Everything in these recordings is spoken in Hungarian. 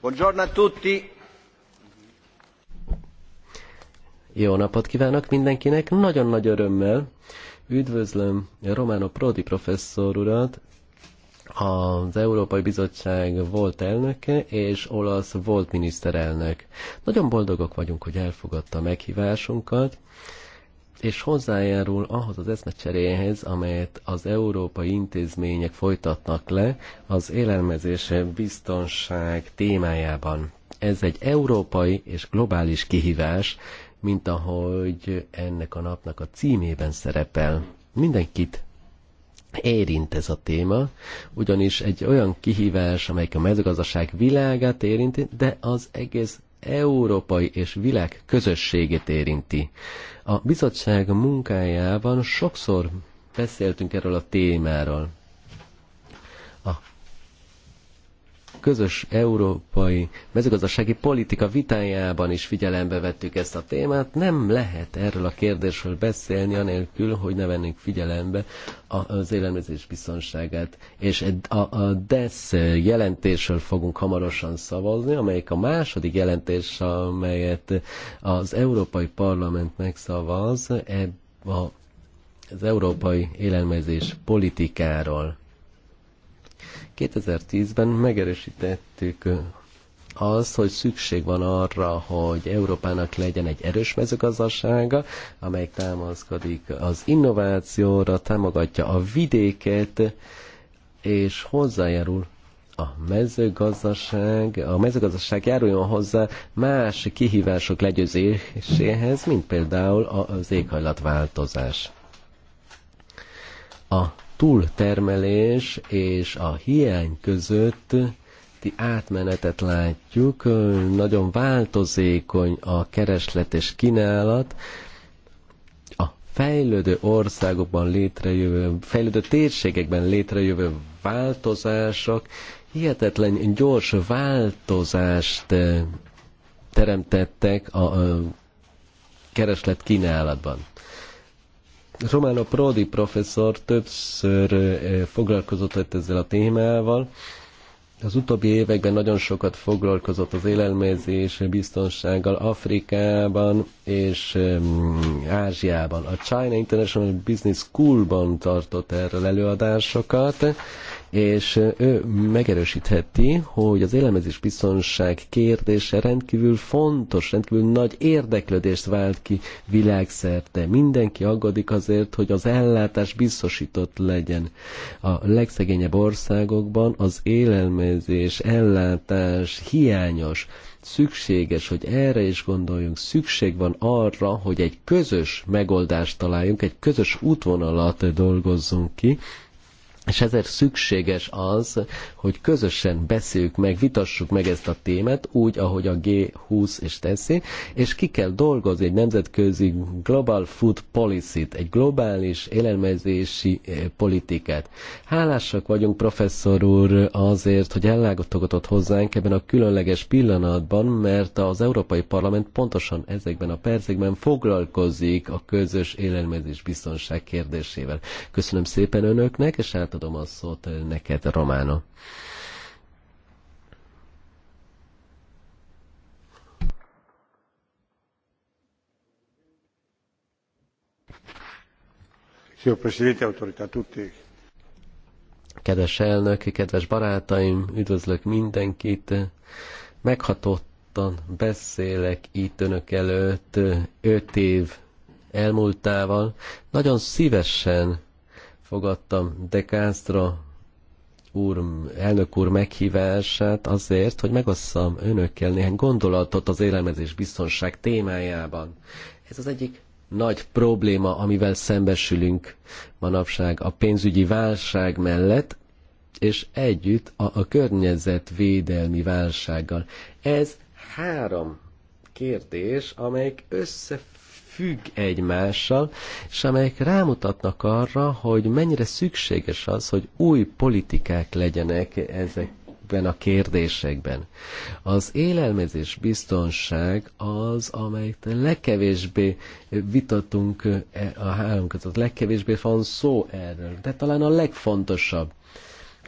Buongiorno a tutti! Jó napot kívánok mindenkinek! Nagyon nagy örömmel üdvözlöm Romano Prodi professzor urat, az Európai Bizottság volt elnöke és olasz volt miniszterelnök. Nagyon boldogok vagyunk, hogy elfogadta a meghívásunkat és hozzájárul ahhoz az eszmecseréhez, amelyet az európai intézmények folytatnak le az élelmezés biztonság témájában. Ez egy európai és globális kihívás, mint ahogy ennek a napnak a címében szerepel. Mindenkit érint ez a téma, ugyanis egy olyan kihívás, amelyik a mezőgazdaság világát érinti, de az egész európai és világ közösségét érinti. A bizottság munkájában sokszor beszéltünk erről a témáról. közös európai mezőgazdasági politika vitájában is figyelembe vettük ezt a témát. Nem lehet erről a kérdésről beszélni, anélkül, hogy ne vennénk figyelembe az élelmezés biztonságát. És a, a DESZ jelentésről fogunk hamarosan szavazni, amelyik a második jelentés, amelyet az Európai Parlament megszavaz, ebben a az európai élelmezés politikáról. 2010-ben megerősítettük az, hogy szükség van arra, hogy Európának legyen egy erős mezőgazdasága, amely támaszkodik az innovációra, támogatja a vidéket, és hozzájárul a mezőgazdaság, a mezőgazdaság járuljon hozzá más kihívások legyőzéséhez, mint például az éghajlatváltozás. A túltermelés és a hiány között átmenetet látjuk, nagyon változékony a kereslet és kínálat, a fejlődő országokban létrejövő, fejlődő térségekben létrejövő változások hihetetlen gyors változást eh, teremtettek a kereslet kínálatban. Romano Prodi professzor többször foglalkozott ezzel a témával. Az utóbbi években nagyon sokat foglalkozott az élelmezés biztonsággal Afrikában és Ázsiában. A China International Business Schoolban tartott erről előadásokat, és ő megerősítheti, hogy az élelmezés biztonság kérdése rendkívül fontos, rendkívül nagy érdeklődést vált ki világszerte. Mindenki aggódik azért, hogy az ellátás biztosított legyen. A legszegényebb országokban az élelmezés, ellátás hiányos szükséges, hogy erre is gondoljunk, szükség van arra, hogy egy közös megoldást találjunk, egy közös útvonalat dolgozzunk ki, és ezért szükséges az, hogy közösen beszéljük meg, vitassuk meg ezt a témát, úgy, ahogy a G20 is teszi, és ki kell dolgozni egy nemzetközi Global Food Policy-t, egy globális élelmezési eh, politikát. Hálásak vagyunk professzor úr azért, hogy ellátogatott hozzánk ebben a különleges pillanatban, mert az Európai Parlament pontosan ezekben a percekben foglalkozik a közös élelmezés biztonság kérdésével. Köszönöm szépen önöknek, és hát átadom a szót eh, neked, Romána. presidente, tutti. Kedves elnök, kedves barátaim, üdvözlök mindenkit. Meghatottan beszélek itt önök előtt eh, öt év elmúltával. Nagyon szívesen elfogadtam De Castro úr, elnök úr meghívását azért, hogy megosszam önökkel néhány gondolatot az élelmezés biztonság témájában. Ez az egyik nagy probléma, amivel szembesülünk manapság a pénzügyi válság mellett, és együtt a, a környezetvédelmi válsággal. Ez három kérdés, amelyek összefügg függ egymással, és amelyek rámutatnak arra, hogy mennyire szükséges az, hogy új politikák legyenek ezek ezekben a kérdésekben. Az élelmezés biztonság az, amelyet legkevésbé vitatunk e, a három között, legkevésbé van szó erről, de talán a legfontosabb.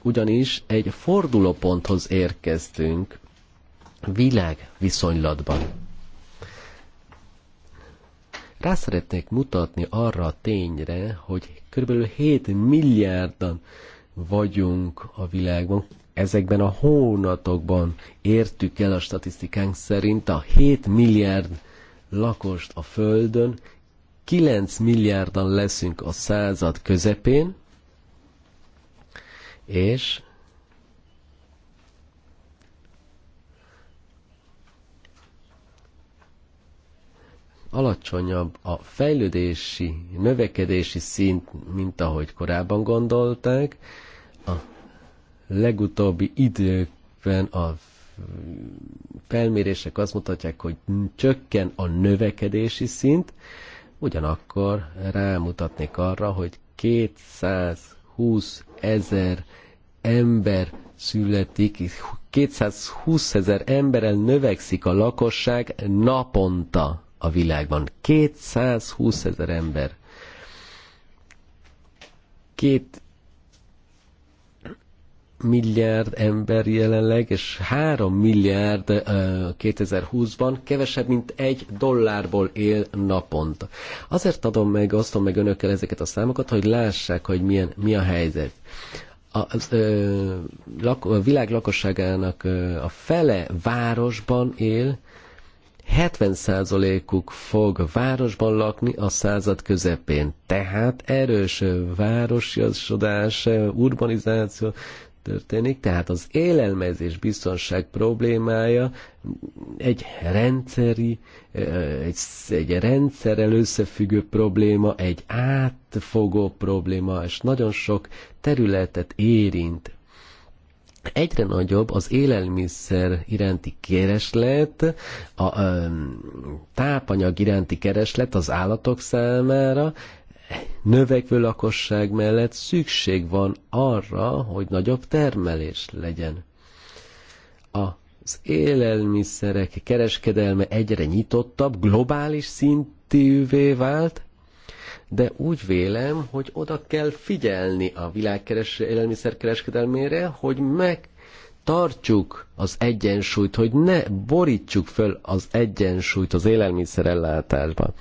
Ugyanis egy fordulóponthoz érkeztünk világviszonylatban. Rá szeretnék mutatni arra a tényre, hogy kb. 7 milliárdan vagyunk a világban. Ezekben a hónatokban értük el a statisztikánk szerint a 7 milliárd lakost a Földön, 9 milliárdan leszünk a század közepén, és alacsonyabb a fejlődési, növekedési szint, mint ahogy korábban gondolták. A legutóbbi időkben a felmérések azt mutatják, hogy csökken a növekedési szint, ugyanakkor rámutatnék arra, hogy 220 ezer ember születik, 220 ezer emberrel növekszik a lakosság naponta a világban. 220 ezer ember. Két milliárd ember jelenleg, és 3 milliárd uh, 2020-ban kevesebb, mint egy dollárból él naponta. Azért adom meg, osztom meg önökkel ezeket a számokat, hogy lássák, hogy milyen, mi a helyzet. A, az, ö, lak, a világ lakosságának ö, a fele városban él, 70%-uk fog városban lakni a század közepén. Tehát erős várososodás, urbanizáció történik, tehát az élelmezés biztonság problémája egy rendszeri, egy, egy rendszerrel összefüggő probléma, egy átfogó probléma, és nagyon sok területet érint egyre nagyobb az élelmiszer iránti kereslet, a, a tápanyag iránti kereslet az állatok számára, növekvő lakosság mellett szükség van arra, hogy nagyobb termelés legyen. Az élelmiszerek kereskedelme egyre nyitottabb, globális szintűvé vált, de úgy vélem, hogy oda kell figyelni a világkeres élelmiszerkereskedelmére, hogy meg tartsuk az egyensúlyt, hogy ne borítsuk föl az egyensúlyt az élelmiszerellátásban.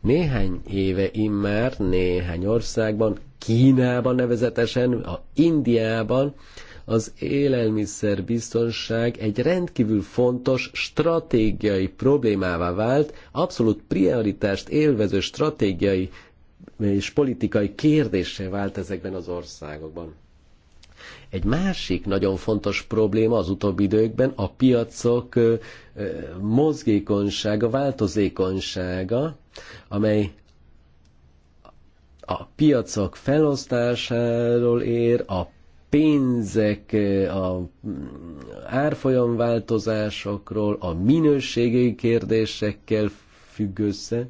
Néhány éve immár, néhány országban, Kínában nevezetesen, a Indiában az élelmiszerbiztonság egy rendkívül fontos stratégiai problémává vált, abszolút prioritást élvező stratégiai és politikai kérdése vált ezekben az országokban. Egy másik nagyon fontos probléma az utóbbi időkben a piacok mozgékonysága, változékonysága, amely a piacok felosztásáról ér, a pénzek, a mm, árfolyamváltozásokról, a minőségi kérdésekkel függ össze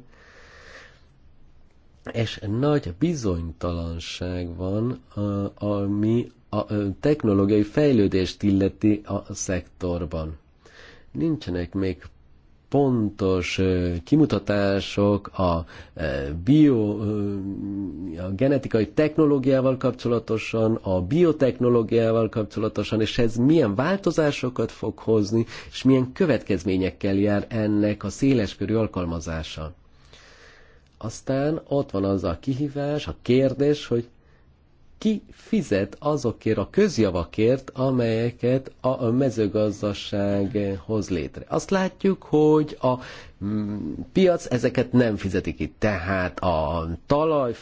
és nagy bizonytalanság van, ami a technológiai fejlődést illeti a szektorban. Nincsenek még pontos kimutatások a bio, a genetikai technológiával kapcsolatosan, a biotechnológiával kapcsolatosan, és ez milyen változásokat fog hozni, és milyen következményekkel jár ennek a széleskörű alkalmazása. Aztán ott van az a kihívás, a kérdés, hogy ki fizet azokért a közjavakért, amelyeket a mezőgazdaság hoz létre. Azt látjuk, hogy a mm, piac ezeket nem fizeti ki. Tehát a talaj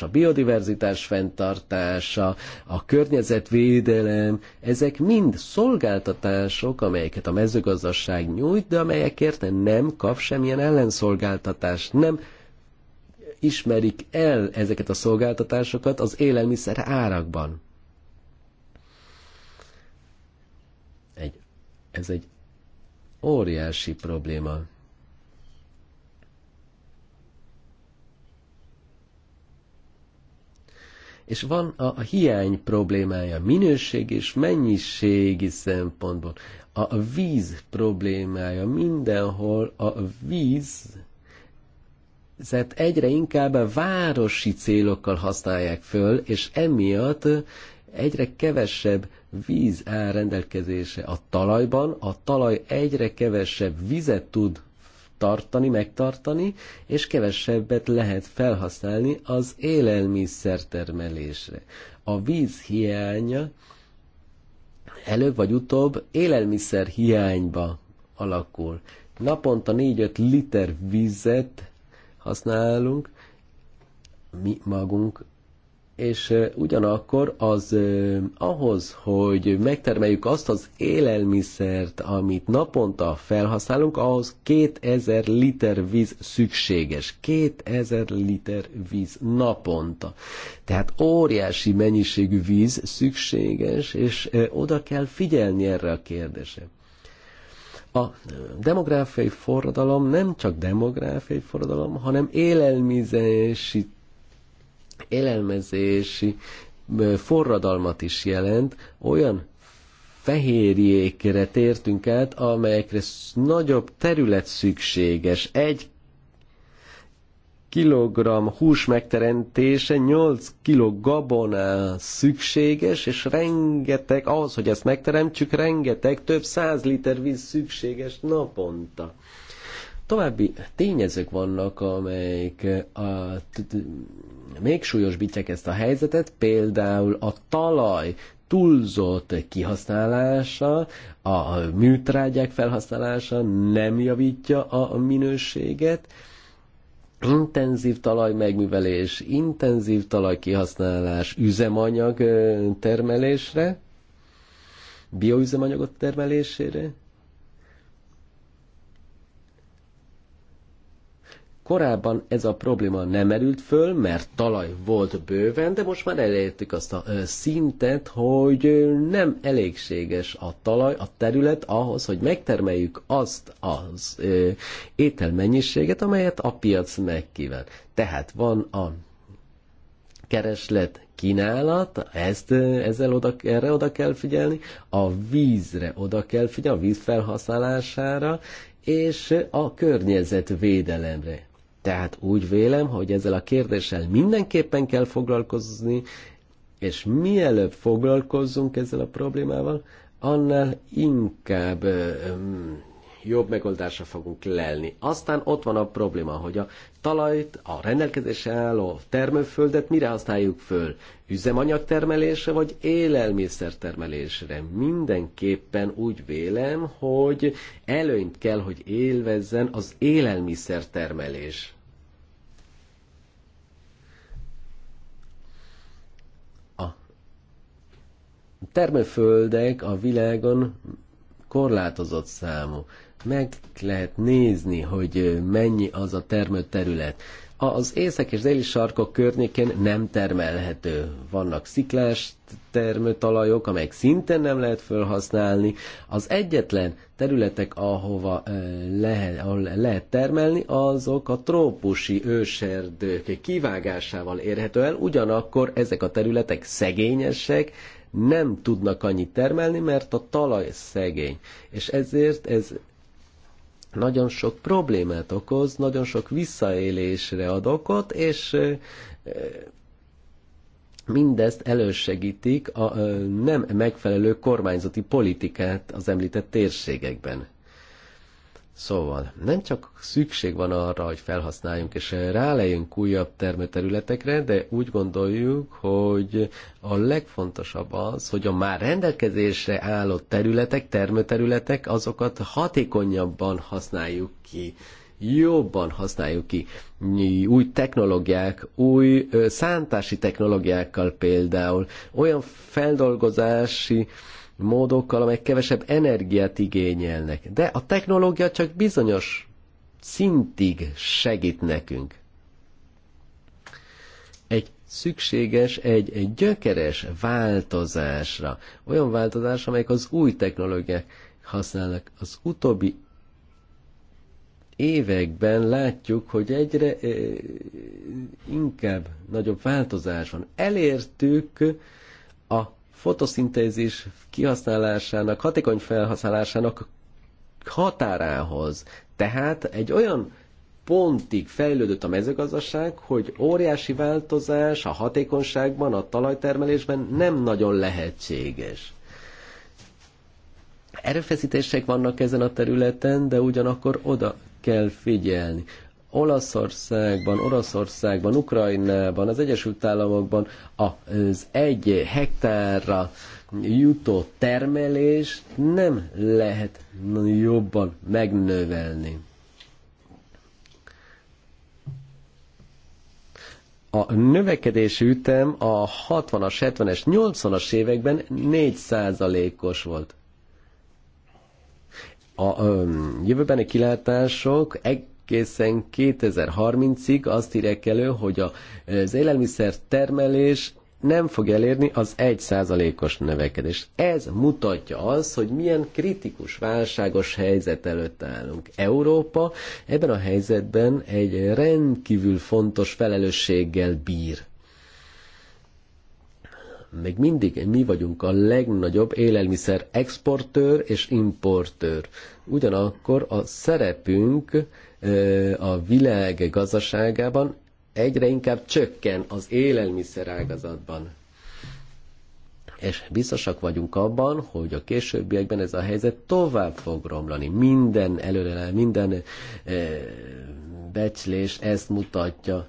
a biodiverzitás fenntartása, a környezetvédelem, ezek mind szolgáltatások, amelyeket a mezőgazdaság nyújt, de amelyekért nem kap semmilyen ellenszolgáltatást, nem ismerik el ezeket a szolgáltatásokat az élelmiszer árakban. Egy, ez egy óriási probléma. és van a, a hiány problémája, minőség és mennyiségi szempontból. A, a víz problémája, mindenhol a víz ezért egyre inkább városi célokkal használják föl, és emiatt egyre kevesebb víz áll rendelkezése a talajban, a talaj egyre kevesebb vizet tud tartani, megtartani, és kevesebbet lehet felhasználni az élelmiszer termelésre. A víz hiánya előbb vagy utóbb élelmiszer hiányba alakul. Naponta 4-5 liter vizet használunk mi magunk, és ugyanakkor az eh, ahhoz, hogy megtermeljük azt az élelmiszert, amit naponta felhasználunk, ahhoz 2000 liter víz szükséges. 2000 liter víz naponta. Tehát óriási mennyiségű víz szükséges, és eh, oda kell figyelni erre a kérdésre. A demográfiai forradalom nem csak demográfiai forradalom, hanem élelmizési, élelmezési forradalmat is jelent, olyan fehérjékre tértünk át, amelyekre nagyobb terület szükséges. Egy kg hús megteremtése 8 kg gabona szükséges, és rengeteg, ahhoz, hogy ezt megteremtsük, rengeteg, több száz liter víz szükséges naponta. További tényezők vannak, amelyek a, még súlyosbítják ezt a helyzetet, például a talaj túlzott kihasználása, a műtrágyák felhasználása nem javítja a minőséget, intenzív talajmegművelés, intenzív talajkihasználás, üzemanyag termelésre, bioüzemanyagot termelésére, Korábban ez a probléma nem merült föl, mert talaj volt bőven, de most már elértük azt a szintet, hogy nem elégséges a talaj, a terület ahhoz, hogy megtermeljük azt az ételmennyiséget, amelyet a piac megkíván. Tehát van a kereslet, kínálat, ezt, ezzel oda, erre oda kell figyelni, a vízre oda kell figyelni, a víz felhasználására, és a környezetvédelemre. Tehát úgy vélem, hogy ezzel a kérdéssel mindenképpen kell foglalkozni, és mielőbb foglalkozzunk ezzel a problémával, annál inkább jobb megoldásra fogunk lelni. Aztán ott van a probléma, hogy a talajt, a rendelkezésre álló termőföldet mire használjuk föl? Üzemanyagtermelésre vagy élelmiszertermelésre? Mindenképpen úgy vélem, hogy előnyt kell, hogy élvezzen az élelmiszertermelés. A termőföldek a világon korlátozott számú meg lehet nézni, hogy mennyi az a termő terület. Az észak és déli sarkok környékén nem termelhető. Vannak sziklás termőtalajok, amelyek szinten nem lehet felhasználni. Az egyetlen területek, ahova lehet, ahol lehet termelni, azok a trópusi őserdők kivágásával érhető el, ugyanakkor ezek a területek szegényesek, nem tudnak annyit termelni, mert a talaj szegény. És ezért ez nagyon sok problémát okoz, nagyon sok visszaélésre ad okot, és mindezt elősegítik a nem megfelelő kormányzati politikát az említett térségekben. Szóval nem csak szükség van arra, hogy felhasználjunk és rálejünk újabb termőterületekre, de úgy gondoljuk, hogy a legfontosabb az, hogy a már rendelkezésre álló területek, termőterületek, azokat hatékonyabban használjuk ki jobban használjuk ki új technológiák, új szántási technológiákkal például, olyan feldolgozási módokkal, amelyek kevesebb energiát igényelnek. De a technológia csak bizonyos szintig segít nekünk. Egy szükséges, egy, egy gyökeres változásra. Olyan változás, amelyek az új technológiák használnak. Az utóbbi években látjuk, hogy egyre eh, inkább nagyobb változás van. Elértük a fotoszintézis kihasználásának, hatékony felhasználásának határához. Tehát egy olyan pontig fejlődött a mezőgazdaság, hogy óriási változás a hatékonyságban, a talajtermelésben nem nagyon lehetséges. Erőfeszítések vannak ezen a területen, de ugyanakkor oda kell figyelni. Olaszországban, Oroszországban, Ukrajnában, az Egyesült Államokban az egy hektárra jutó termelés nem lehet jobban megnövelni. A növekedési ütem a 60-as, 70-es, 80-as években 4%-os volt. A ö, jövőbeni kilátások egészen 2030-ig azt írják elő, hogy az élelmiszer termelés nem fog elérni az 1%-os növekedést. Ez mutatja az, hogy milyen kritikus, válságos helyzet előtt állunk. Európa ebben a helyzetben egy rendkívül fontos felelősséggel bír. Még mindig mi vagyunk a legnagyobb élelmiszer exportőr és importőr. Ugyanakkor a szerepünk a világ gazdaságában egyre inkább csökken az élelmiszer ágazatban. És biztosak vagyunk abban, hogy a későbbiekben ez a helyzet tovább fog romlani. Minden előre, minden becslés ezt mutatja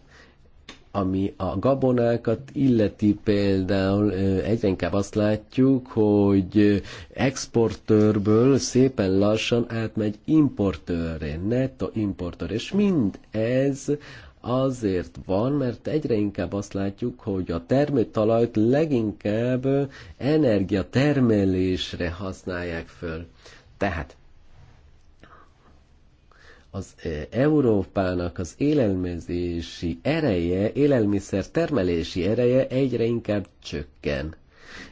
ami a gabonákat illeti például egyre inkább azt látjuk, hogy exportőrből szépen lassan átmegy importőrre, netto importőr, és mind ez azért van, mert egyre inkább azt látjuk, hogy a termőtalajt leginkább energiatermelésre használják föl. Tehát az e, Európának az élelmezési ereje, élelmiszer termelési ereje egyre inkább csökken.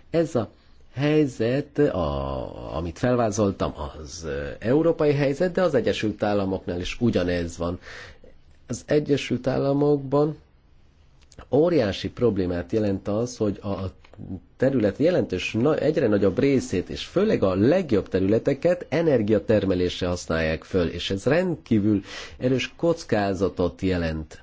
Ez a helyzet, a, amit felvázoltam, az e, európai helyzet, de az Egyesült Államoknál is ugyanez van. Az Egyesült Államokban Óriási problémát jelent az, hogy a terület jelentős, egyre nagyobb részét, és főleg a legjobb területeket energiatermelésre használják föl, és ez rendkívül erős kockázatot jelent.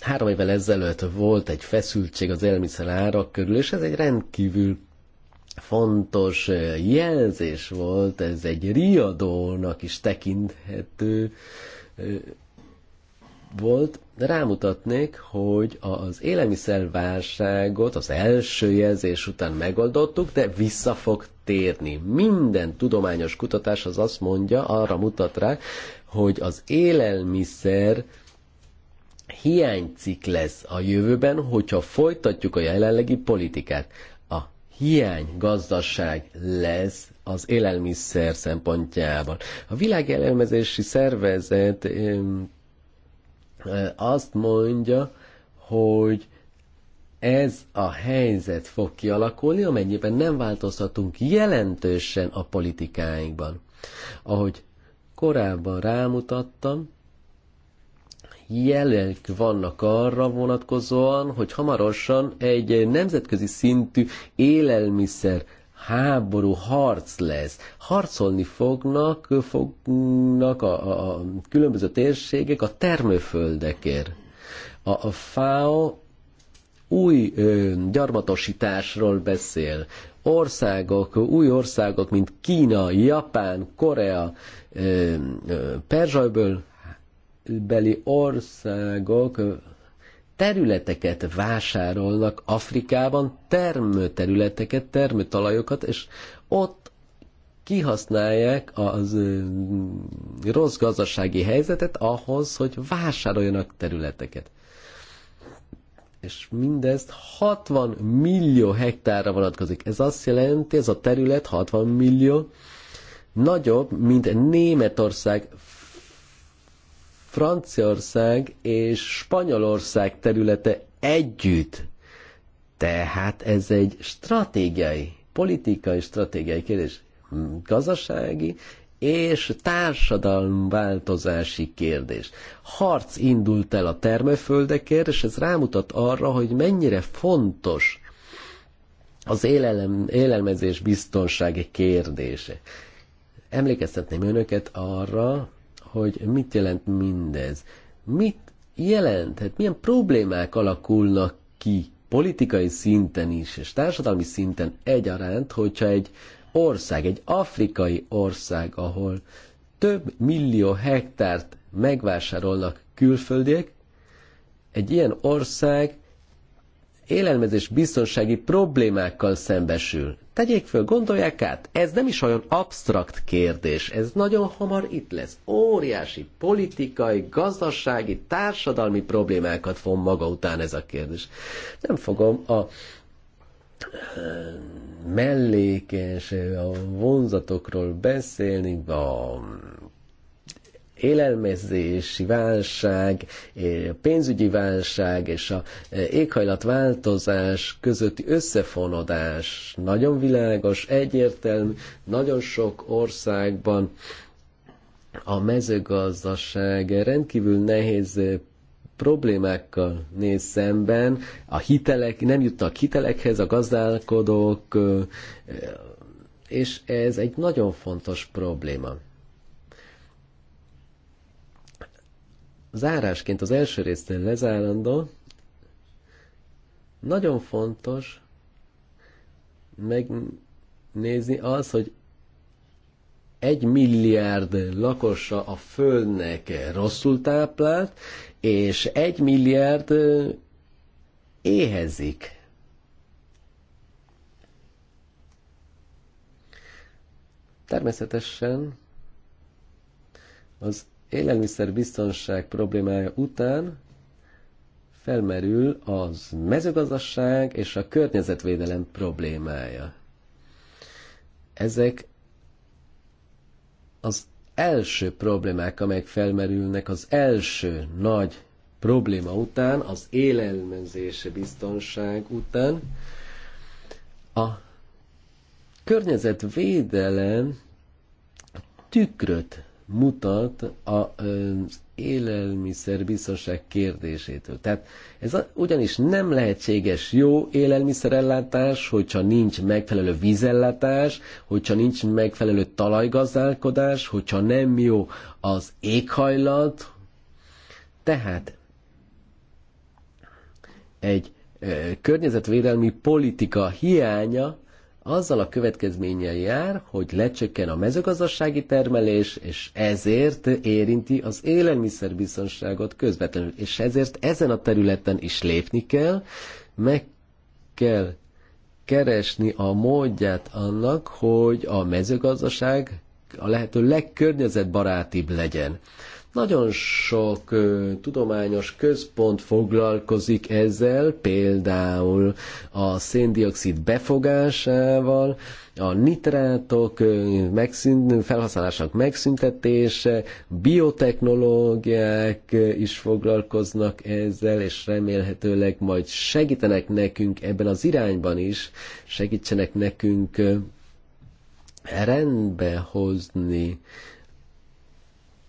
Három évvel ezelőtt volt egy feszültség az élelmiszer árak körül, és ez egy rendkívül fontos eh, jelzés volt, ez egy riadónak is tekinthető eh, volt, rámutatnék, hogy az élelmiszerválságot az első jelzés után megoldottuk, de vissza fog térni. Minden tudományos kutatás az azt mondja, arra mutat rá, hogy az élelmiszer hiánycik lesz a jövőben, hogyha folytatjuk a jelenlegi politikát hiány gazdaság lesz az élelmiszer szempontjában. A világ élelmezési szervezet eh, azt mondja, hogy ez a helyzet fog kialakulni, amennyiben nem változtatunk jelentősen a politikáinkban. Ahogy korábban rámutattam, jelek vannak arra vonatkozóan, hogy hamarosan egy nemzetközi szintű élelmiszer háború, harc lesz. Harcolni fognak, fognak a, a, a különböző térségek a termőföldekért. A, a FAO új ö, gyarmatosításról beszél. Országok, új országok, mint Kína, Japán, Korea, ö, ö, Perzsajből beli országok területeket vásárolnak Afrikában, termőterületeket, termőtalajokat, és ott kihasználják az rossz gazdasági helyzetet ahhoz, hogy vásároljanak területeket. És mindezt 60 millió hektárra vonatkozik. Ez azt jelenti, ez a terület 60 millió nagyobb, mint Németország Franciaország és Spanyolország területe együtt. Tehát ez egy stratégiai, politikai stratégiai kérdés, gazdasági és társadalmi változási kérdés. Harc indult el a termőföldekért, és ez rámutat arra, hogy mennyire fontos az élelem, élelmezés biztonsági kérdése. Emlékeztetném önöket arra, hogy mit jelent mindez. Mit jelent? Hát milyen problémák alakulnak ki politikai szinten is, és társadalmi szinten egyaránt, hogyha egy ország, egy afrikai ország, ahol több millió hektárt megvásárolnak külföldiek, egy ilyen ország élelmezés biztonsági problémákkal szembesül. Tegyék föl, gondolják át, ez nem is olyan absztrakt kérdés, ez nagyon hamar itt lesz. Óriási politikai, gazdasági, társadalmi problémákat von maga után ez a kérdés. Nem fogom a eh, mellékes eh, a vonzatokról beszélni, a élelmezési válság, pénzügyi válság és a éghajlatváltozás közötti összefonodás nagyon világos, egyértelmű, nagyon sok országban a mezőgazdaság rendkívül nehéz problémákkal néz szemben, a hitelek, nem jutnak hitelekhez a gazdálkodók, és ez egy nagyon fontos probléma. zárásként az első résznél lezárandó, nagyon fontos megnézni az, hogy egy milliárd lakosa a Földnek rosszul táplált, és egy milliárd éhezik. Természetesen az élelmiszerbiztonság problémája után felmerül az mezőgazdaság és a környezetvédelem problémája. Ezek az első problémák, amelyek felmerülnek az első nagy probléma után, az élelmezési biztonság után, a környezetvédelem tükröt mutat az élelmiszerbiztonság kérdésétől. Tehát ez a, ugyanis nem lehetséges jó élelmiszerellátás, hogyha nincs megfelelő vízellátás, hogyha nincs megfelelő talajgazdálkodás, hogyha nem jó az éghajlat. Tehát egy környezetvédelmi politika hiánya azzal a következménnyel jár, hogy lecsökken a mezőgazdasági termelés, és ezért érinti az élelmiszerbiztonságot közvetlenül. És ezért ezen a területen is lépni kell, meg kell keresni a módját annak, hogy a mezőgazdaság a lehető legkörnyezetbarátibb legyen. Nagyon sok ö, tudományos központ foglalkozik ezzel, például a széndiokszid befogásával, a nitrátok megszűnt, felhasználásának megszüntetése, biotechnológiák is foglalkoznak ezzel, és remélhetőleg majd segítenek nekünk ebben az irányban is, segítsenek nekünk rendbe hozni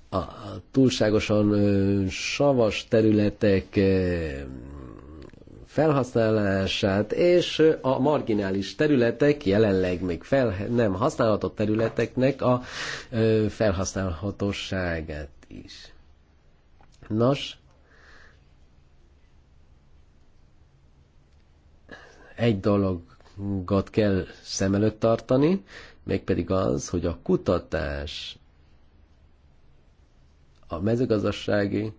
a túlságosan savas területek felhasználását és a marginális területek, jelenleg még fel, nem használható területeknek a felhasználhatóságát is. Nos, egy dologot kell szem előtt tartani, mégpedig az, hogy a kutatás a mezőgazdasági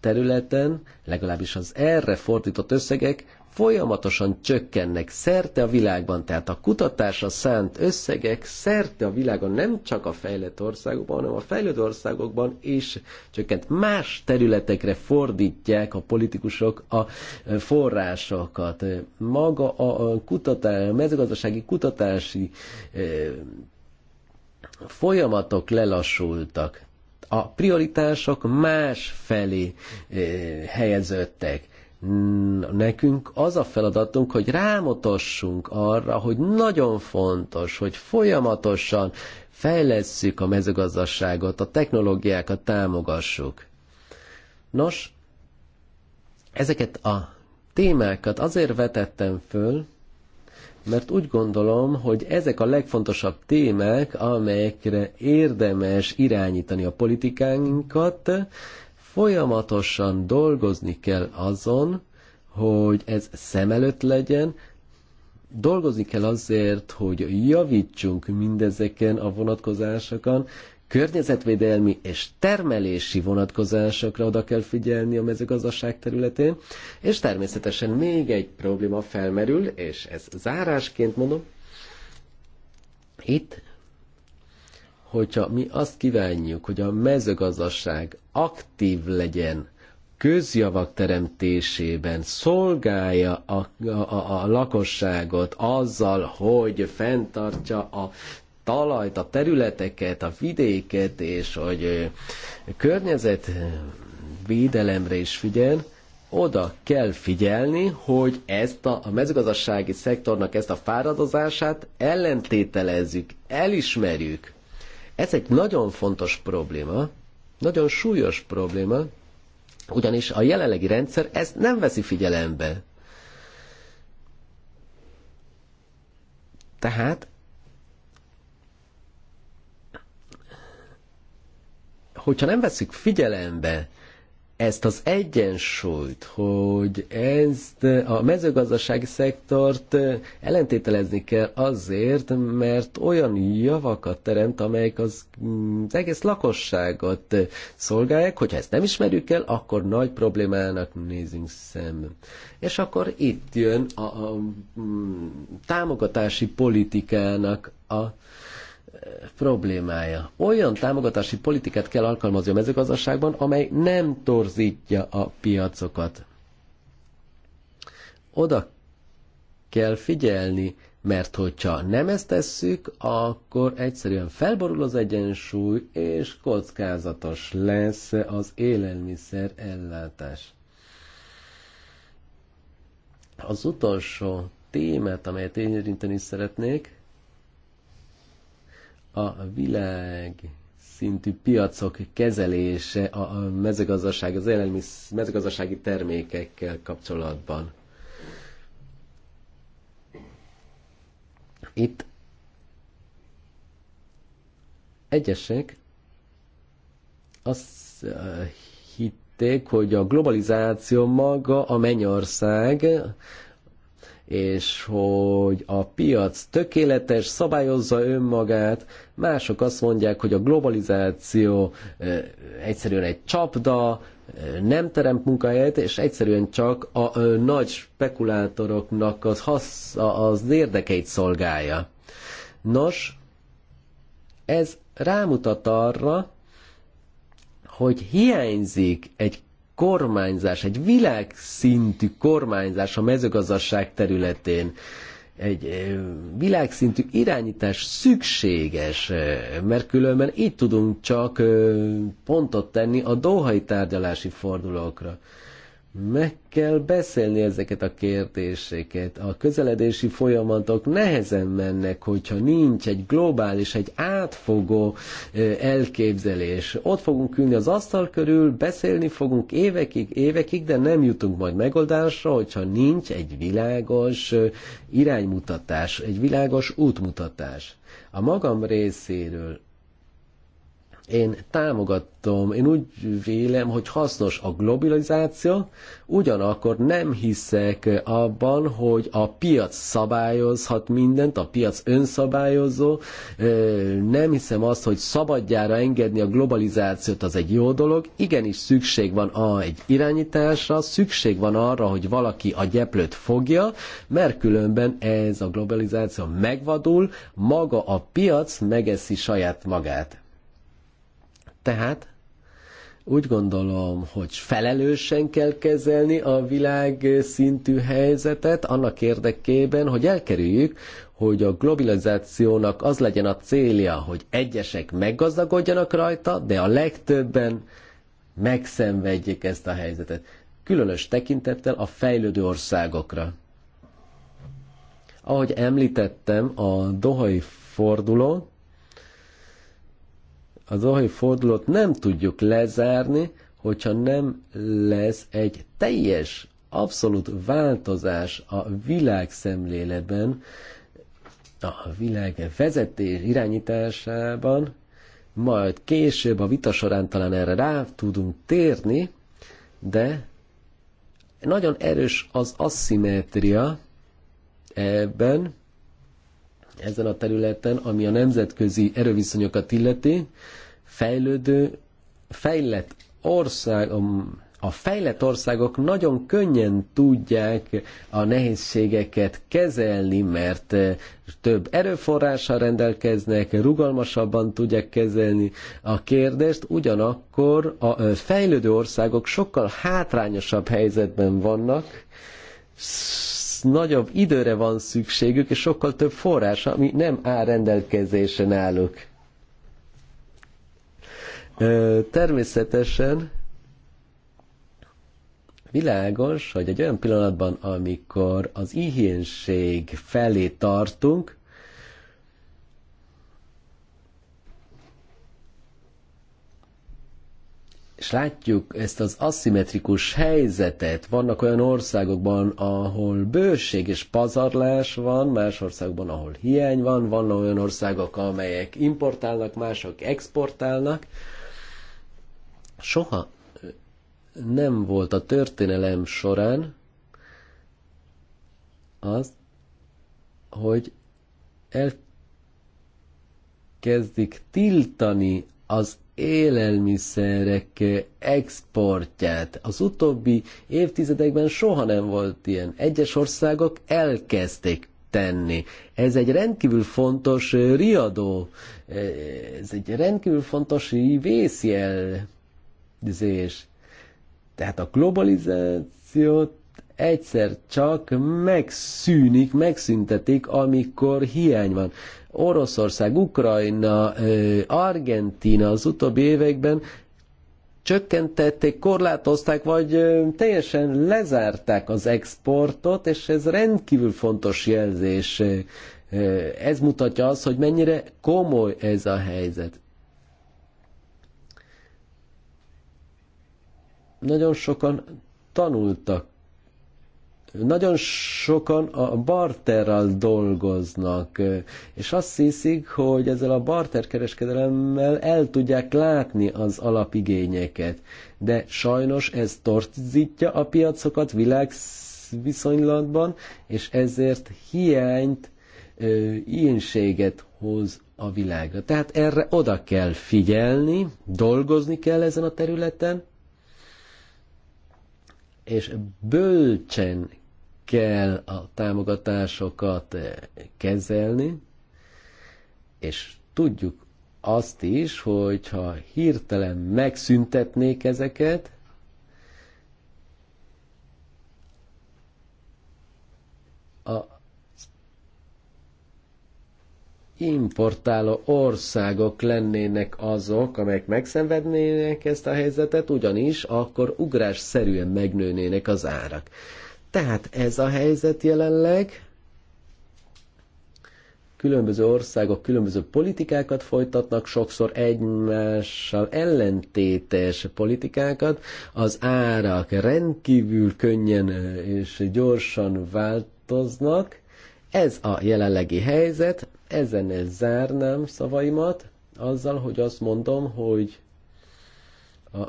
területen, legalábbis az erre fordított összegek folyamatosan csökkennek szerte a világban, tehát a kutatásra szánt összegek szerte a világon nem csak a fejlett országokban, hanem a fejlődő országokban is csökkent. Más területekre fordítják a politikusok a forrásokat. Maga a, kutatás, a mezőgazdasági kutatási folyamatok lelassultak a prioritások más felé eh, helyeződtek. Nekünk az a feladatunk, hogy rámutassunk arra, hogy nagyon fontos, hogy folyamatosan fejlesszük a mezőgazdaságot, a technológiákat támogassuk. Nos, ezeket a témákat azért vetettem föl, mert úgy gondolom, hogy ezek a legfontosabb témák, amelyekre érdemes irányítani a politikánkat, folyamatosan dolgozni kell azon, hogy ez szem előtt legyen, dolgozni kell azért, hogy javítsunk mindezeken a vonatkozásokon, környezetvédelmi és termelési vonatkozásokra oda kell figyelni a mezőgazdaság területén, és természetesen még egy probléma felmerül, és ez zárásként mondom, itt hogyha mi azt kívánjuk, hogy a mezőgazdaság aktív legyen, közjavak teremtésében szolgálja a, a, a lakosságot azzal, hogy fenntartja a talajt, a területeket, a vidéket, és hogy védelemre is figyel, oda kell figyelni, hogy ezt a, a mezőgazdasági szektornak ezt a fáradozását ellentételezzük, elismerjük. Ez egy nagyon fontos probléma, nagyon súlyos probléma, ugyanis a jelenlegi rendszer ezt nem veszi figyelembe. Tehát hogyha nem veszük figyelembe ezt az egyensúlyt, hogy ezt a mezőgazdasági szektort eh, ellentételezni kell azért, mert olyan javakat teremt, amelyek az, mm, az egész lakosságot eh, szolgálják, hogyha ezt nem ismerjük el, akkor nagy problémának nézünk szembe. És akkor itt jön a, a, a mm, támogatási politikának a problémája. Olyan támogatási politikát kell alkalmazni a mezőgazdaságban, amely nem torzítja a piacokat. Oda kell figyelni, mert hogyha nem ezt tesszük, akkor egyszerűen felborul az egyensúly, és kockázatos lesz az élelmiszer ellátás. Az utolsó témát, amelyet érinteni szeretnék, a világ szintű piacok kezelése a mezőgazdaság, az élelmiszer mezőgazdasági termékekkel kapcsolatban. Itt egyesek azt eh, hitték, hogy a globalizáció maga a mennyország, és hogy a piac tökéletes, szabályozza önmagát, mások azt mondják, hogy a globalizáció egyszerűen egy csapda, nem teremt munkahelyet, és egyszerűen csak a nagy spekulátoroknak az, hasz, az érdekeit szolgálja. Nos, ez rámutat arra, hogy hiányzik egy kormányzás, egy világszintű kormányzás a mezőgazdaság területén egy világszintű irányítás szükséges, mert különben így tudunk csak pontot tenni a dohai tárgyalási fordulókra. Meg kell beszélni ezeket a kérdéseket. A közeledési folyamatok nehezen mennek, hogyha nincs egy globális, egy átfogó elképzelés. Ott fogunk ülni az asztal körül, beszélni fogunk évekig, évekig, de nem jutunk majd megoldásra, hogyha nincs egy világos iránymutatás, egy világos útmutatás. A magam részéről én támogatom, én úgy vélem, hogy hasznos a globalizáció, ugyanakkor nem hiszek abban, hogy a piac szabályozhat mindent, a piac önszabályozó, nem hiszem azt, hogy szabadjára engedni a globalizációt az egy jó dolog, igenis szükség van a egy irányításra, szükség van arra, hogy valaki a gyeplőt fogja, mert különben ez a globalizáció megvadul, maga a piac megeszi saját magát. Tehát úgy gondolom, hogy felelősen kell kezelni a világ szintű helyzetet annak érdekében, hogy elkerüljük, hogy a globalizációnak az legyen a célja, hogy egyesek meggazdagodjanak rajta, de a legtöbben megszenvedjék ezt a helyzetet. Különös tekintettel a fejlődő országokra. Ahogy említettem, a dohai forduló a dohai fordulót nem tudjuk lezárni, hogyha nem lesz egy teljes, abszolút változás a világszemléletben, a világ vezetés irányításában, majd később a vita során talán erre rá tudunk térni, de nagyon erős az asszimetria ebben, ezen a területen, ami a nemzetközi erőviszonyokat illeti, fejlődő, fejlett ország, a fejlett országok nagyon könnyen tudják a nehézségeket kezelni, mert eh, több erőforrással rendelkeznek, rugalmasabban tudják kezelni a kérdést, ugyanakkor a fejlődő országok sokkal hátrányosabb helyzetben vannak, nagyobb időre van szükségük, és sokkal több forrás, ami nem áll rendelkezésen náluk. Természetesen világos, hogy egy olyan pillanatban, amikor az ihénység felé tartunk, és látjuk ezt az aszimmetrikus helyzetet. Vannak olyan országokban, ahol bőség és pazarlás van, más országokban, ahol hiány van, vannak olyan országok, amelyek importálnak, mások exportálnak. Soha nem volt a történelem során az, hogy elkezdik tiltani az élelmiszerek exportját. Az utóbbi évtizedekben soha nem volt ilyen. Egyes országok elkezdték tenni. Ez egy rendkívül fontos riadó, ez egy rendkívül fontos vészjelzés. Tehát a globalizációt egyszer csak megszűnik, megszüntetik, amikor hiány van. Oroszország, Ukrajna, Argentina az utóbbi években csökkentették, korlátozták, vagy teljesen lezárták az exportot, és ez rendkívül fontos jelzés. Ez mutatja azt, hogy mennyire komoly ez a helyzet. Nagyon sokan tanultak nagyon sokan a barterral dolgoznak, és azt hiszik, hogy ezzel a barterkereskedelemmel el tudják látni az alapigényeket. De sajnos ez torzítja a piacokat világviszonylatban, és ezért hiányt, ilyenséget hoz a világra. Tehát erre oda kell figyelni, dolgozni kell ezen a területen, és bölcsen kell a támogatásokat eh, kezelni, és tudjuk azt is, hogy ha hirtelen megszüntetnék ezeket, a importáló országok lennének azok, amelyek megszenvednének ezt a helyzetet, ugyanis akkor ugrásszerűen megnőnének az árak. Tehát ez a helyzet jelenleg. Különböző országok különböző politikákat folytatnak, sokszor egymással ellentétes politikákat. Az árak rendkívül könnyen és gyorsan változnak. Ez a jelenlegi helyzet, ezen zárnám szavaimat, azzal, hogy azt mondom, hogy a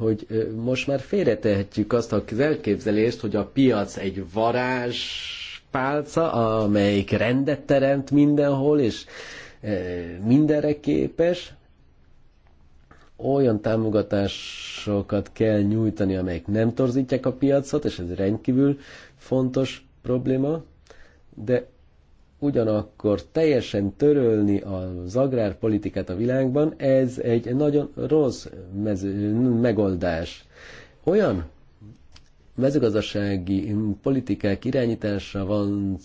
hogy most már félretehetjük azt az elképzelést, hogy a piac egy varázs pálca, amelyik rendet teremt mindenhol, és mindenre képes, olyan támogatásokat kell nyújtani, amelyek nem torzítják a piacot, és ez rendkívül fontos probléma, de ugyanakkor teljesen törölni az agrárpolitikát a világban, ez egy nagyon rossz mező, megoldás. Olyan mezőgazdasági politikák irányítása van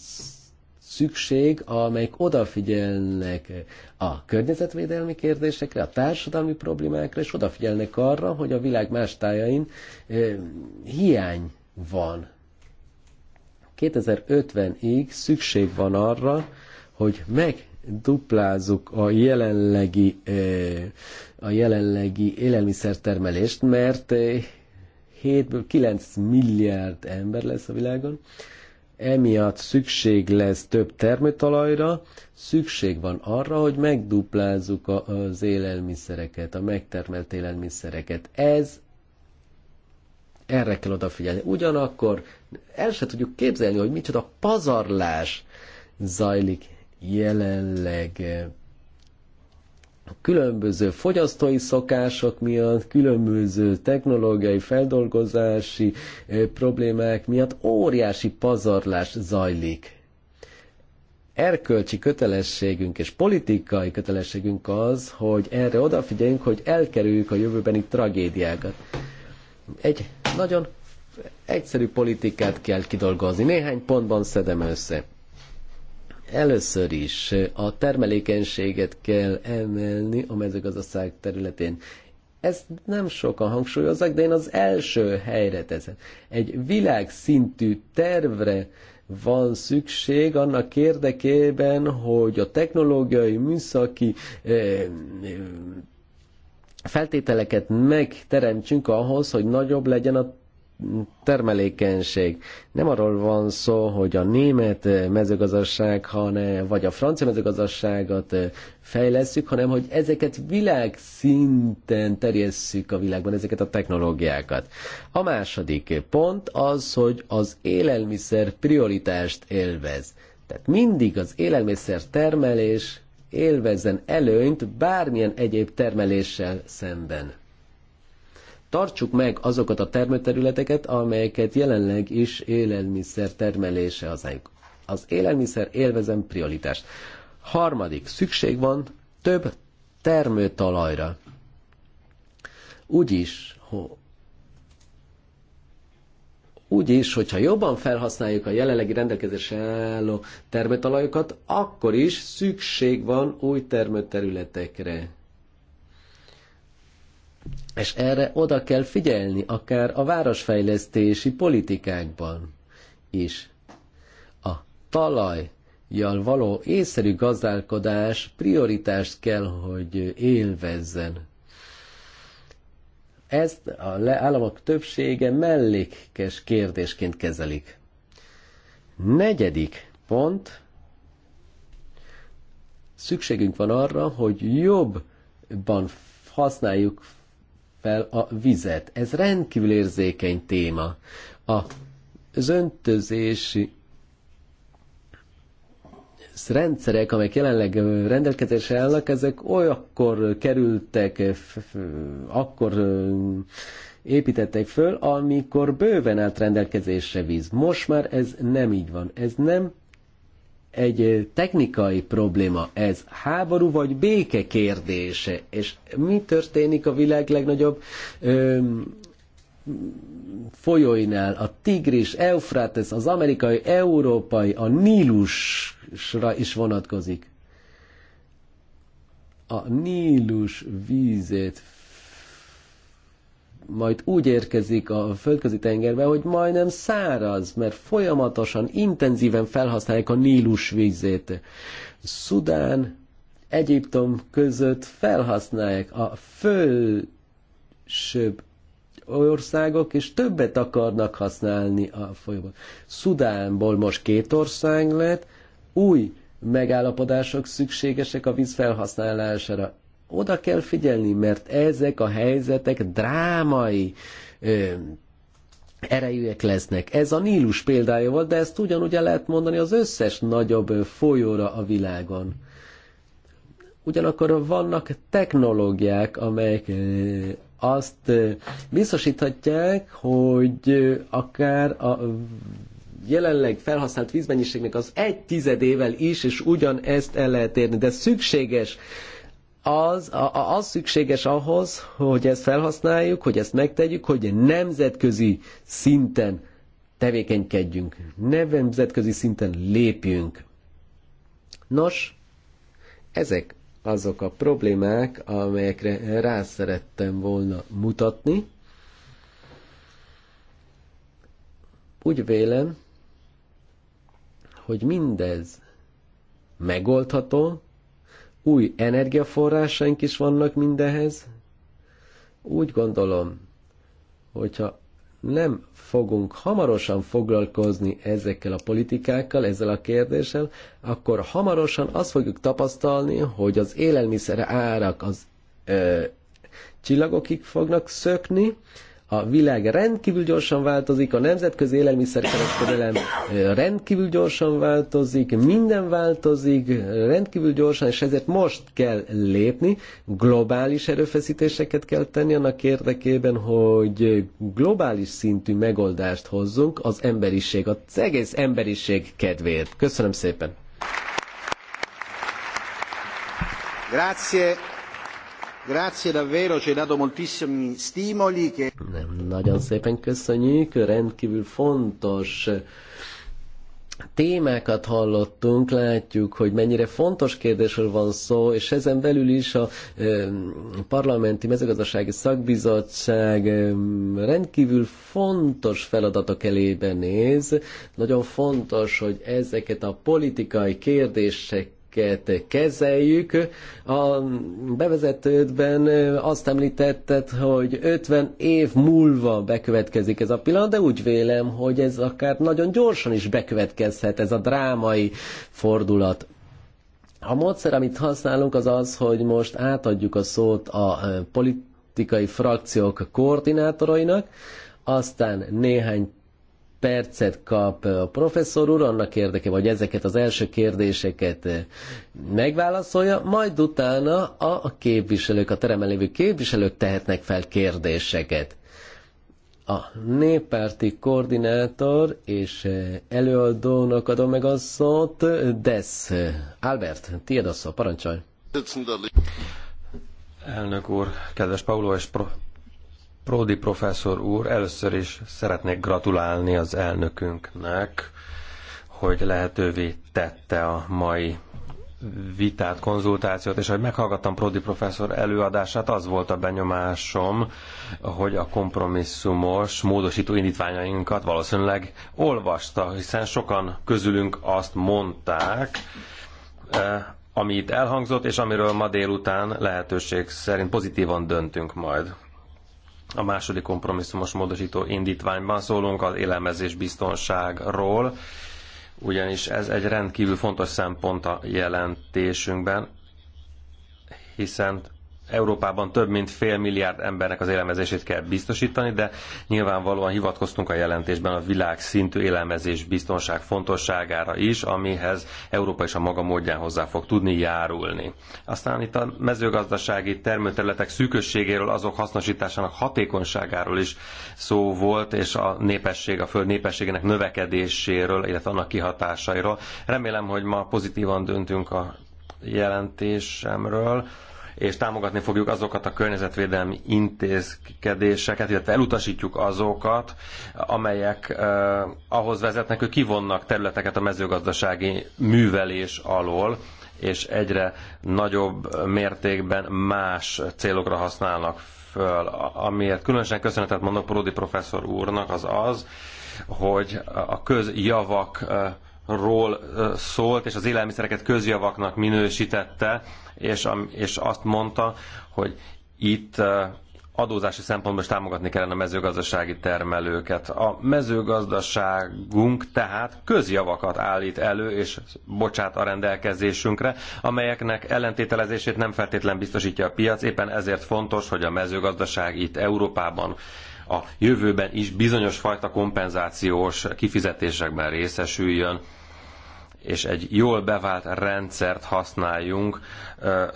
szükség, amelyek odafigyelnek a környezetvédelmi kérdésekre, a társadalmi problémákra, és odafigyelnek arra, hogy a világ más tájain eh, hiány van 2050-ig szükség van arra, hogy megduplázzuk a jelenlegi, eh, a jelenlegi élelmiszertermelést, mert 7 eh, 9 milliárd ember lesz a világon, emiatt szükség lesz több termőtalajra, szükség van arra, hogy megduplázzuk az élelmiszereket, a megtermelt élelmiszereket. Ez erre kell odafigyelni. Ugyanakkor el se tudjuk képzelni, hogy micsoda pazarlás zajlik jelenleg a különböző fogyasztói szokások miatt, különböző technológiai, feldolgozási problémák miatt óriási pazarlás zajlik. Erkölcsi kötelességünk és politikai kötelességünk az, hogy erre odafigyeljünk, hogy elkerüljük a jövőbeni tragédiákat. Egy nagyon egyszerű politikát kell kidolgozni. Néhány pontban szedem össze. Először is a termelékenységet kell emelni a mezőgazdaság területén. Ezt nem sokan hangsúlyozzák, de én az első helyre teszem. Egy világszintű tervre van szükség annak érdekében, hogy a technológiai, műszaki eh, feltételeket megteremtsünk ahhoz, hogy nagyobb legyen a termelékenység. Nem arról van szó, hogy a német mezőgazdaság, hanem, vagy a francia mezőgazdaságot eh, fejlesszük, hanem hogy ezeket világszinten terjesszük a világban, ezeket a technológiákat. A második pont az, hogy az élelmiszer prioritást élvez. Tehát mindig az élelmiszer termelés élvezzen előnyt bármilyen egyéb termeléssel szemben. Tartsuk meg azokat a termőterületeket, amelyeket jelenleg is élelmiszer termelése hazánk. Az élelmiszer élvezem prioritást. Harmadik, szükség van több termőtalajra. Úgyis, úgy is, hogyha jobban felhasználjuk a jelenlegi rendelkezésre álló termőtalajokat, akkor is szükség van új termőterületekre. És erre oda kell figyelni, akár a városfejlesztési politikákban is. A talajjal való észszerű gazdálkodás prioritást kell, hogy élvezzen ezt a államok többsége mellékes kérdésként kezelik. Negyedik pont, szükségünk van arra, hogy jobban használjuk fel a vizet. Ez rendkívül érzékeny téma. A az öntözési rendszerek, amelyek jelenleg rendelkezésre állnak, ezek olyakkor kerültek, akkor építettek föl, amikor bőven állt rendelkezésre víz. Most már ez nem így van. Ez nem egy technikai probléma, ez háború vagy béke kérdése, és mi történik a világ legnagyobb ö, folyóinál, a Tigris, Eufrates, az amerikai, európai, a Nílusra is vonatkozik. A Nílus vízét majd úgy érkezik a földközi tengerbe, hogy majdnem száraz, mert folyamatosan, intenzíven felhasználják a Nílus vízét. Szudán, Egyiptom között felhasználják a fölsőbb országok, és többet akarnak használni a folyóban. Szudánból most két ország lett, új megállapodások szükségesek a víz felhasználására. Oda kell figyelni, mert ezek a helyzetek drámai ö, erejűek lesznek. Ez a Nílus példája volt, de ezt ugyanúgy lehet mondani az összes nagyobb folyóra a világon. Ugyanakkor vannak technológiák, amelyek azt biztosíthatják, hogy akár a jelenleg felhasznált vízmennyiségnek az egy tizedével is, és ugyanezt el lehet érni. De szükséges az, a, az szükséges ahhoz, hogy ezt felhasználjuk, hogy ezt megtegyük, hogy nemzetközi szinten tevékenykedjünk, nemzetközi szinten lépjünk. Nos, ezek azok a problémák, amelyekre rá szerettem volna mutatni. Úgy vélem, hogy mindez megoldható, új energiaforrásaink is vannak mindehez. Úgy gondolom, hogyha nem fogunk hamarosan foglalkozni ezekkel a politikákkal, ezzel a kérdéssel, akkor hamarosan azt fogjuk tapasztalni, hogy az élelmiszer árak az ö, csillagokig fognak szökni, a világ rendkívül gyorsan változik, a nemzetközi élelmiszerkereskedelem rendkívül gyorsan változik, minden változik rendkívül gyorsan, és ezért most kell lépni, globális erőfeszítéseket kell tenni annak érdekében, hogy globális szintű megoldást hozzunk az emberiség, az egész emberiség kedvéért. Köszönöm szépen! Grazie. Nem, nagyon szépen köszönjük, rendkívül fontos témákat hallottunk, látjuk, hogy mennyire fontos kérdésről van szó, és ezen belül is a ö, parlamenti mezőgazdasági szakbizottság ö, rendkívül fontos feladatok elébe néz. Nagyon fontos, hogy ezeket a politikai kérdéseket ezeket kezeljük. A bevezetődben azt említetted, hogy 50 év múlva bekövetkezik ez a pillanat, de úgy vélem, hogy ez akár nagyon gyorsan is bekövetkezhet ez a drámai fordulat. A módszer, amit használunk, az az, hogy most átadjuk a szót a e, politikai frakciók koordinátorainak, aztán néhány percet kap a professzor úr, annak érdeke, hogy ezeket az első kérdéseket megválaszolja, majd utána a képviselők, a teremben lévő képviselők tehetnek fel kérdéseket. A néppárti koordinátor és előadónak adom meg a szót, Desz. Albert, tiéd a szó, parancsolj! Elnök úr, kedves Pauló és Pródi professzor úr, először is szeretnék gratulálni az elnökünknek, hogy lehetővé tette a mai vitát, konzultációt, és ahogy meghallgattam Prodi professzor előadását, az volt a benyomásom, hogy a kompromisszumos módosító indítványainkat valószínűleg olvasta, hiszen sokan közülünk azt mondták, eh, ami itt elhangzott, és amiről ma délután lehetőség szerint pozitívan döntünk majd. A második kompromisszumos módosító indítványban szólunk az élelmezés biztonságról, ugyanis ez egy rendkívül fontos szempont a jelentésünkben, hiszen Európában több mint fél milliárd embernek az élelmezését kell biztosítani, de nyilvánvalóan hivatkoztunk a jelentésben a világ szintű élelmezés biztonság fontosságára is, amihez Európa is a maga módján hozzá fog tudni járulni. Aztán itt a mezőgazdasági termőterületek szűkösségéről, azok hasznosításának hatékonyságáról is szó volt, és a népesség, a föld népességének növekedéséről, illetve annak kihatásairól. Remélem, hogy ma pozitívan döntünk a jelentésemről és támogatni fogjuk azokat a környezetvédelmi intézkedéseket, illetve elutasítjuk azokat, amelyek ahhoz vezetnek, hogy kivonnak területeket a mezőgazdasági művelés alól, és egyre nagyobb mértékben más célokra használnak föl. Amiért különösen köszönetet mondok Pródi professzor úrnak, az az, hogy a közjavak ról szólt, és az élelmiszereket közjavaknak minősítette, és, és azt mondta, hogy itt adózási szempontból is támogatni kellene a mezőgazdasági termelőket. A mezőgazdaságunk tehát közjavakat állít elő és bocsát a rendelkezésünkre, amelyeknek ellentételezését nem feltétlen biztosítja a piac, éppen ezért fontos, hogy a mezőgazdaság itt Európában a jövőben is bizonyos fajta kompenzációs kifizetésekben részesüljön, és egy jól bevált rendszert használjunk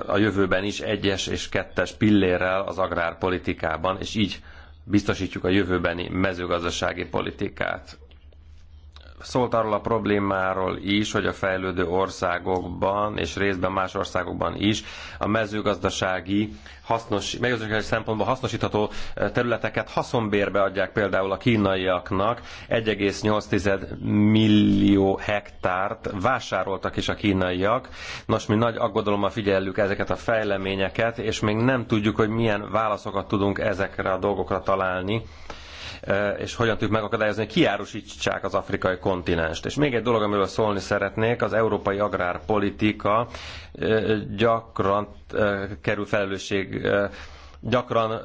a jövőben is egyes és kettes pillérrel az agrárpolitikában, és így biztosítjuk a jövőbeni mezőgazdasági politikát szólt arról a problémáról is, hogy a fejlődő országokban és részben más országokban is a mezőgazdasági hasznos, mezőgazdasági szempontból hasznosítható eh, területeket haszonbérbe adják például a kínaiaknak. 1,8 millió hektárt vásároltak is a kínaiak. Nos, mi nagy aggodalommal figyeljük ezeket a fejleményeket, és még nem tudjuk, hogy milyen válaszokat tudunk ezekre a dolgokra találni. Eh, és hogyan tudjuk megakadályozni, hogy kiárusítsák az afrikai kontinenst. És még egy dolog, amiről szólni szeretnék, az európai agrárpolitika eh, gyakran eh, kerül felelősség, gyakran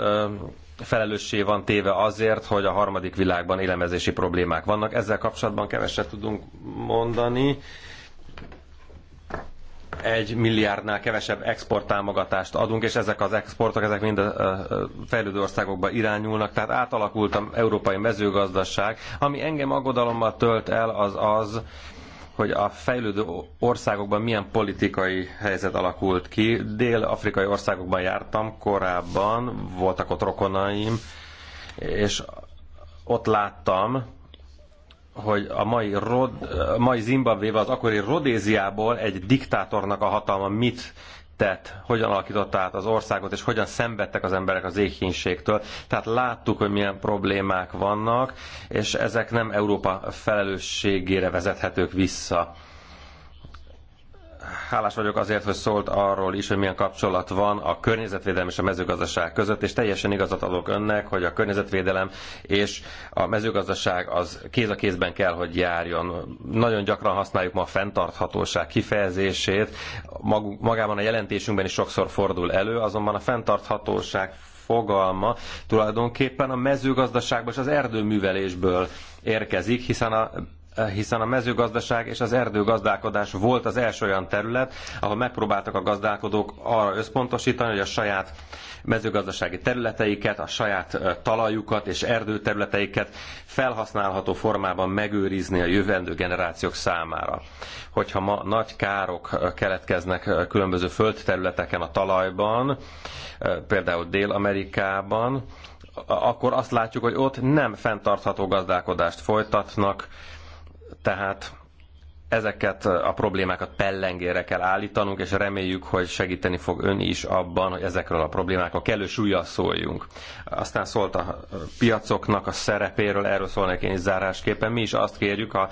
felelőssé van téve azért, hogy a harmadik világban élemezési problémák vannak. Ezzel kapcsolatban keveset tudunk mondani egy milliárdnál kevesebb exporttámogatást adunk, és ezek az exportok, ezek mind a fejlődő országokba irányulnak, tehát átalakult a európai mezőgazdaság. Ami engem aggodalommal tölt el, az az, hogy a fejlődő országokban milyen politikai helyzet alakult ki. Dél-afrikai országokban jártam korábban, voltak ott rokonaim, és ott láttam, hogy a mai, Rod, a mai Zimbabvéval, az akkori Rodéziából egy diktátornak a hatalma mit tett, hogyan alakította át az országot, és hogyan szenvedtek az emberek az éhínségtől. Tehát láttuk, hogy milyen problémák vannak, és ezek nem Európa felelősségére vezethetők vissza hálás vagyok azért, hogy szólt arról is, hogy milyen kapcsolat van a környezetvédelem és a mezőgazdaság között, és teljesen igazat adok önnek, hogy a környezetvédelem és a mezőgazdaság az kéz a kézben kell, hogy járjon. Nagyon gyakran használjuk ma a fenntarthatóság kifejezését, Mag, magában a jelentésünkben is sokszor fordul elő, azonban a fenntarthatóság fogalma tulajdonképpen a mezőgazdaságból és az erdőművelésből érkezik, hiszen a hiszen a mezőgazdaság és az erdőgazdálkodás volt az első olyan terület, ahol megpróbáltak a gazdálkodók arra összpontosítani, hogy a saját mezőgazdasági területeiket, a saját talajukat és erdőterületeiket felhasználható formában megőrizni a jövendő generációk számára. Hogyha ma nagy károk keletkeznek különböző földterületeken a talajban, például Dél-Amerikában, akkor azt látjuk, hogy ott nem fenntartható gazdálkodást folytatnak, tehát ezeket a problémákat pellengére kell állítanunk, és reméljük, hogy segíteni fog ön is abban, hogy ezekről a problémákról kellő súlya szóljunk. Aztán szólt a piacoknak a szerepéről, erről szólnék én is zárásképpen. Mi is azt kérjük a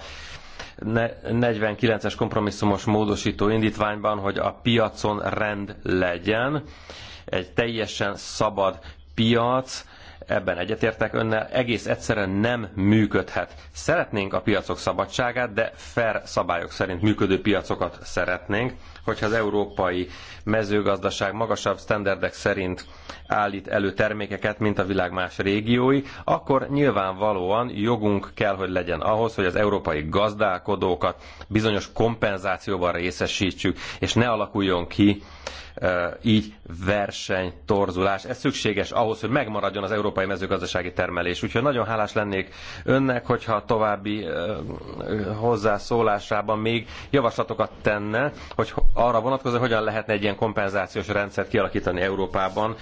49-es kompromisszumos módosító indítványban, hogy a piacon rend legyen, egy teljesen szabad piac, ebben egyetértek önnel, egész egyszerűen nem működhet. Szeretnénk a piacok szabadságát, de fair szabályok szerint működő piacokat szeretnénk. Hogyha az európai mezőgazdaság magasabb sztenderdek szerint állít elő termékeket, mint a világ más régiói, akkor nyilvánvalóan jogunk kell, hogy legyen ahhoz, hogy az európai gazdálkodókat bizonyos kompenzációban részesítsük, és ne alakuljon ki így versenytorzulás. Ez szükséges ahhoz, hogy megmaradjon az európai mezőgazdasági termelés. Úgyhogy nagyon hálás lennék önnek, hogyha a további hozzászólásában még javaslatokat tenne, hogy arra vonatkozóan hogyan lehetne egy ilyen ilyen kompenzációs rendszert kialakítani Európában.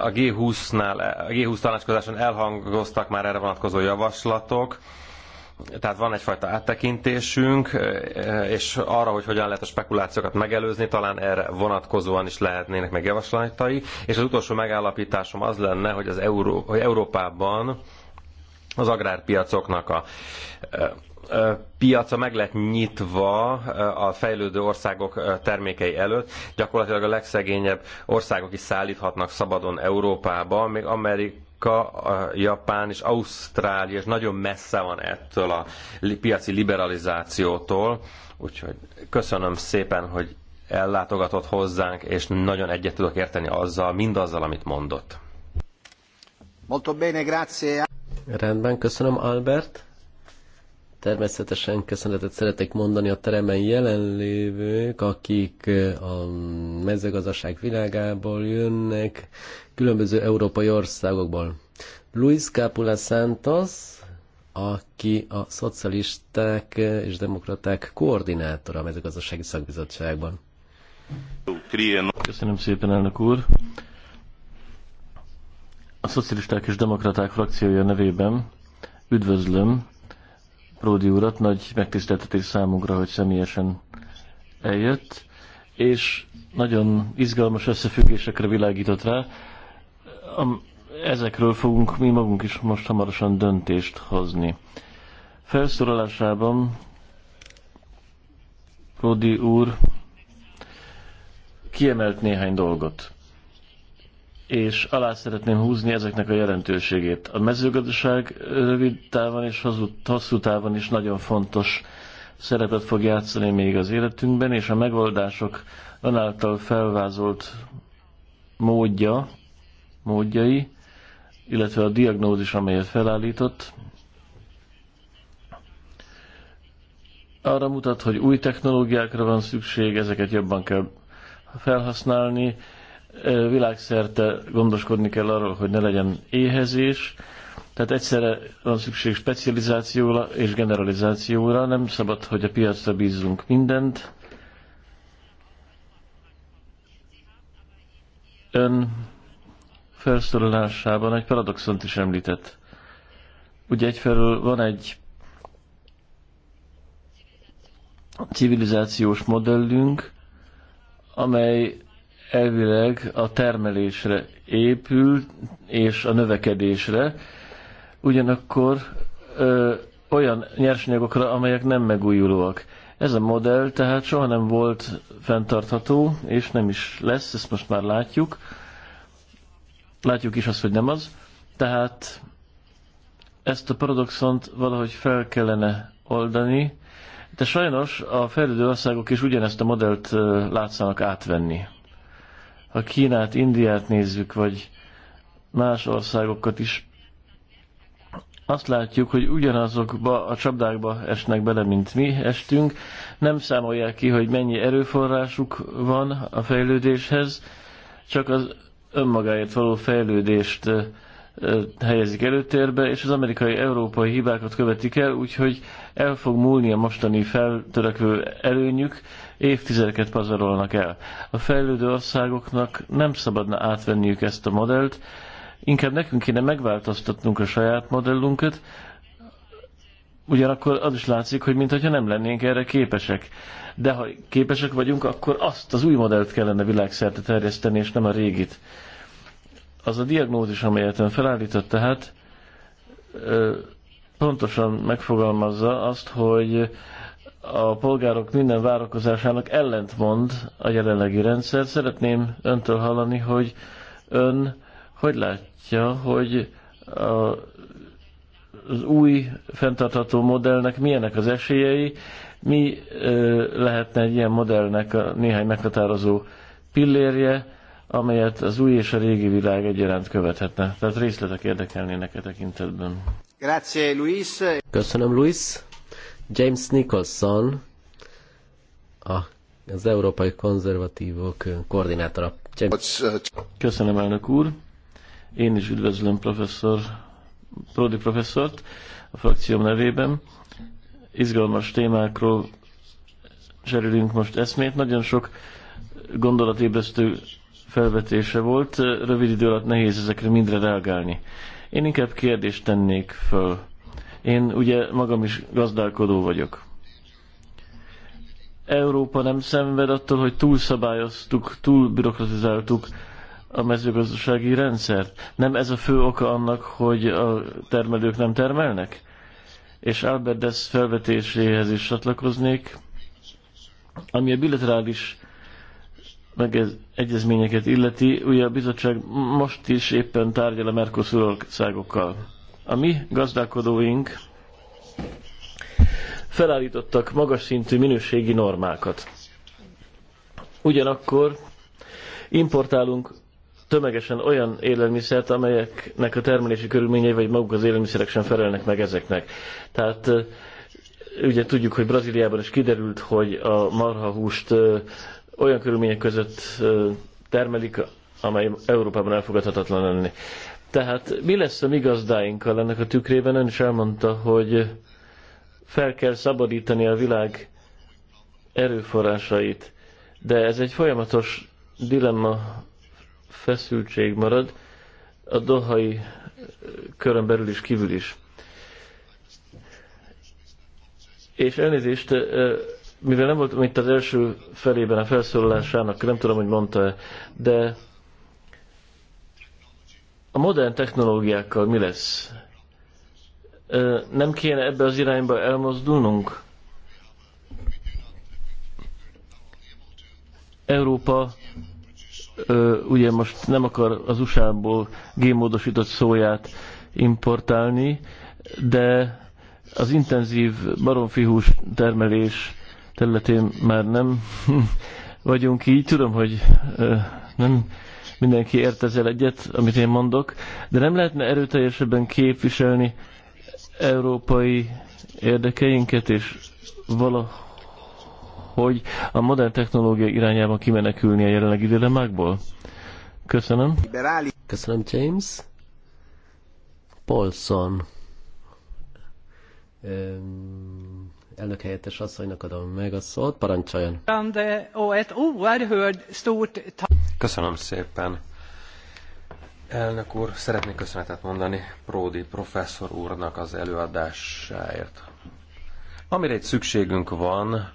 A G20-nál, a G20 tanácskozáson elhangoztak már erre vonatkozó javaslatok, tehát van egyfajta áttekintésünk, és arra, hogy hogyan lehet a spekulációkat megelőzni, talán erre vonatkozóan is lehetnének meg javaslatai. És az utolsó megállapításom az lenne, hogy, az Euró- hogy Európában az agrárpiacoknak a piaca meg lett nyitva a fejlődő országok termékei előtt. Gyakorlatilag a legszegényebb országok is szállíthatnak szabadon Európába, még Amerika Japán és Ausztrália, és nagyon messze van ettől a piaci liberalizációtól. Úgyhogy köszönöm szépen, hogy ellátogatott hozzánk, és nagyon egyet tudok érteni azzal, mindazzal, amit mondott. Molto bene, grazie. Rendben, köszönöm Albert. Természetesen köszönetet szeretek mondani a teremben jelenlévők, akik a mezőgazdaság világából jönnek, különböző európai országokból. Luis Capula Santos, aki a szocialisták és demokraták koordinátora a mezőgazdasági szakbizottságban. Köszönöm szépen, elnök úr! A szocialisták és demokraták frakciója nevében üdvözlöm Ródi urat, nagy megtiszteltetés számunkra, hogy személyesen eljött, és nagyon izgalmas összefüggésekre világított rá. Ezekről fogunk mi magunk is most hamarosan döntést hozni. Felszólalásában Ródi úr kiemelt néhány dolgot és alá szeretném húzni ezeknek a jelentőségét. A mezőgazdaság rövid távon és hosszú távon is nagyon fontos szerepet fog játszani még az életünkben, és a megoldások önáltal felvázolt módja, módjai, illetve a diagnózis, amelyet felállított, arra mutat, hogy új technológiákra van szükség, ezeket jobban kell felhasználni, világszerte gondoskodni kell arról, hogy ne legyen éhezés, tehát egyszerre van szükség specializációra és generalizációra, nem szabad, hogy a piacra bízzunk mindent. Ön felszólalásában egy paradoxont is említett. Ugye egyfelől van egy civilizációs modellünk, amely elvileg a termelésre épül, és a növekedésre, ugyanakkor ö, olyan nyersanyagokra, amelyek nem megújulóak. Ez a modell tehát soha nem volt fenntartható, és nem is lesz, ezt most már látjuk. Látjuk is azt, hogy nem az. Tehát ezt a paradoxont valahogy fel kellene oldani, de sajnos a fejlődő országok is ugyanezt a modellt látszanak átvenni. Ha Kínát, Indiát nézzük, vagy más országokat is, azt látjuk, hogy ugyanazokba a csapdákba esnek bele, mint mi estünk, nem számolják ki, hogy mennyi erőforrásuk van a fejlődéshez, csak az önmagáért való fejlődést helyezik előtérbe, és az amerikai-európai hibákat követik el, úgyhogy el fog múlni a mostani feltörekvő előnyük, évtizedeket pazarolnak el. A fejlődő országoknak nem szabadna átvenniük ezt a modellt, inkább nekünk kéne megváltoztatnunk a saját modellünket, ugyanakkor az is látszik, hogy mintha nem lennénk erre képesek. De ha képesek vagyunk, akkor azt az új modellt kellene világszerte terjeszteni, és nem a régit. Az a diagnózis, amelyet ön felállított tehát, pontosan megfogalmazza azt, hogy a polgárok minden várakozásának ellentmond a jelenlegi rendszer. Szeretném öntől hallani, hogy ön hogy látja, hogy a, az új fenntartható modellnek milyenek az esélyei, mi ö, lehetne egy ilyen modellnek a néhány meghatározó pillérje, amelyet az új és a régi világ egyaránt követhetne. Tehát részletek érdekelnének e tekintetben. Grazie, Luis. Köszönöm, Luis. James Nicholson, a, az Európai Konzervatívok koordinátora. James. Köszönöm, elnök úr. Én is üdvözlöm professzor, Prodi professzort a frakcióm nevében. Izgalmas témákról cserélünk most eszmét. Nagyon sok gondolatébresztő felvetése volt. Rövid idő alatt nehéz ezekre mindre reagálni. Én inkább kérdést tennék föl. Én ugye magam is gazdálkodó vagyok. Európa nem szenved attól, hogy túlszabályoztuk, túlbürokratizáltuk a mezőgazdasági rendszert. Nem ez a fő oka annak, hogy a termelők nem termelnek? És Albert Dess felvetéséhez is csatlakoznék, ami a bilaterális egyezményeket illeti, ugye a bizottság most is éppen tárgyal a Mercosur országokkal. A mi gazdálkodóink felállítottak magas szintű minőségi normákat. Ugyanakkor importálunk tömegesen olyan élelmiszert, amelyeknek a termelési körülményei vagy maguk az élelmiszerek sem felelnek meg ezeknek. Tehát ugye tudjuk, hogy Brazíliában is kiderült, hogy a marhahúst olyan körülmények között termelik, amely Európában elfogadhatatlan lenni. Tehát mi lesz a mi gazdáinkkal ennek a tükrében? Ön is elmondta, hogy fel kell szabadítani a világ erőforrásait, de ez egy folyamatos dilemma feszültség marad a dohai körön belül is, kívül is. És elnézést, mivel nem voltam itt az első felében a felszólalásának, nem tudom, hogy mondta -e, de a modern technológiákkal mi lesz? Nem kéne ebbe az irányba elmozdulnunk? Európa ugye most nem akar az USA-ból gémódosított szóját importálni, de az intenzív baromfihús termelés területén már nem vagyunk így. Tudom, hogy nem mindenki ért ezzel egyet, amit én mondok, de nem lehetne erőteljesebben képviselni európai érdekeinket, és valahogy a modern technológia irányában kimenekülni a jelenlegi dilemmákból? Köszönöm. Köszönöm, James. Paulson. Um Elnök helyettes asszonynak adom meg a szót, parancsoljon. Köszönöm szépen. Elnök úr, szeretnék köszönetet mondani Pródi professzor úrnak az előadásáért. Amire egy szükségünk van,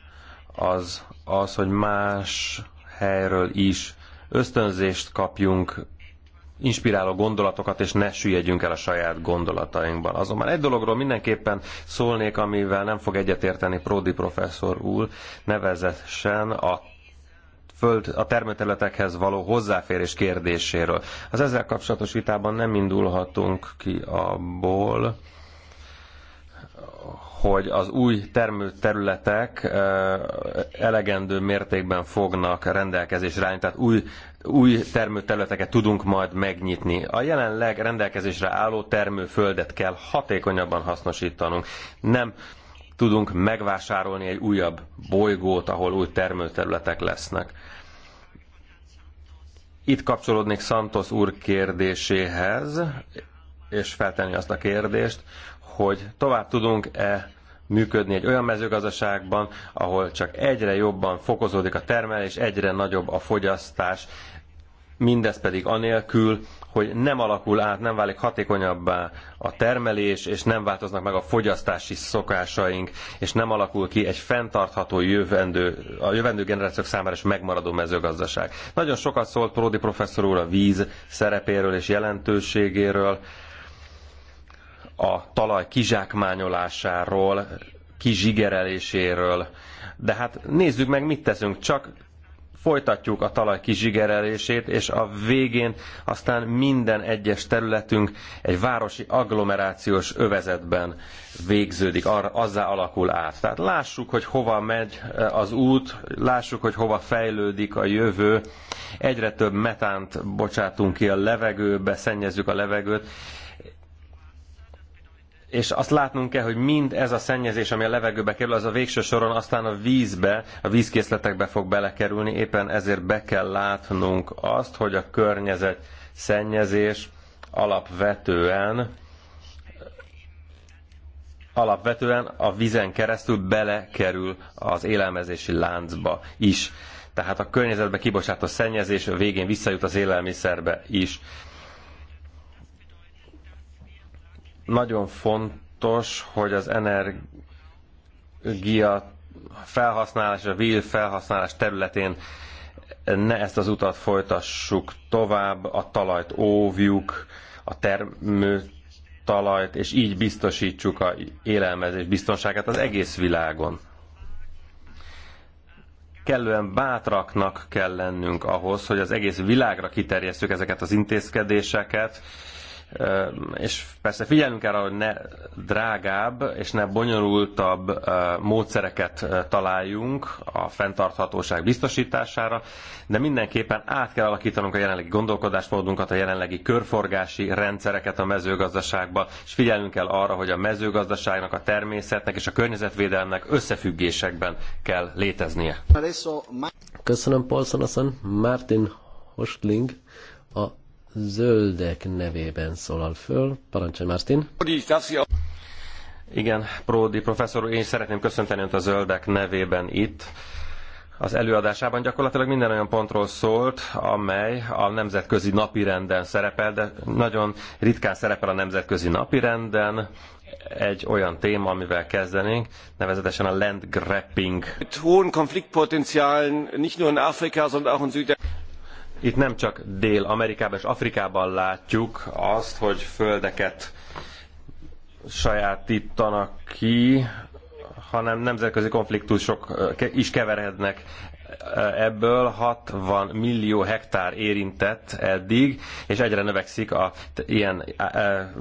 az az, hogy más helyről is ösztönzést kapjunk inspiráló gondolatokat, és ne süllyedjünk el a saját gondolatainkban. Azonban egy dologról mindenképpen szólnék, amivel nem fog egyetérteni Pródi professzor úr, nevezetesen a föld a termőterületekhez való hozzáférés kérdéséről. Az ezzel kapcsolatos vitában nem indulhatunk ki abból, hogy az új termőterületek eh, elegendő mértékben fognak rendelkezésre állni, tehát új új termőterületeket tudunk majd megnyitni. A jelenleg rendelkezésre álló termőföldet kell hatékonyabban hasznosítanunk. Nem tudunk megvásárolni egy újabb bolygót, ahol új termőterületek lesznek. Itt kapcsolódnék Santos úr kérdéséhez, és feltenni azt a kérdést, hogy tovább tudunk-e működni egy olyan mezőgazdaságban, ahol csak egyre jobban fokozódik a termelés, egyre nagyobb a fogyasztás, mindez pedig anélkül, hogy nem alakul át, nem válik hatékonyabbá a termelés, és nem változnak meg a fogyasztási szokásaink, és nem alakul ki egy fenntartható jövendő, a jövendő generációk számára is megmaradó mezőgazdaság. Nagyon sokat szólt Pródi professzor úr a víz szerepéről és jelentőségéről, a talaj kizsákmányolásáról, kizsigereléséről. De hát nézzük meg, mit teszünk. Csak folytatjuk a talaj kizsigerelését, és a végén aztán minden egyes területünk egy városi agglomerációs övezetben végződik, arra, azzá alakul át. Tehát lássuk, hogy hova megy eh, az út, lássuk, hogy hova fejlődik a jövő, egyre több metánt bocsátunk ki a levegőbe, szennyezzük a levegőt, és azt látnunk kell, hogy mind ez a szennyezés, ami a levegőbe kerül, az a végső soron aztán a vízbe, a vízkészletekbe fog belekerülni, éppen ezért be kell látnunk azt, hogy a környezet szennyezés alapvetően alapvetően a vizen keresztül belekerül az élelmezési láncba is. Tehát a környezetbe kibocsátott szennyezés végén visszajut az élelmiszerbe is Nagyon fontos, hogy az energia felhasználás, a víz felhasználás területén ne ezt az utat folytassuk tovább, a talajt óvjuk, a termő talajt, és így biztosítsuk a élelmezés biztonságát az egész világon. Kellően bátraknak kell lennünk ahhoz, hogy az egész világra kiterjesszük ezeket az intézkedéseket, és persze figyelnünk kell arra, hogy ne drágább és ne bonyolultabb módszereket találjunk a fenntarthatóság biztosítására, de mindenképpen át kell alakítanunk a jelenlegi gondolkodásmódunkat, a jelenlegi körforgási rendszereket a mezőgazdaságba, és figyelnünk kell arra, hogy a mezőgazdaságnak, a természetnek és a környezetvédelemnek összefüggésekben kell léteznie. Köszönöm, Paulson, Martin Hostling, a zöldek nevében szólal föl. Parancsolj, Martin! Igen, Pródi professzor, én szeretném köszönteni Önt a zöldek nevében itt. Az előadásában gyakorlatilag minden olyan pontról szólt, amely a nemzetközi napirenden szerepel, de nagyon ritkán szerepel a nemzetközi napirenden egy olyan téma, amivel kezdenénk, nevezetesen a land grabbing. Itt nem csak Dél-Amerikában és Afrikában látjuk azt, hogy földeket sajátítanak ki, hanem nemzetközi konfliktusok is keverednek ebből 60 millió hektár érintett eddig, és egyre növekszik a ilyen e, e,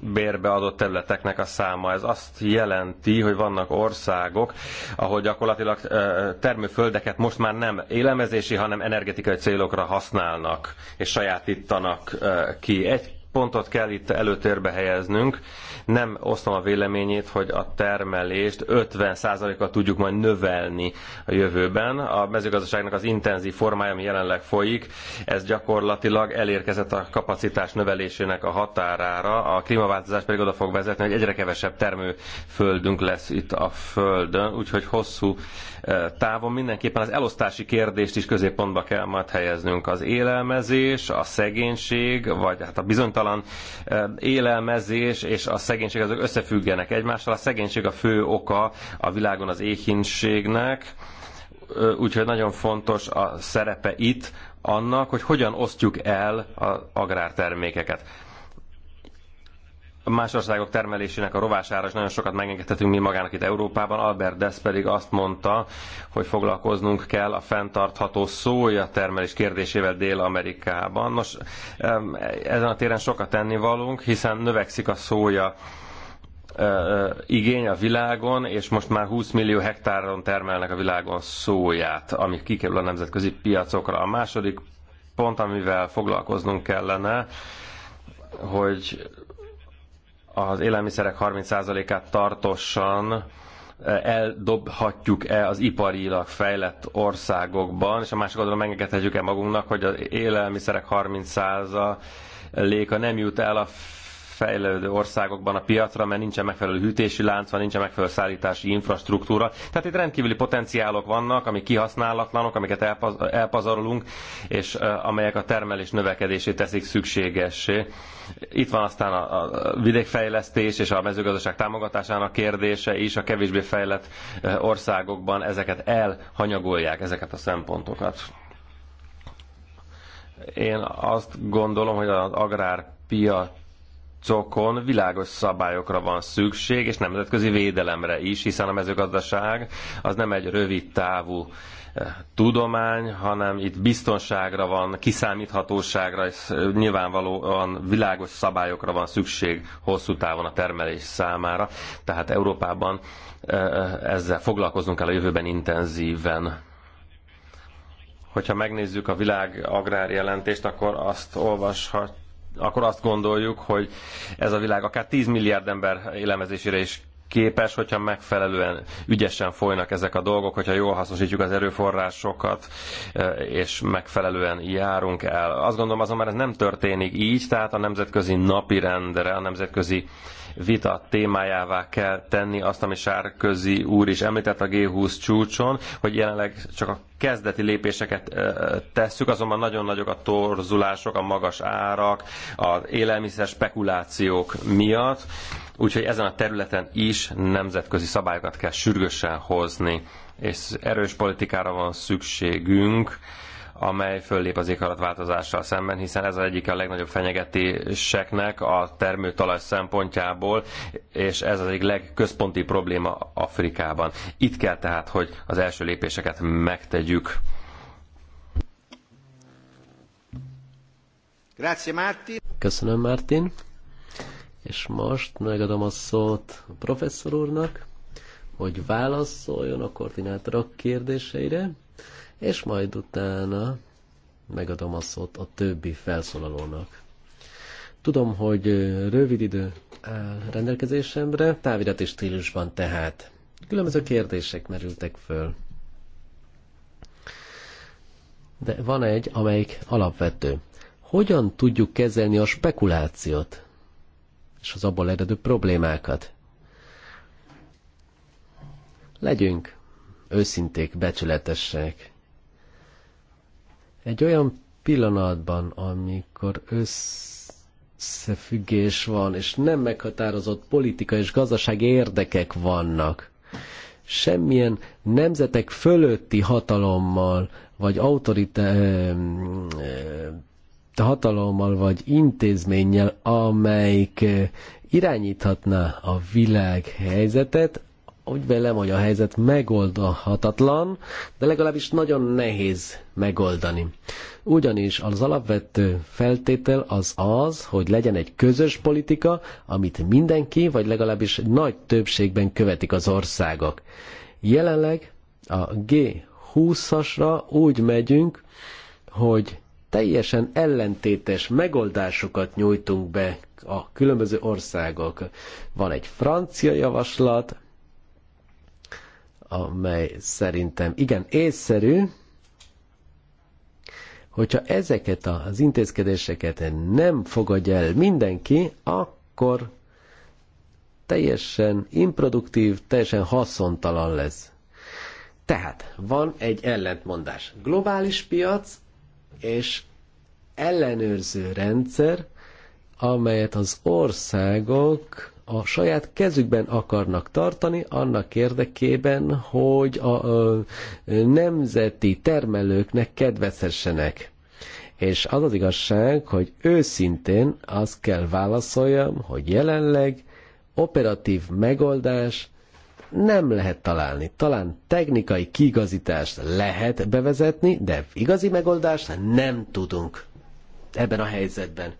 bérbe adott területeknek a száma. Ez azt jelenti, hogy vannak országok, ahol gyakorlatilag e, termőföldeket most már nem élemezési, hanem energetikai célokra használnak és sajátítanak ki. Egy pontot kell itt előtérbe helyeznünk. Nem osztom a véleményét, hogy a termelést 50%-kal tudjuk majd növelni a jövőben. A mezőgazdaságnak az intenzív formája, ami jelenleg folyik, ez gyakorlatilag elérkezett a kapacitás növelésének a határára. A klímaváltozás pedig oda fog vezetni, hogy egyre kevesebb termőföldünk lesz itt a földön, úgyhogy hosszú távon mindenképpen az elosztási kérdést is középpontba kell majd helyeznünk. Az élelmezés, a szegénység, vagy hát a bizonytalan élelmezés és a szegénység azok összefüggenek egymással. A szegénység a fő oka a világon az éhínségnek, úgyhogy nagyon fontos a szerepe itt annak, hogy hogyan osztjuk el az agrártermékeket más országok termelésének a rovására is nagyon sokat megengedhetünk mi magának itt Európában. Albert Dess pedig azt mondta, hogy foglalkoznunk kell a fenntartható szója termelés kérdésével Dél-Amerikában. Nos, ezen a téren sokat tenni valunk, hiszen növekszik a szója igény a világon, és most már 20 millió hektáron termelnek a világon szóját, ami kikerül a nemzetközi piacokra. A második pont, amivel foglalkoznunk kellene, hogy az élelmiszerek 30%-át tartósan eh, eldobhatjuk-e az iparilag fejlett országokban, és a másik oldalon megengedhetjük-e magunknak, hogy az élelmiszerek 30%-a nem jut el a fejlődő országokban a piacra, mert nincsen megfelelő hűtési lánc, van nincsen megfelelő szállítási infrastruktúra. Tehát itt rendkívüli potenciálok vannak, amik kihasználatlanok, amiket elpaz, elpazarolunk, és amelyek a termelés növekedését teszik szükségessé. Itt van aztán a, a vidékfejlesztés és a mezőgazdaság támogatásának kérdése is, a kevésbé fejlett országokban ezeket elhanyagolják, ezeket a szempontokat. Én azt gondolom, hogy az agrárpiac piacokon világos szabályokra van szükség, és nemzetközi védelemre is, hiszen a mezőgazdaság az nem egy rövid távú eh, tudomány, hanem itt biztonságra van, kiszámíthatóságra, és eh, nyilvánvalóan világos szabályokra van szükség hosszú távon a termelés számára. Tehát Európában eh, ezzel foglalkoznunk kell a jövőben intenzíven hogyha megnézzük a világ agrárjelentést, akkor azt olvashat, akkor azt gondoljuk, hogy ez a világ akár 10 milliárd ember élemezésére is képes, hogyha megfelelően ügyesen folynak ezek a dolgok, hogyha jól hasznosítjuk az erőforrásokat, e, és megfelelően járunk el. Azt gondolom azonban ez nem történik így, tehát a nemzetközi napirendre, a nemzetközi vita témájává kell tenni azt, ami Sárközi úr is említett a G20 csúcson, hogy jelenleg csak a kezdeti lépéseket tesszük, azonban nagyon nagyok a torzulások, a magas árak, az élelmiszer spekulációk miatt, úgyhogy ezen a területen is nemzetközi szabályokat kell sürgősen hozni, és erős politikára van szükségünk, amely föllép az éghajlatváltozással szemben, hiszen ez az egyik a legnagyobb fenyegetéseknek a termőtalaj szempontjából, és ez az egyik legközponti probléma Afrikában. Itt kell tehát, hogy az első lépéseket megtegyük. Grazie, Köszönöm, Martin. És most megadom a szót a professzor úrnak, hogy válaszoljon a koordinátorok kérdéseire és majd utána megadom a szót a többi felszólalónak. Tudom, hogy rövid idő áll rendelkezésemre, távirati stílusban tehát. Különböző kérdések merültek föl. De van egy, amelyik alapvető. Hogyan tudjuk kezelni a spekulációt és az abból eredő problémákat? Legyünk őszinték, becsületesek. Egy olyan pillanatban, amikor összefüggés van, és nem meghatározott politika és gazdasági érdekek vannak, semmilyen nemzetek fölötti hatalommal, vagy autorita hatalommal, vagy intézménnyel, amelyik eh, irányíthatná a világ helyzetet, úgy vélem, hogy a helyzet megoldhatatlan, de legalábbis nagyon nehéz megoldani. Ugyanis az alapvető feltétel az az, hogy legyen egy közös politika, amit mindenki, vagy legalábbis nagy többségben követik az országok. Jelenleg a G20-asra úgy megyünk, hogy teljesen ellentétes megoldásokat nyújtunk be a különböző országok. Van egy francia javaslat, amely szerintem igen észszerű, hogyha ezeket az intézkedéseket nem fogadja el mindenki, akkor teljesen improduktív, teljesen haszontalan lesz. Tehát van egy ellentmondás. Globális piac és ellenőrző rendszer, amelyet az országok a saját kezükben akarnak tartani, annak érdekében, hogy a, a nemzeti termelőknek kedvezhessenek. És az az igazság, hogy őszintén azt kell válaszoljam, hogy jelenleg operatív megoldás nem lehet találni. Talán technikai kigazítást lehet bevezetni, de igazi megoldást nem tudunk ebben a helyzetben.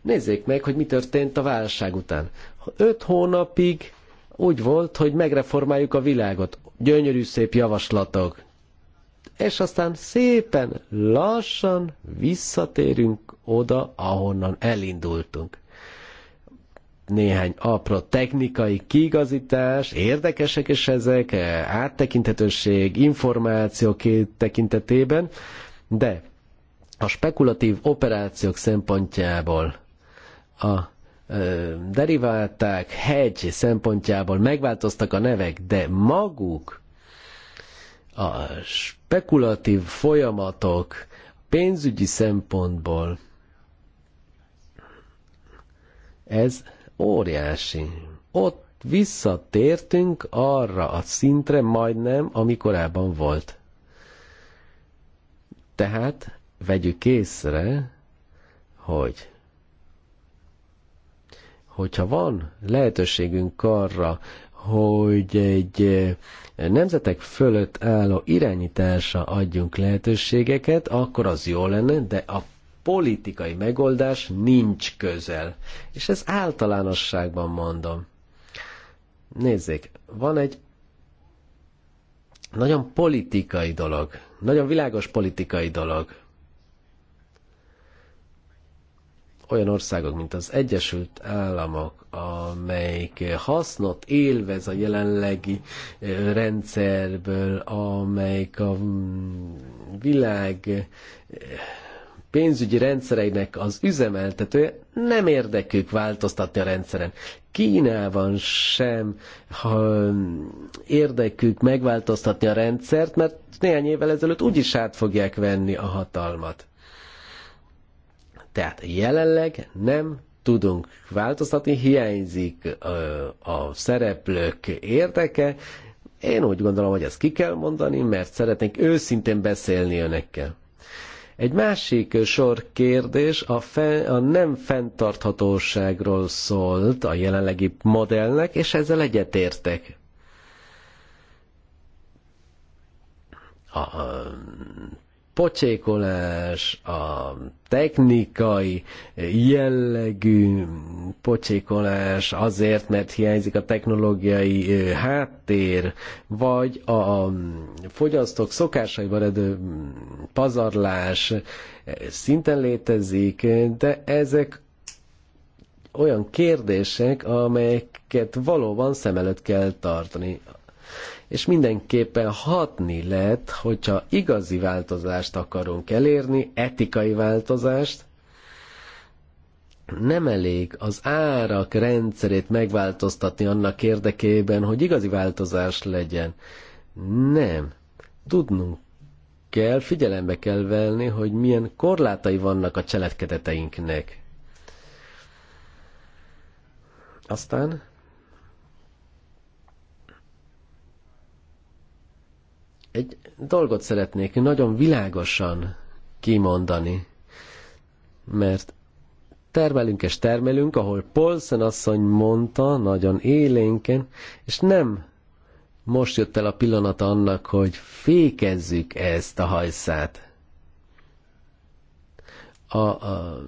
Nézzék meg, hogy mi történt a válság után. Öt hónapig úgy volt, hogy megreformáljuk a világot. Gyönyörű szép javaslatok. És aztán szépen lassan visszatérünk oda, ahonnan elindultunk néhány apró technikai kigazítás, érdekesek is ezek, eh, áttekinthetőség, két tekintetében, de a spekulatív operációk szempontjából a deriválták, hegy szempontjából megváltoztak a nevek, de maguk a spekulatív folyamatok pénzügyi szempontból ez óriási. Ott visszatértünk arra a szintre majdnem, ami korábban volt. Tehát vegyük észre, hogy hogyha van lehetőségünk arra, hogy egy eh, nemzetek fölött álló irányításra adjunk lehetőségeket, akkor az jó lenne, de a politikai megoldás nincs közel. És ez általánosságban mondom. Nézzék, van egy nagyon politikai dolog, nagyon világos politikai dolog. olyan országok, mint az Egyesült Államok, amelyik hasznot élvez a jelenlegi rendszerből, amelyik a mm, világ pénzügyi rendszereinek az üzemeltetője nem érdekük változtatni a rendszeren. Kínában sem ha mm, érdekük megváltoztatni a rendszert, mert néhány évvel ezelőtt úgyis át fogják venni a hatalmat. Tehát jelenleg nem tudunk változtatni, hiányzik a, a szereplők érdeke. Én úgy gondolom, hogy ezt ki kell mondani, mert szeretnék őszintén beszélni önekkel. Egy másik sor kérdés a, fe, a nem fenntarthatóságról szólt a jelenlegi modellnek, és ezzel egyetértek. A, a pocsékolás, a technikai jellegű pocsékolás azért, mert hiányzik a technológiai háttér, vagy a fogyasztók szokásaiban edő pazarlás szinten létezik, de ezek olyan kérdések, amelyeket valóban szem előtt kell tartani és mindenképpen hatni lehet, hogyha igazi változást akarunk elérni, etikai változást, nem elég az árak rendszerét megváltoztatni annak érdekében, hogy igazi változás legyen. Nem. Tudnunk kell, figyelembe kell venni, hogy milyen korlátai vannak a cselekedeteinknek. Aztán Egy dolgot szeretnék nagyon világosan kimondani, mert termelünk és termelünk, ahol Polszen asszony mondta, nagyon élénken, és nem most jött el a pillanat annak, hogy fékezzük ezt a hajszát. A, a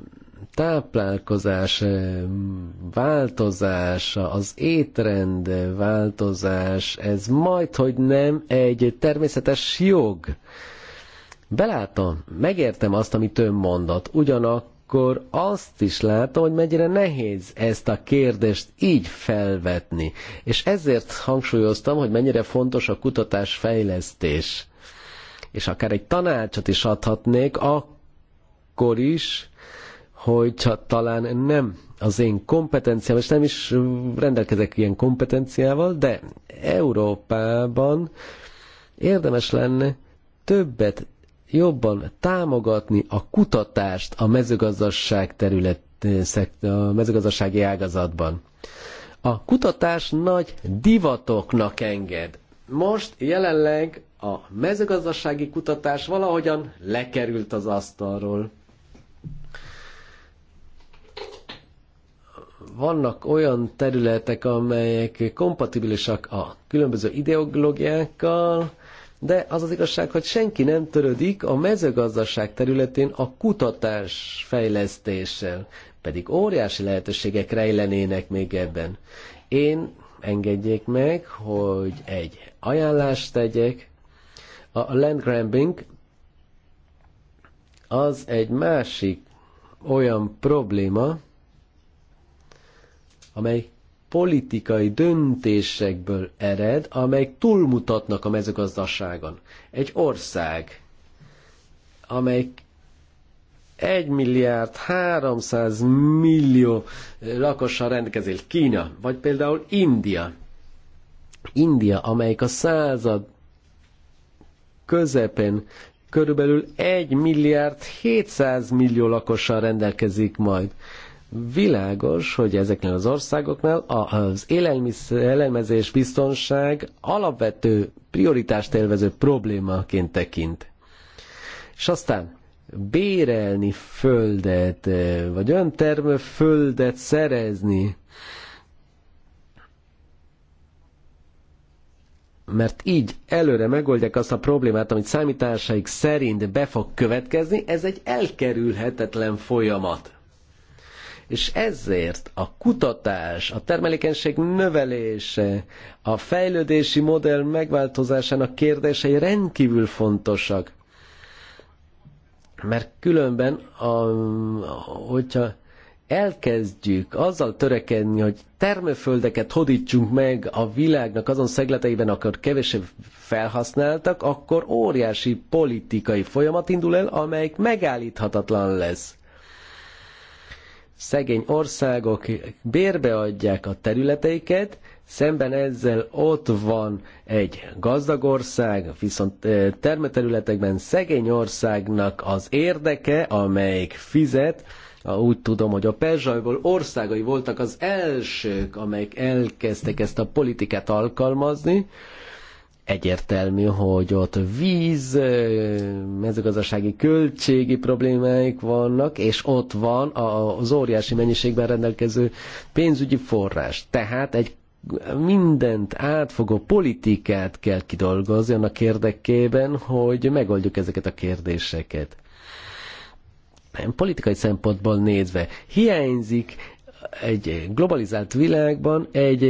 táplálkozás eh, változása, az étrend változás, ez majd, hogy nem egy természetes jog. Belátom, megértem azt, amit ön mondott, ugyanakkor azt is látom, hogy mennyire nehéz ezt a kérdést így felvetni. És ezért hangsúlyoztam, hogy mennyire fontos a kutatás fejlesztés. És akár egy tanácsot is adhatnék, akkor is, hogyha talán nem az én kompetenciával, és nem is rendelkezek ilyen kompetenciával, de Európában érdemes lenne többet, jobban támogatni a kutatást a mezőgazdaság terület, a mezőgazdasági ágazatban. A kutatás nagy divatoknak enged. Most jelenleg a mezőgazdasági kutatás valahogyan lekerült az asztalról. vannak olyan területek, amelyek kompatibilisak a különböző ideológiákkal, de az az igazság, hogy senki nem törődik a mezőgazdaság területén a kutatás fejlesztéssel, pedig óriási lehetőségek rejlenének még ebben. Én engedjék meg, hogy egy ajánlást tegyek. A land grabbing az egy másik olyan probléma, amely politikai döntésekből ered, amelyek túlmutatnak a mezőgazdaságon. Egy ország, amely 1 milliárd 300 millió lakossal rendelkezik, Kína, vagy például India. India, amelyik a század közepén körülbelül 1 milliárd 700 millió lakossal rendelkezik majd. Világos, hogy ezeknél az országoknál az élelmezés biztonság alapvető prioritást élvező problémaként tekint. És aztán bérelni földet, eh, vagy olyan földet szerezni, mert így előre megoldják azt a problémát, amit számításaik szerint be fog következni, ez egy elkerülhetetlen folyamat. És ezért a kutatás, a termelékenység növelése, a fejlődési modell megváltozásának kérdései rendkívül fontosak. Mert különben, a, hogyha elkezdjük azzal törekedni, hogy termőföldeket hodítsunk meg a világnak azon szegleteiben, akkor kevesebb felhasználtak, akkor óriási politikai folyamat indul el, amelyik megállíthatatlan lesz szegény országok bérbeadják a területeiket, szemben ezzel ott van egy gazdag ország, viszont termeterületekben szegény országnak az érdeke, amelyik fizet, úgy tudom, hogy a Perzsajból országai voltak az elsők, amelyek elkezdtek ezt a politikát alkalmazni, egyértelmű, hogy ott víz, mezőgazdasági költségi problémáik vannak, és ott van az óriási mennyiségben rendelkező pénzügyi forrás. Tehát egy mindent átfogó politikát kell kidolgozni annak érdekében, hogy megoldjuk ezeket a kérdéseket. Politikai szempontból nézve hiányzik egy globalizált világban egy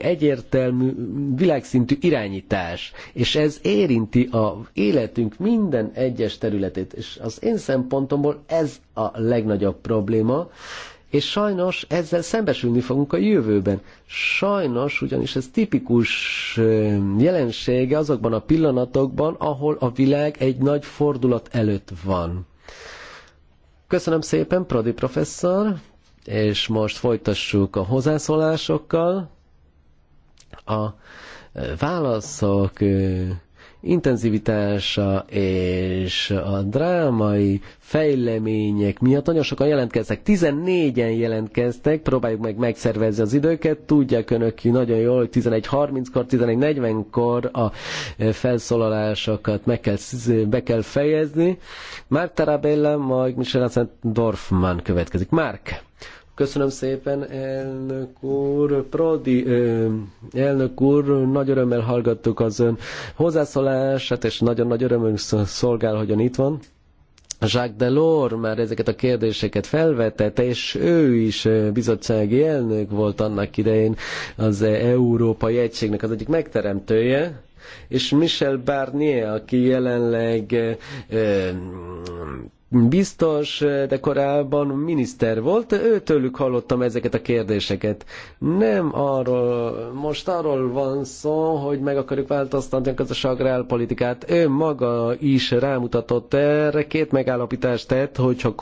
egyértelmű világszintű irányítás, és ez érinti a életünk minden egyes területét, és az én szempontomból ez a legnagyobb probléma, és sajnos ezzel szembesülni fogunk a jövőben. Sajnos, ugyanis ez tipikus jelensége azokban a pillanatokban, ahol a világ egy nagy fordulat előtt van. Köszönöm szépen, Prodi professzor! És most folytassuk a hozzászólásokkal. A e, válaszok e, intenzivitása és a drámai fejlemények miatt nagyon sokan jelentkeztek. 14-en jelentkeztek, próbáljuk meg megszervezni az időket. Tudják önök nagyon jól, hogy 11.30-kor, 11.40-kor a felszólalásokat meg kell, be kell fejezni. Mark Tarabella, majd Michel Dorfman következik. Mark, Köszönöm szépen, elnök úr. Prodi elnök úr, nagy örömmel hallgattuk az ön hozzászólását, és nagyon nagy örömünk szolgál, ön itt van. Jacques Delors már ezeket a kérdéseket felvetette, és ő is bizottsági elnök volt annak idején az Európai Egységnek az egyik megteremtője, és Michel Barnier, aki jelenleg biztos, de korábban miniszter volt, őtőlük hallottam ezeket a kérdéseket. Nem arról, most arról van szó, hogy meg akarjuk változtatni a gazdaság politikát. Ő maga is rámutatott erre, két megállapítást tett, hogy ha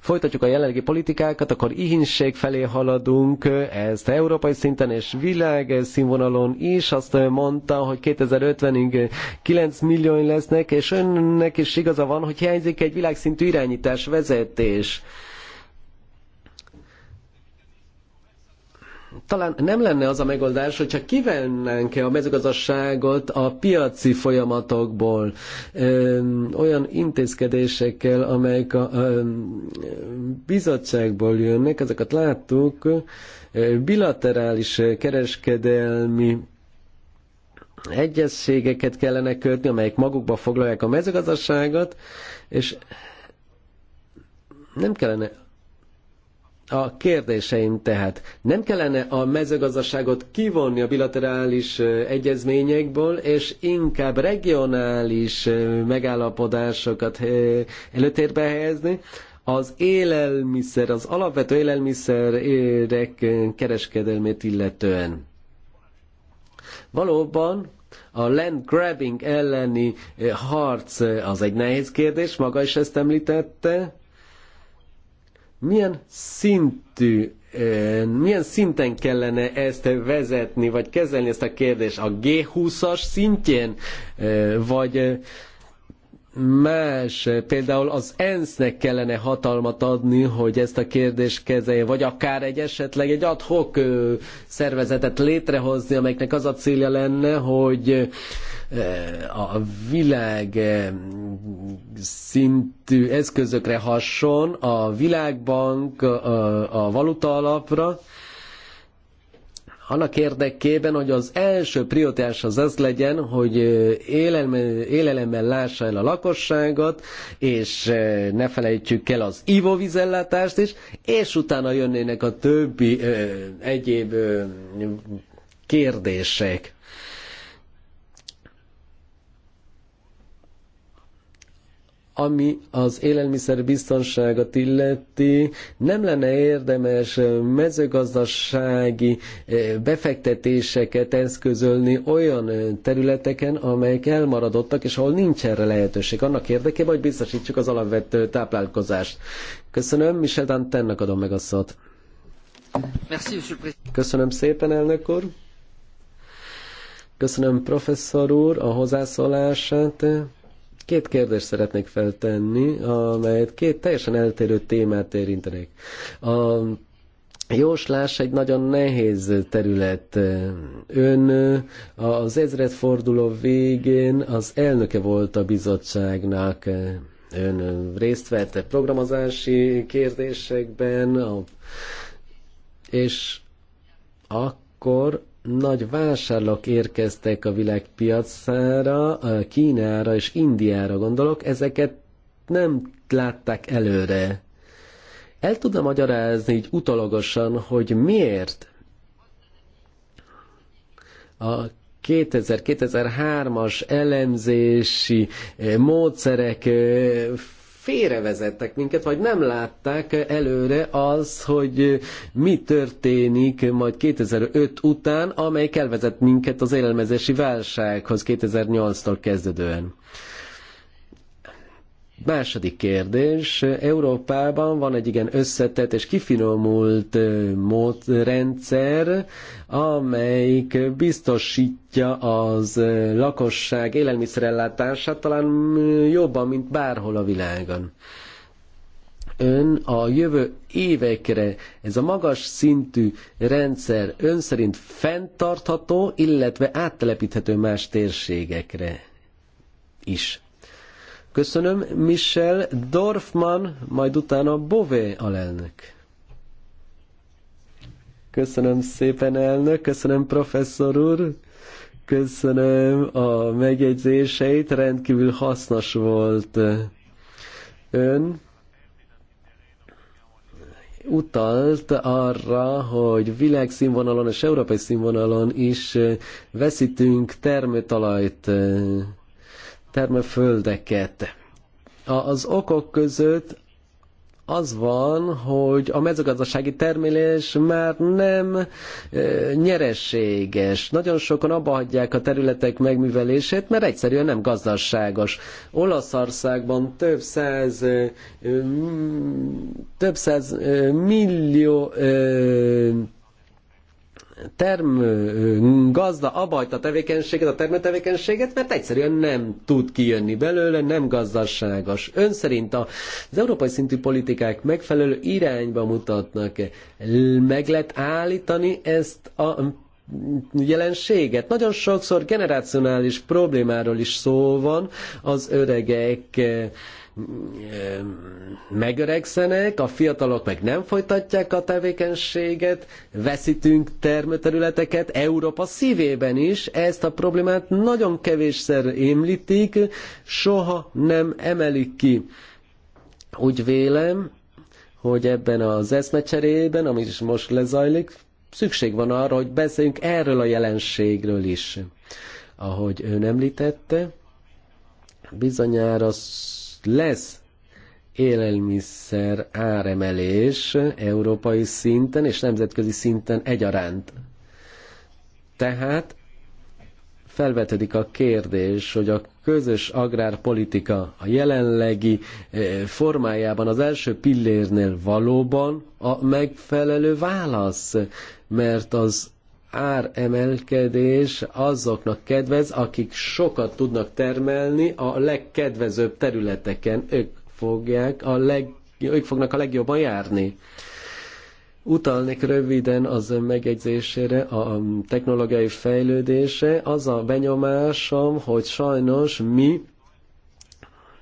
folytatjuk a jelenlegi politikákat, akkor ihinség felé haladunk, ezt európai szinten és világ színvonalon is. Azt mondta, hogy 2050-ig 9 millió lesznek, és önnek is igaza van, hogy hiányzik egy világ világszintű irányítás, vezetés. talán nem lenne az a megoldás, hogyha kivennánk -e a mezőgazdaságot a piaci folyamatokból ö, olyan intézkedésekkel, amelyek a ö, bizottságból jönnek, ezeket láttuk, ö, bilaterális kereskedelmi egyességeket kellene kötni, amelyek magukba foglalják a mezőgazdaságot, és nem kellene a kérdéseim tehát, nem kellene a mezőgazdaságot kivonni a bilaterális egyezményekből, és inkább regionális megállapodásokat előtérbe helyezni, az élelmiszer, az alapvető élelmiszerek kereskedelmét illetően. Valóban a land grabbing elleni harc az egy nehéz kérdés, maga is ezt említette, milyen szintű milyen szinten kellene ezt vezetni, vagy kezelni ezt a kérdést? A G20-as szintjén? Vagy más, például az ENSZ-nek kellene hatalmat adni, hogy ezt a kérdést kezelje, vagy akár egy esetleg egy adhok szervezetet létrehozni, amelynek az a célja lenne, hogy Eh, a világ eh, szintű eszközökre hason, a világbank, a, valuta alapra, annak érdekében, hogy az első prioritás az az legyen, hogy eh, élelemmel, lássa el a lakosságot, és ne felejtsük el az ivóvizellátást is, és utána jönnének a többi egyéb kérdések. ami az élelmiszerbiztonságot illeti, nem lenne érdemes mezőgazdasági eh, befektetéseket eszközölni olyan eh, területeken, amelyek elmaradottak, és ahol nincs erre lehetőség. Annak érdekében, hogy biztosítsuk az alapvető táplálkozást. Köszönöm, Michel Dantennek adom meg a szót. Köszönöm szépen, elnök úr. Köszönöm professzor úr a hozzászólását. Két kérdést szeretnék feltenni, amelyet két teljesen eltérő témát érintenek. A jóslás egy nagyon nehéz terület. Ön az ezredforduló végén az elnöke volt a bizottságnak. Ön részt vett a programozási kérdésekben, és akkor nagy vásárlók érkeztek a világpiacára, Kínára és Indiára gondolok, ezeket nem látták előre. El tudna magyarázni így utalagosan, hogy miért a 2000-2003-as elemzési módszerek félrevezettek minket, vagy nem látták előre az, hogy mi történik majd 2005 után, amely elvezet minket az élelmezési válsághoz 2008-tól kezdődően. Második kérdés. Európában van egy igen összetett és kifinomult módrendszer, amelyik biztosítja az lakosság élelmiszerellátását talán jobban, mint bárhol a világon. Ön a jövő évekre ez a magas szintű rendszer ön szerint fenntartható, illetve áttelepíthető más térségekre is. Köszönöm, Michel Dorfman, majd utána Bové alelnök. Köszönöm szépen, elnök, köszönöm, professzor úr, köszönöm a megjegyzéseit, rendkívül hasznos volt ön utalt arra, hogy világszínvonalon és európai színvonalon is veszítünk termőtalajt termőföldeket. Az okok között az van, hogy a mezőgazdasági termelés már nem nyereséges. Nagyon sokan abba hagyják a területek megművelését, mert egyszerűen nem gazdaságos. Olaszországban több száz, több száz millió term gazda abajta a tevékenységet, a termőtevékenységet, mert egyszerűen nem tud kijönni belőle, nem gazdaságos. Ön szerint az európai szintű politikák megfelelő irányba mutatnak -e? Meg lehet állítani ezt a jelenséget. Nagyon sokszor generacionális problémáról is szó van az öregek megöregszenek, a fiatalok meg nem folytatják a tevékenységet, veszítünk termőterületeket Európa szívében is. Ezt a problémát nagyon kevésszer említik, soha nem emelik ki. Úgy vélem, hogy ebben az eszmecserében, ami is most lezajlik, szükség van arra, hogy beszéljünk erről a jelenségről is. Ahogy ön említette, bizonyára lesz élelmiszer áremelés európai szinten és nemzetközi szinten egyaránt. Tehát felvetődik a kérdés, hogy a közös agrárpolitika a jelenlegi eh, formájában az első pillérnél valóban a megfelelő válasz, mert az áremelkedés azoknak kedvez, akik sokat tudnak termelni a legkedvezőbb területeken. Ők fogják a leg, ők fognak a legjobban járni. Utalnék röviden az ön megjegyzésére, a technológiai fejlődése. Az a benyomásom, hogy sajnos mi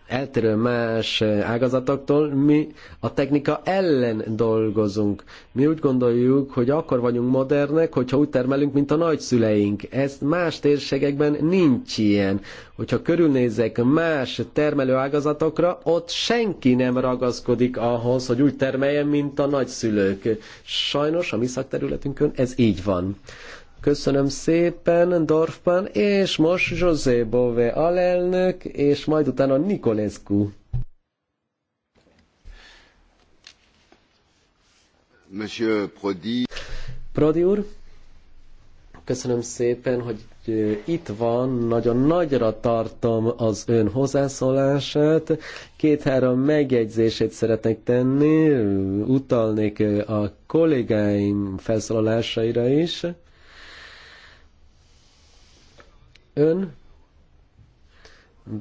eltérő más eh, ágazatoktól, mi a technika ellen dolgozunk. Mi úgy gondoljuk, hogy akkor vagyunk modernek, hogyha úgy termelünk, mint a nagyszüleink. Ez más térségekben nincs ilyen. Hogyha körülnézek más termelő ágazatokra, ott senki nem ragaszkodik ahhoz, hogy úgy termeljen, mint a nagyszülők. Sajnos a mi szakterületünkön ez így van. Köszönöm szépen Dorfman, és most José Bové alelnök, és majd utána Nikolescu. Monsieur Prodi. Prodi úr, köszönöm szépen, hogy itt van, nagyon nagyra tartom az ön hozzászólását. Két-három megjegyzését szeretnék tenni, utalnék a kollégáim felszólalásaira is. Ön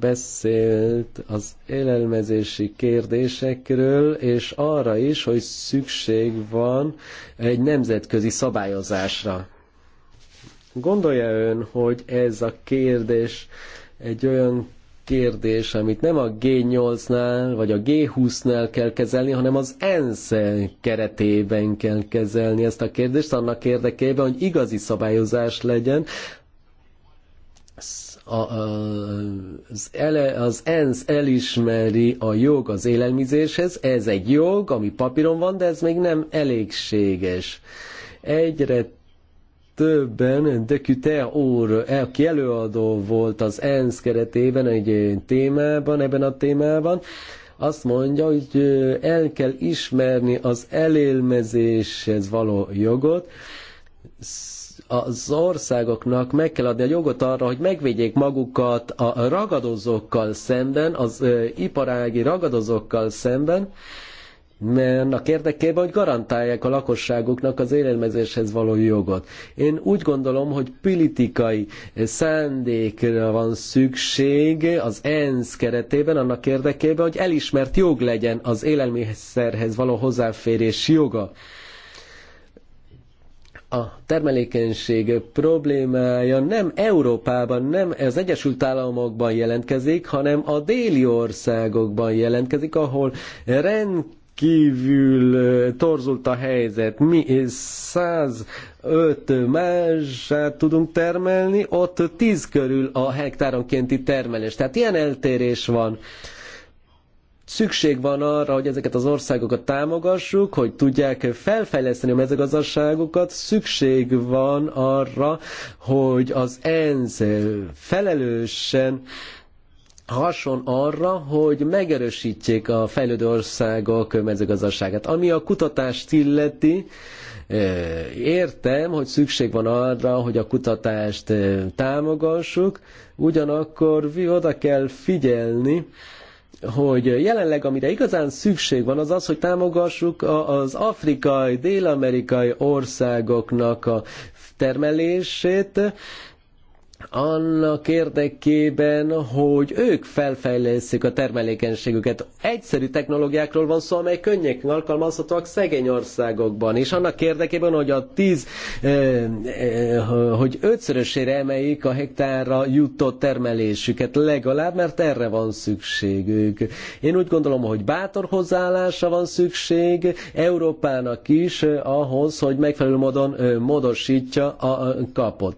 beszélt az élelmezési kérdésekről, és arra is, hogy szükség van egy nemzetközi szabályozásra. Gondolja ön, hogy ez a kérdés egy olyan kérdés, amit nem a G8-nál vagy a G20-nál kell kezelni, hanem az ENSZ keretében kell kezelni ezt a kérdést, annak érdekében, hogy igazi szabályozás legyen, az, ele, az ENSZ elismeri a jog az élelmizéshez, ez egy jog, ami papíron van, de ez még nem elégséges. Egyre többen, de Küter úr, aki előadó volt az ENSZ keretében egy témában, ebben a témában, azt mondja, hogy el kell ismerni az elélmezéshez való jogot, az országoknak meg kell adni a jogot arra, hogy megvédjék magukat a ragadozókkal szemben, az iparági ragadozókkal szemben, mert a érdekében, hogy garantálják a lakosságuknak az élelmezéshez való jogot. Én úgy gondolom, hogy politikai szándékra van szükség az ENSZ keretében, annak érdekében, hogy elismert jog legyen az élelmiszerhez való hozzáférés joga a termelékenység problémája nem Európában, nem az Egyesült Államokban jelentkezik, hanem a déli országokban jelentkezik, ahol rendkívül torzult a helyzet. Mi 105 mását tudunk termelni, ott 10 körül a hektáronkénti termelés. Tehát ilyen eltérés van Szükség van arra, hogy ezeket az országokat támogassuk, hogy tudják felfejleszteni a mezőgazdaságukat, szükség van arra, hogy az ENSZ felelősen hason arra, hogy megerősítsék a fejlődő országok mezőgazdaságát. Ami a kutatást illeti, eh, értem, hogy szükség van arra, hogy a kutatást eh, támogassuk, ugyanakkor oda kell figyelni, hogy jelenleg amire igazán szükség van az az, hogy támogassuk az afrikai, dél-amerikai országoknak a termelését, annak érdekében, hogy ők felfejleszik a termelékenységüket. Egyszerű technológiákról van szó, amely könnyek alkalmazhatóak szegény országokban, és annak érdekében, hogy a tíz, eh, eh, hogy ötszörösére emeljék a hektárra jutó termelésüket legalább, mert erre van szükségük. Én úgy gondolom, hogy bátor hozzáállása van szükség Európának is eh, ahhoz, hogy megfelelő módon módosítja a kapot.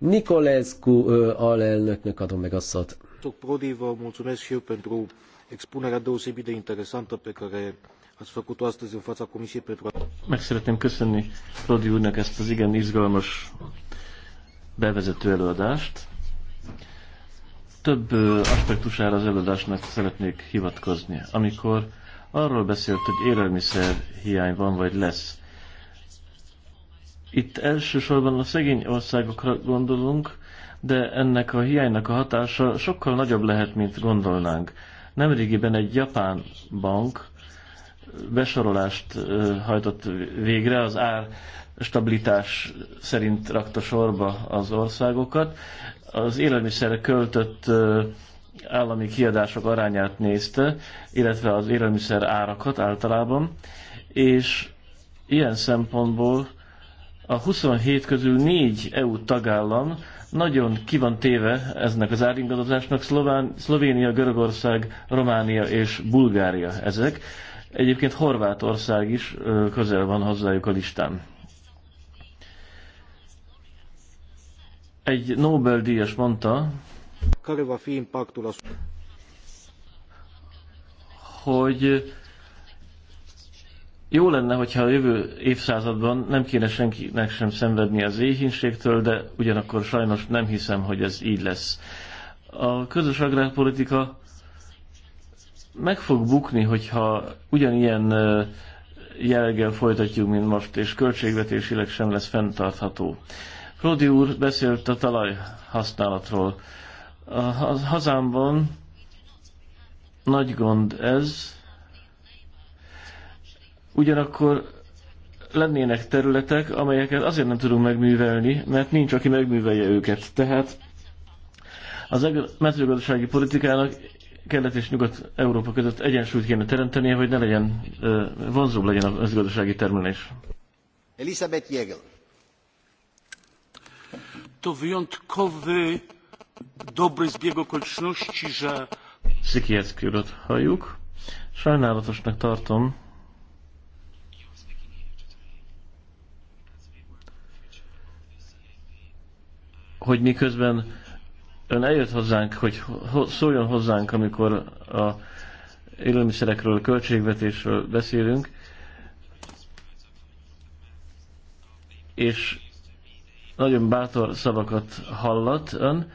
Nicolescu alelnöknek adom meg a szót. Prodi, mulțumesc și eu pentru expunerea deosebit de interesantă pe care ați făcut-o astăzi în fața Comisiei pentru... Meg szeretném köszönni Prodi úrnak ezt az igen izgalmas bevezető előadást. Több aspektusára az előadásnak szeretnék hivatkozni. Amikor arról beszélt, hogy élelmiszer hiány van vagy lesz, itt elsősorban a szegény országokra gondolunk, de ennek a hiánynak a hatása sokkal nagyobb lehet, mint gondolnánk. Nemrégiben egy japán bank besorolást hajtott végre, az ár stabilitás szerint rakta sorba az országokat. Az élelmiszerre költött állami kiadások arányát nézte, illetve az élelmiszer árakat általában, és ilyen szempontból a 27 közül 4 EU tagállam nagyon ki van téve eznek az áringadozásnak, Szlován, Szlovénia, Görögország, Románia és Bulgária ezek. Egyébként Horvátország is közel van hozzájuk a listán. Egy Nobel-díjas mondta, hogy jó lenne, hogyha a jövő évszázadban nem kéne senkinek sem szenvedni az éhínségtől, de ugyanakkor sajnos nem hiszem, hogy ez így lesz. A közös agrárpolitika meg fog bukni, hogyha ugyanilyen jelleggel folytatjuk, mint most, és költségvetésileg sem lesz fenntartható. Prodi úr beszélt a talajhasználatról. A hazámban nagy gond ez, Ugyanakkor lennének területek, amelyeket azért nem tudunk megművelni, mert nincs, aki megművelje őket. Tehát az mezőgazdasági politikának kelet és nyugat-európa között egyensúlyt kéne teremtenie, hogy ne legyen, vonzóbb legyen a mezőgazdasági termelés. Elisabeth Jegel. To wyjątkowy dobry zbieg okoliczności, że... Szikijecki halljuk. Sajnálatosnak tartom, hogy miközben ön eljött hozzánk, hogy szóljon hozzánk, amikor a élelmiszerekről, a költségvetésről beszélünk, és nagyon bátor szavakat hallat ön.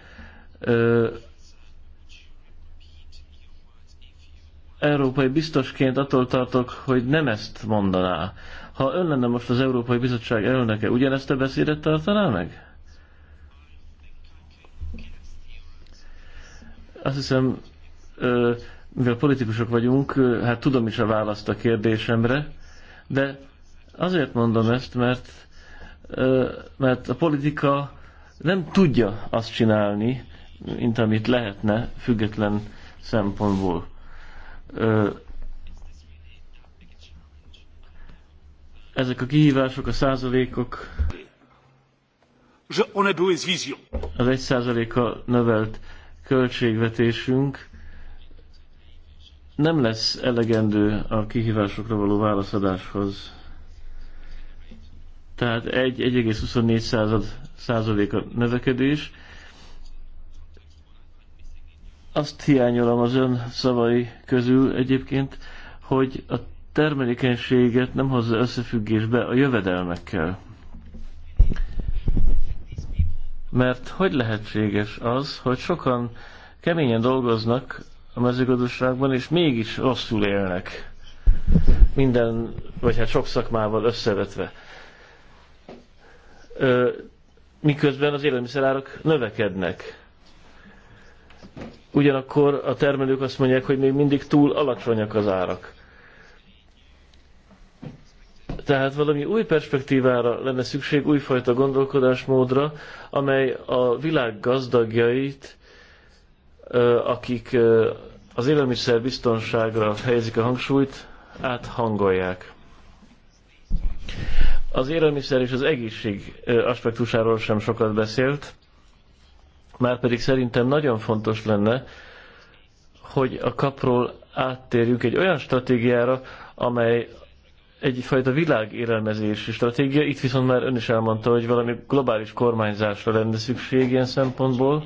Európai biztosként attól tartok, hogy nem ezt mondaná. Ha ön lenne most az Európai Bizottság elnöke, ugyanezt a beszédet tartaná meg? Azt hiszem, mivel politikusok vagyunk, hát tudom is a választ a kérdésemre, de azért mondom ezt, mert, mert a politika nem tudja azt csinálni, mint amit lehetne független szempontból. Ezek a kihívások, a százalékok, az egy százaléka növelt költségvetésünk nem lesz elegendő a kihívásokra való válaszadáshoz. Tehát 1,24 százalék a növekedés. Azt hiányolom az ön szavai közül egyébként, hogy a termelékenységet nem hozza összefüggésbe a jövedelmekkel. Mert hogy lehetséges az, hogy sokan keményen dolgoznak a mezőgazdaságban, és mégis rosszul élnek minden, vagy hát sok szakmával összevetve. Miközben az élelmiszerárak növekednek. Ugyanakkor a termelők azt mondják, hogy még mindig túl alacsonyak az árak. Tehát valami új perspektívára lenne szükség, újfajta gondolkodásmódra, amely a világ gazdagjait, akik az élelmiszer biztonságra helyezik a hangsúlyt, áthangolják. Az élelmiszer és az egészség aspektusáról sem sokat beszélt, már pedig szerintem nagyon fontos lenne, hogy a kapról áttérjünk egy olyan stratégiára, amely egyfajta világélelmezési stratégia. Itt viszont már ön is elmondta, hogy valami globális kormányzásra lenne szükség ilyen szempontból.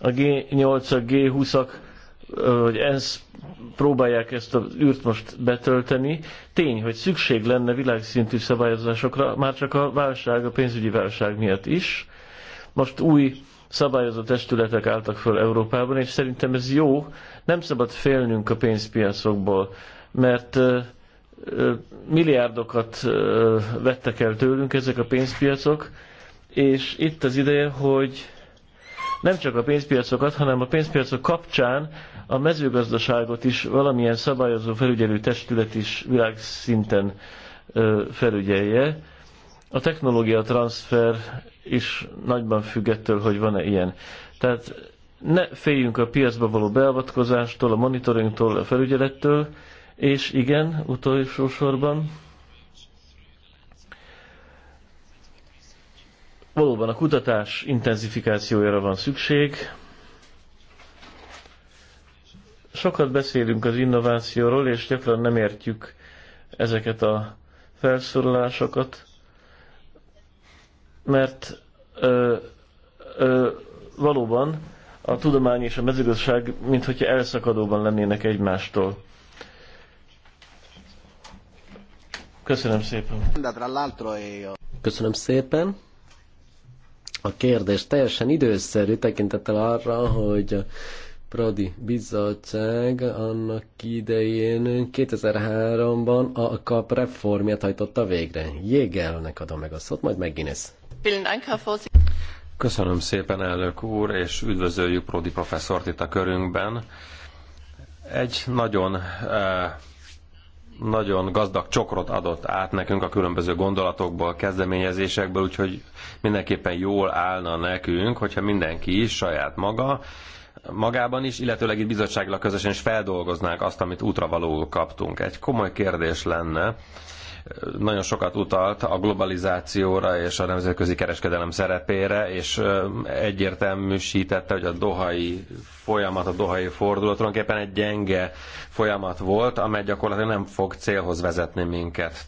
A G8-ak, G20-ak hogy ENSZ próbálják ezt az űrt most betölteni. Tény, hogy szükség lenne világszintű szabályozásokra, már csak a válság, a pénzügyi válság miatt is. Most új szabályozó testületek álltak föl Európában, és szerintem ez jó. Nem szabad félnünk a pénzpiacokból, mert milliárdokat vettek el tőlünk ezek a pénzpiacok, és itt az ideje, hogy nem csak a pénzpiacokat, hanem a pénzpiacok kapcsán a mezőgazdaságot is valamilyen szabályozó felügyelő testület is világszinten felügyelje. A technológia transfer is nagyban függ ettől, hogy van-e ilyen. Tehát ne féljünk a piacba való beavatkozástól, a monitoringtól, a felügyelettől, és igen, utolsó sorban, valóban a kutatás intenzifikációjára van szükség. Sokat beszélünk az innovációról, és gyakran nem értjük ezeket a felszólalásokat, mert ö, ö, valóban a tudomány és a mezőgazdaság mintha elszakadóban lennének egymástól. Köszönöm szépen. Köszönöm szépen. A kérdés teljesen időszerű tekintettel arra, hogy a Prodi Bizottság annak idején 2003-ban a kap reformját hajtotta végre. Jégelnek adom meg a szót, majd megint Köszönöm szépen, elnök úr, és üdvözöljük Prodi professzort itt a körünkben. Egy nagyon uh, nagyon gazdag csokrot adott át nekünk a különböző gondolatokból, kezdeményezésekből, úgyhogy mindenképpen jól állna nekünk, hogyha mindenki is saját maga, magában is, illetőleg itt bizottságilag közösen is feldolgoznánk azt, amit útravalóul kaptunk. Egy komoly kérdés lenne, nagyon sokat utalt a globalizációra és a nemzetközi kereskedelem szerepére, és egyértelműsítette, hogy a dohai folyamat, a dohai forduló tulajdonképpen egy gyenge folyamat volt, amely gyakorlatilag nem fog célhoz vezetni minket.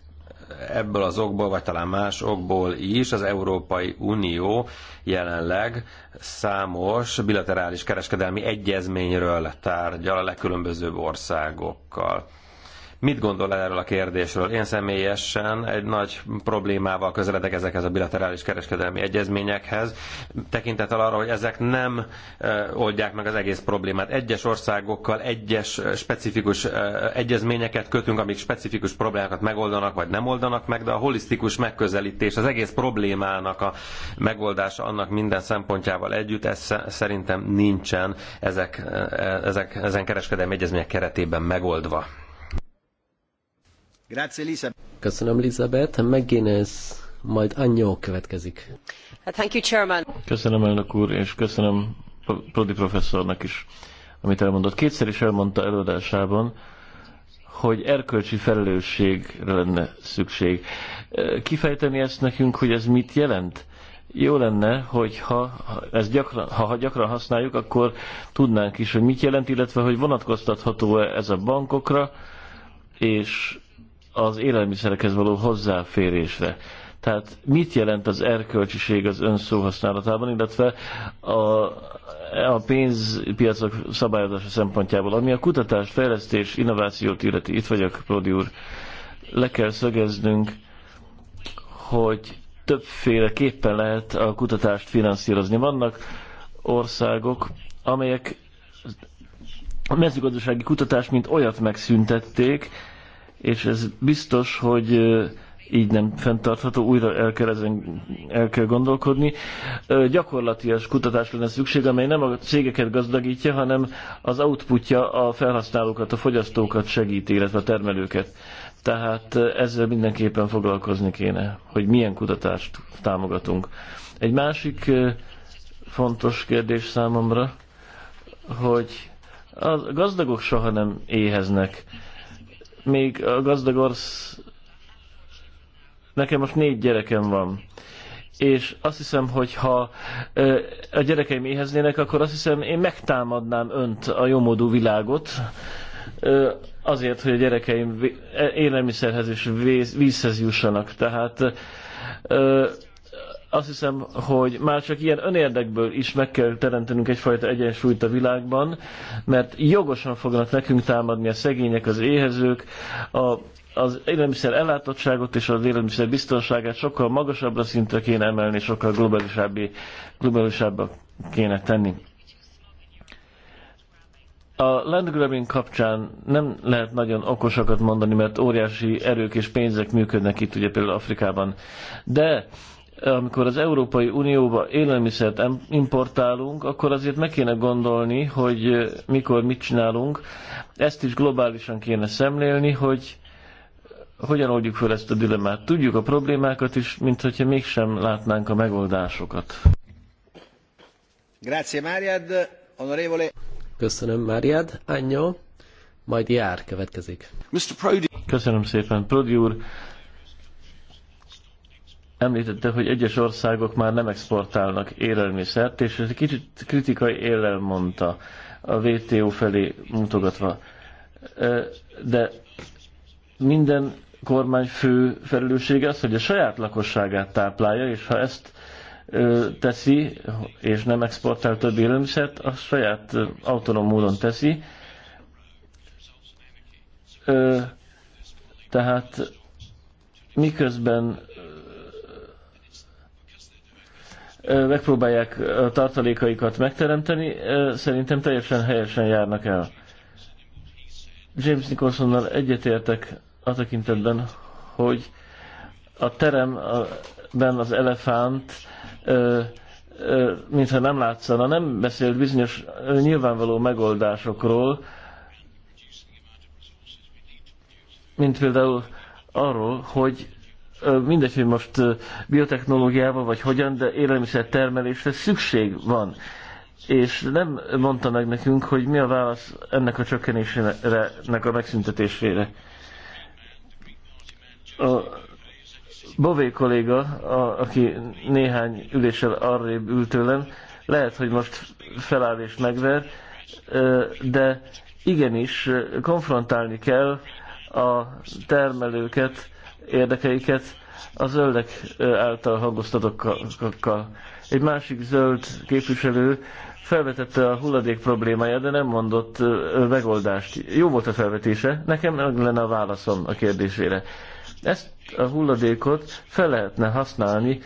Ebből az okból, vagy talán más okból is az Európai Unió jelenleg számos bilaterális kereskedelmi egyezményről tárgyal a legkülönbözőbb országokkal Mit gondol erről a kérdésről? Én személyesen egy nagy problémával közeledek ezekhez a bilaterális kereskedelmi egyezményekhez, tekintettel arra, hogy ezek nem oldják meg az egész problémát. Egyes országokkal egyes specifikus egyezményeket kötünk, amik specifikus problémákat megoldanak, vagy nem oldanak meg, de a holisztikus megközelítés, az egész problémának a megoldása annak minden szempontjával együtt, ez szerintem nincsen ezek, ezek, ezen kereskedelmi egyezmények keretében megoldva. Grazie, Köszönöm, Elizabeth. Megginez, majd Anyó következik. Uh, thank you, Chairman. Köszönöm, elnök úr, és köszönöm Prodi professzornak is, amit elmondott. Kétszer is elmondta előadásában, hogy erkölcsi felelősségre lenne szükség. Uh, kifejteni ezt nekünk, hogy ez mit jelent? Jó lenne, hogy ha, ezt gyakran, ha gyakran használjuk, akkor tudnánk is, hogy mit jelent, illetve hogy vonatkoztatható-e ez a bankokra, és az élelmiszerekhez való hozzáférésre. Tehát mit jelent az erkölcsiség az önszó használatában, illetve a, a pénzpiacok szabályozása szempontjából, ami a kutatás fejlesztés, innovációt illeti, itt vagyok, Pródi úr, le kell szögeznünk, hogy többféleképpen lehet a kutatást finanszírozni. Vannak országok, amelyek a mezőgazdasági kutatást mint olyat megszüntették, és ez biztos, hogy így nem fenntartható, újra el kell, ezen, el kell gondolkodni. Gyakorlatias kutatás lenne szükség, amely nem a cégeket gazdagítja, hanem az outputja a felhasználókat, a fogyasztókat segíti, illetve a termelőket. Tehát ezzel mindenképpen foglalkozni kéne, hogy milyen kutatást támogatunk. Egy másik fontos kérdés számomra, hogy a gazdagok soha nem éheznek még a gazdagorsz... Nekem most négy gyerekem van. És azt hiszem, hogy ha a gyerekeim éheznének, akkor azt hiszem, én megtámadnám önt a jómódú világot, azért, hogy a gyerekeim élelmiszerhez és vízhez jussanak. Tehát azt hiszem, hogy már csak ilyen önérdekből is meg kell teremtenünk egyfajta egyensúlyt a világban, mert jogosan fognak nekünk támadni a szegények, az éhezők, a az élelmiszer ellátottságot és az élelmiszer biztonságát sokkal magasabbra szintre kéne emelni, sokkal globálisabbé, globálisabbá kéne tenni. A landgrabbing kapcsán nem lehet nagyon okosakat mondani, mert óriási erők és pénzek működnek itt, ugye például Afrikában. De amikor az Európai Unióba élelmiszert importálunk, akkor azért meg kéne gondolni, hogy mikor mit csinálunk. Ezt is globálisan kéne szemlélni, hogy hogyan oldjuk fel ezt a dilemmát. Tudjuk a problémákat is, mint hogyha mégsem látnánk a megoldásokat. Grazie Máriad, onorevole. Köszönöm Máriad, Annyó, majd jár következik. Mr. Prodi. Köszönöm szépen, Prodi úr említette, hogy egyes országok már nem exportálnak élelmiszert, és ez kicsit kritikai élel mondta a WTO felé mutogatva. De minden kormány fő felelőssége az, hogy a saját lakosságát táplálja, és ha ezt teszi, és nem exportál több élelmiszert, a saját autonóm módon teszi. Tehát miközben megpróbálják a tartalékaikat megteremteni, szerintem teljesen helyesen járnak el. James Nicholsonnal egyetértek a tekintetben, hogy a teremben az elefánt, mintha nem látszana, nem beszélt bizonyos nyilvánvaló megoldásokról, mint például arról, hogy mindegy, hogy most biotechnológiával vagy hogyan, de élelmiszer termelésre szükség van. És nem mondta meg nekünk, hogy mi a válasz ennek a csökkenésére, nek a megszüntetésére. A Bové kolléga, a, aki néhány üléssel arrébb ült tőlem, lehet, hogy most feláll és megver, de igenis konfrontálni kell a termelőket érdekeiket a zöldek által hangoztatokkal. Egy másik zöld képviselő felvetette a hulladék problémáját, de nem mondott megoldást. Jó volt a felvetése, nekem meg lenne a válaszom a kérdésére. Ezt a hulladékot fel lehetne használni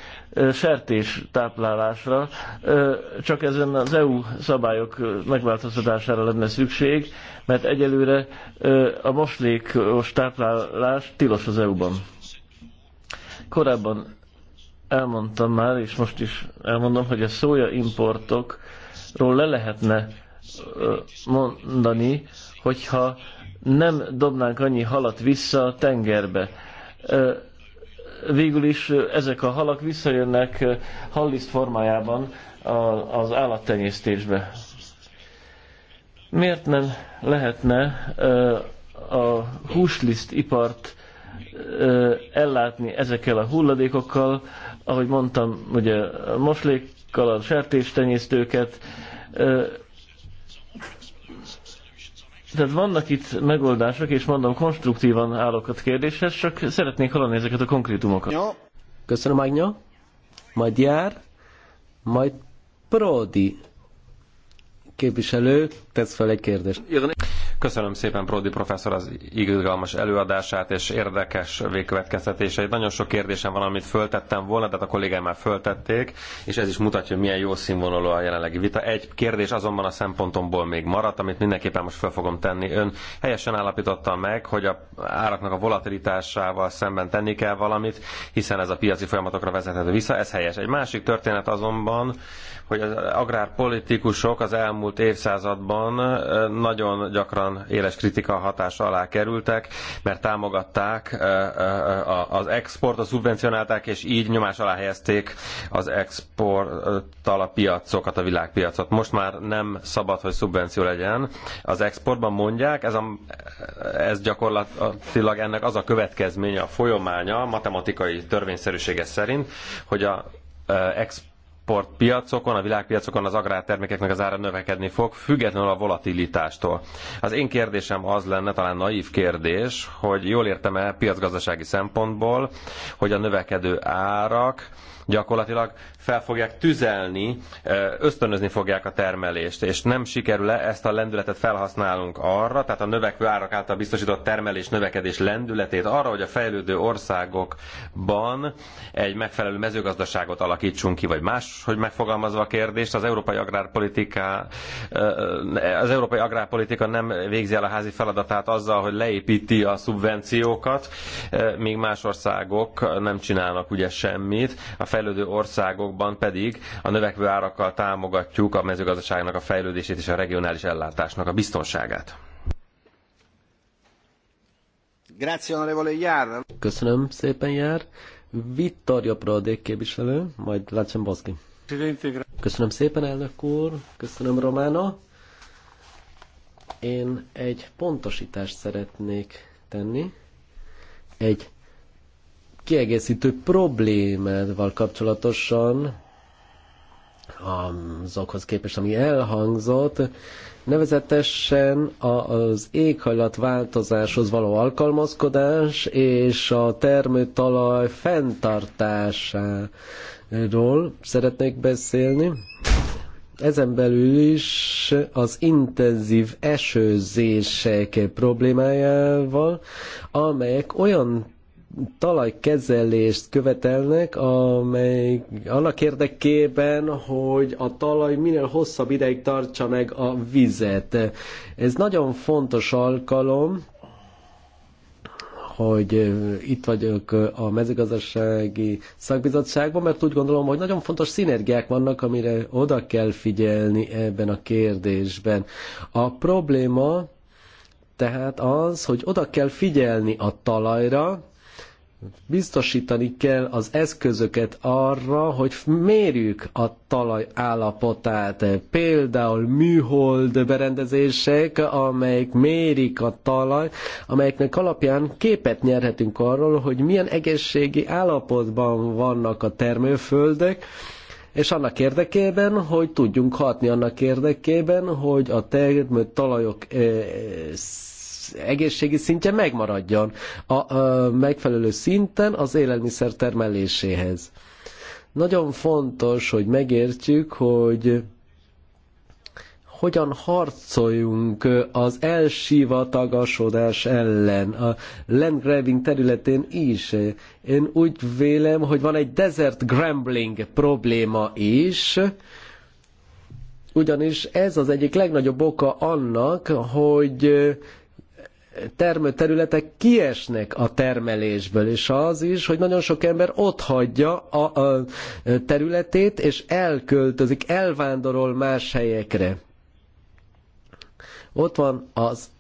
sertés táplálásra, csak ezen az EU szabályok megváltoztatására lenne szükség, mert egyelőre a moslékos táplálás tilos az EU-ban. Korábban elmondtam már, és most is elmondom, hogy a szója importokról le lehetne mondani, hogyha nem dobnánk annyi halat vissza a tengerbe. Végül is ezek a halak visszajönnek halliszt formájában az állattenyésztésbe. Miért nem lehetne a húslisztipart ipart ellátni ezekkel a hulladékokkal, ahogy mondtam, ugye a moslékkal, a sertéstenyésztőket. Tehát vannak itt megoldások, és mondom, konstruktívan állok a kérdéshez, csak szeretnék hallani ezeket a konkrétumokat. Jó. Köszönöm, Ágnya. Majd jár, majd Prodi képviselő tesz fel egy kérdést. Köszönöm szépen Prodi professzor az izgalmas előadását és érdekes végkövetkeztetéseit. Nagyon sok kérdésem van, amit föltettem volna, tehát a kollégám már föltették, és ez is mutatja, hogy milyen jó színvonalú a jelenlegi vita. Egy kérdés azonban a szempontomból még maradt, amit mindenképpen most fel fogom tenni. Ön helyesen állapította meg, hogy a áraknak a volatilitásával szemben tenni kell valamit, hiszen ez a piaci folyamatokra vezethető vissza, ez helyes. Egy másik történet azonban, hogy az agrárpolitikusok az elmúlt évszázadban nagyon gyakran éles kritika hatása alá kerültek, mert támogatták az exportot, szubvencionálták, és így nyomás alá helyezték az exporttal a piacokat, a világpiacot. Most már nem szabad, hogy szubvenció legyen. Az exportban mondják, ez, a, ez gyakorlatilag ennek az a következménye, a folyománya, matematikai törvényszerűsége szerint, hogy a export exportpiacokon, a világpiacokon az agrártermékeknek az ára növekedni fog, függetlenül a volatilitástól. Az én kérdésem az lenne, talán naív kérdés, hogy jól értem-e piacgazdasági szempontból, hogy a növekedő árak gyakorlatilag fel fogják tüzelni, ösztönözni fogják a termelést, és nem sikerül -e ezt a lendületet felhasználunk arra, tehát a növekvő árak által biztosított termelés növekedés lendületét arra, hogy a fejlődő országokban egy megfelelő mezőgazdaságot alakítsunk ki, vagy más, hogy megfogalmazva a kérdést, az európai agrárpolitika, az európai agrárpolitika nem végzi el a házi feladatát azzal, hogy leépíti a szubvenciókat, míg más országok nem csinálnak ugye semmit. A fejlődő országokban pedig a növekvő árakkal támogatjuk a mezőgazdaságnak a fejlődését és a regionális ellátásnak a biztonságát. Köszönöm szépen, Jár. Vittoria Pradék képviselő, majd Boszki. Köszönöm szépen, elnök úr. Köszönöm, Romána. Én egy pontosítást szeretnék tenni. Egy kiegészítő problémával kapcsolatosan azokhoz képest, ami elhangzott, nevezetesen az éghajlatváltozáshoz való alkalmazkodás és a termőtalaj fenntartásáról szeretnék beszélni. Ezen belül is az intenzív esőzések problémájával, amelyek olyan talajkezelést követelnek, amely annak érdekében, hogy a talaj minél hosszabb ideig tartsa meg a vizet. Ez nagyon fontos alkalom, hogy itt vagyok a mezőgazdasági szakbizottságban, mert úgy gondolom, hogy nagyon fontos szinergiák vannak, amire oda kell figyelni ebben a kérdésben. A probléma tehát az, hogy oda kell figyelni a talajra, biztosítani kell az eszközöket arra, hogy mérjük a talaj állapotát. Például műhold berendezések, amelyek mérik a talaj, amelyeknek alapján képet nyerhetünk arról, hogy milyen egészségi állapotban vannak a termőföldek, és annak érdekében, hogy tudjunk hatni annak érdekében, hogy a termő talajok eh, egészségi szintje megmaradjon a, a megfelelő szinten az élelmiszer termeléséhez. Nagyon fontos, hogy megértjük, hogy hogyan harcoljunk az elsivatagasodás ellen a grabbing területén is. Én úgy vélem, hogy van egy desert grambling probléma is, ugyanis ez az egyik legnagyobb oka annak, hogy termőterületek kiesnek a termelésből, és az is, hogy nagyon sok ember ott hagyja a, a területét, és elköltözik, elvándorol más helyekre. Ott van az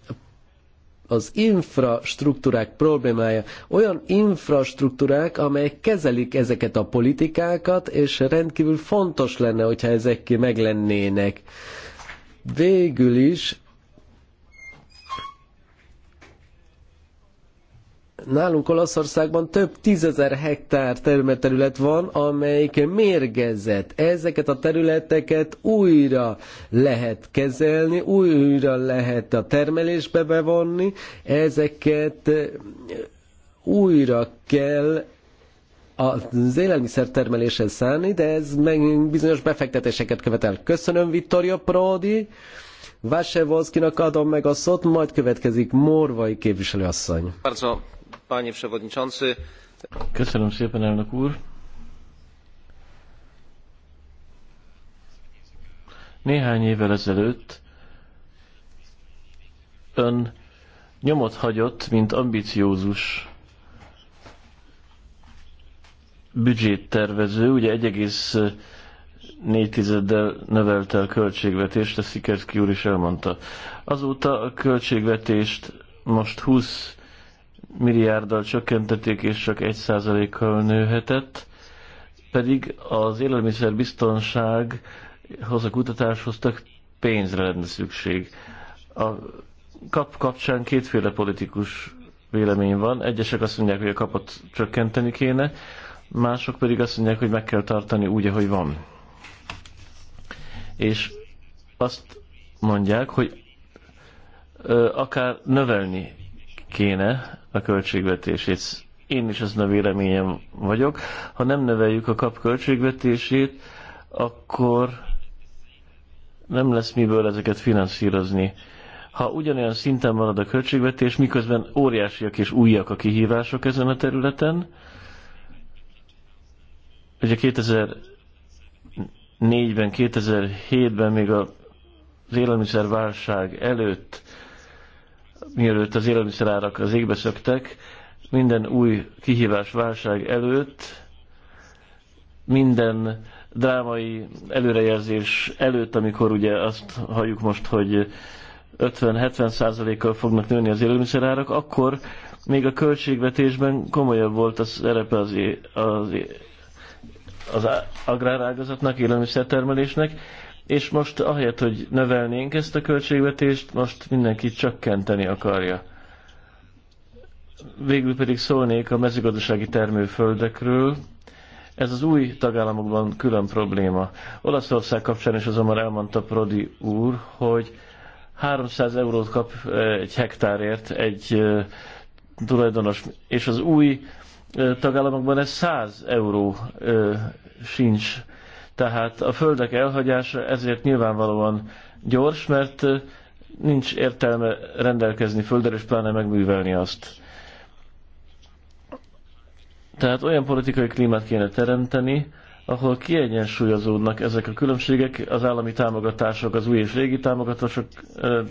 az infrastruktúrák problémája. Olyan infrastruktúrák, amelyek kezelik ezeket a politikákat, és rendkívül fontos lenne, hogyha ezek meglennének. Végül is Nálunk Olaszországban több tízezer hektár termőterület van, amelyik mérgezett. Ezeket a területeket újra lehet kezelni, újra lehet a termelésbe bevonni, ezeket eh, újra kell az élelmiszertermeléshez szállni, de ez meg bizonyos befektetéseket követel. Köszönöm Vittorio Prodi, Vásevolszkinak adom meg a szót, majd következik Morvai képviselőasszony. Panie Przewodniczący. Néhány évvel ezelőtt ön nyomot hagyott, mint ambiciózus büdzséttervező, ugye 1,4-del növelte a költségvetést, a Szikerszki úr is elmondta. Azóta a költségvetést most 20 milliárddal csökkentették, és csak 1%-kal nőhetett, pedig az élelmiszerbiztonsághoz, a kutatáshoz tök pénzre lenne szükség. A kap kapcsán kétféle politikus vélemény van. Egyesek azt mondják, hogy a kapot csökkenteni kéne, mások pedig azt mondják, hogy meg kell tartani úgy, ahogy van. És azt mondják, hogy ö, akár növelni kéne a költségvetését. Én is az a véleményem vagyok. Ha nem növeljük a kap költségvetését, akkor nem lesz miből ezeket finanszírozni. Ha ugyanolyan szinten marad a költségvetés, miközben óriásiak és újak a kihívások ezen a területen, ugye 2004-ben, 2007-ben még a az élelmiszerválság előtt mielőtt az élelmiszerárak az égbe szöktek, minden új kihívás válság előtt, minden drámai előrejelzés előtt, amikor ugye azt halljuk most, hogy 50-70 kal fognak nőni az élelmiszerárak, akkor még a költségvetésben komolyabb volt a szerepe az, az, az agrárágazatnak, élelmiszertermelésnek, és most ahelyett, hogy növelnénk ezt a költségvetést, most mindenki csökkenteni akarja. Végül pedig szólnék a mezőgazdasági termőföldekről. Ez az új tagállamokban külön probléma. Olaszország kapcsán is azonban elmondta Prodi úr, hogy 300 eurót kap egy hektárért egy tulajdonos, és az új tagállamokban ez 100 euró sincs tehát a földek elhagyása ezért nyilvánvalóan gyors, mert nincs értelme rendelkezni földdel, és pláne megművelni azt. Tehát olyan politikai klímát kéne teremteni, ahol kiegyensúlyozódnak ezek a különbségek, az állami támogatások, az új és régi támogatások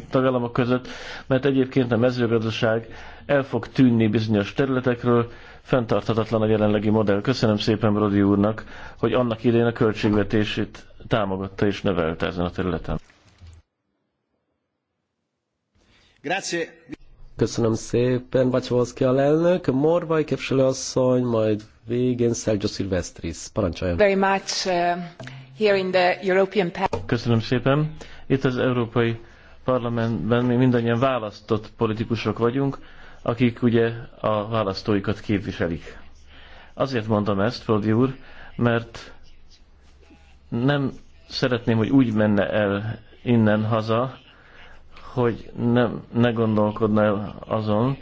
tagállamok között, mert egyébként a mezőgazdaság el fog tűnni bizonyos területekről, fenntarthatatlan a jelenlegi modell. Köszönöm szépen Brodi úrnak, hogy annak idején a költségvetését támogatta és növelte ezen a területen. Grazie. Köszönöm szépen, Bacsavolszki alelnök, Morvai képviselőasszony, majd végén Szelgyó Szilvesztris. Parancsoljon. Very much, uh, here in the European Köszönöm szépen. Itt az Európai Parlamentben mi mindannyian választott politikusok vagyunk, akik ugye a választóikat képviselik. Azért mondom ezt, Földi úr, mert nem szeretném, hogy úgy menne el innen haza, hogy nem, ne gondolkodna azon,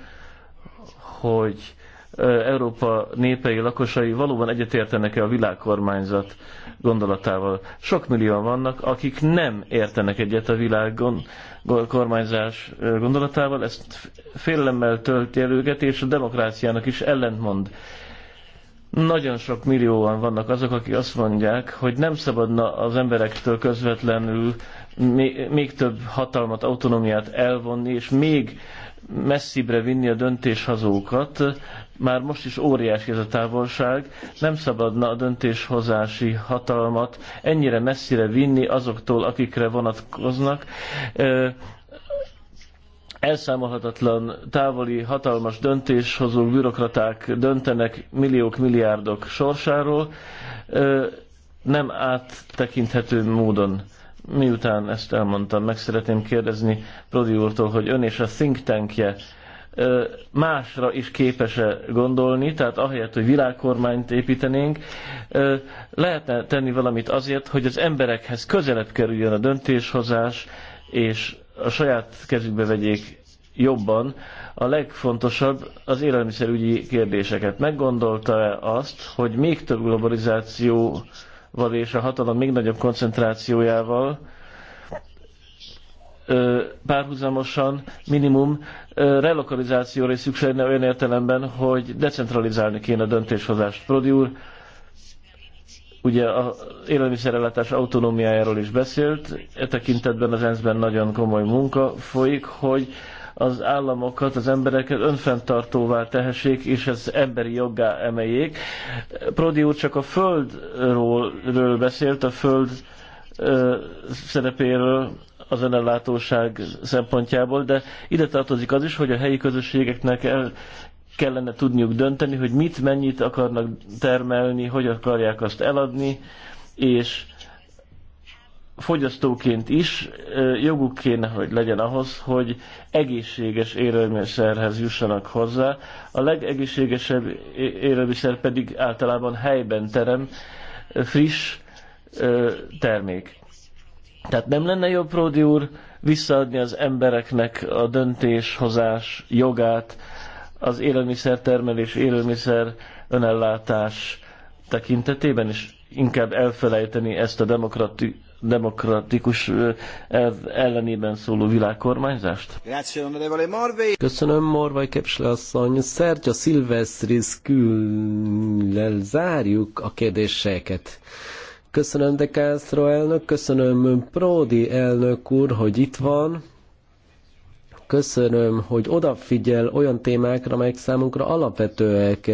hogy Európa népei, lakosai valóban egyetértenek-e a világkormányzat gondolatával. Sok millióan vannak, akik nem értenek egyet a világkormányzás kormányzás gondolatával, ezt félelemmel tölti el őket, és a demokráciának is ellentmond. Nagyon sok millióan vannak azok, akik azt mondják, hogy nem szabadna az emberektől közvetlenül még, még több hatalmat, autonómiát elvonni, és még messzibre vinni a döntéshozókat, már most is óriási ez a távolság, nem szabadna a döntéshozási hatalmat ennyire messzire vinni azoktól, akikre vonatkoznak. Elszámolhatatlan, távoli, hatalmas döntéshozók, bürokraták döntenek milliók, milliárdok sorsáról, nem áttekinthető módon. Miután ezt elmondtam, meg szeretném kérdezni Prodi úrtól, hogy ön és a think tankje másra is képes-e gondolni, tehát ahelyett, hogy világkormányt építenénk, lehetne tenni valamit azért, hogy az emberekhez közelebb kerüljön a döntéshozás, és a saját kezükbe vegyék jobban a legfontosabb az élelmiszerügyi kérdéseket. Meggondolta-e azt, hogy még több globalizáció és a hatalom még nagyobb koncentrációjával párhuzamosan minimum relokalizációra is szükség lenne olyan értelemben, hogy decentralizálni kéne a döntéshozást. Prodi úr ugye a élelmiszerellátás autonómiájáról is beszélt, e tekintetben az ENSZ-ben nagyon komoly munka folyik, hogy az államokat, az embereket önfenntartóvá tehessék, és ez emberi joggá emeljék. Prodi úr csak a földről beszélt, a föld ö, szerepéről az önellátóság szempontjából, de ide tartozik az is, hogy a helyi közösségeknek el kellene tudniuk dönteni, hogy mit, mennyit akarnak termelni, hogy akarják azt eladni, és fogyasztóként is joguk kéne, hogy legyen ahhoz, hogy egészséges élelmiszerhez jussanak hozzá. A legegészségesebb élelmiszer pedig általában helyben terem, friss termék. Tehát nem lenne jobb, Pródi úr, visszaadni az embereknek a döntéshozás jogát, az élelmiszertermelés, élelmiszer önellátás tekintetében, és inkább elfelejteni ezt a demokrati, demokratikus elv ellenében szóló világkormányzást? Köszönöm, Morvai Kepsle asszony. Szertja Szilveszris küllel zárjuk a kérdéseket. Köszönöm De Castro elnök, köszönöm Prodi elnök úr, hogy itt van. Köszönöm, hogy odafigyel olyan témákra, amelyek számunkra alapvetőek,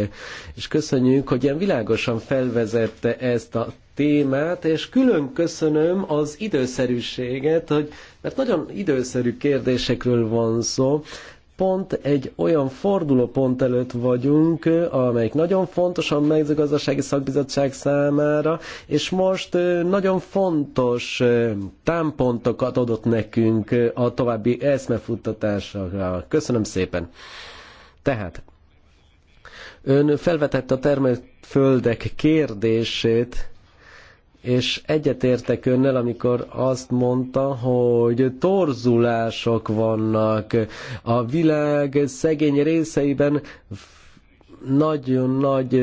és köszönjük, hogy ilyen világosan felvezette ezt a témát, és külön köszönöm az időszerűséget, hogy, mert nagyon időszerű kérdésekről van szó, pont egy olyan fordulópont előtt vagyunk, amelyik nagyon fontos a mezőgazdasági szakbizottság számára, és most nagyon fontos támpontokat adott nekünk a további eszmefuttatásra. Köszönöm szépen. Tehát, ön felvetette a termőföldek kérdését, és egyetértek önnel, amikor azt mondta, hogy torzulások vannak a világ szegény részeiben, nagyon nagy,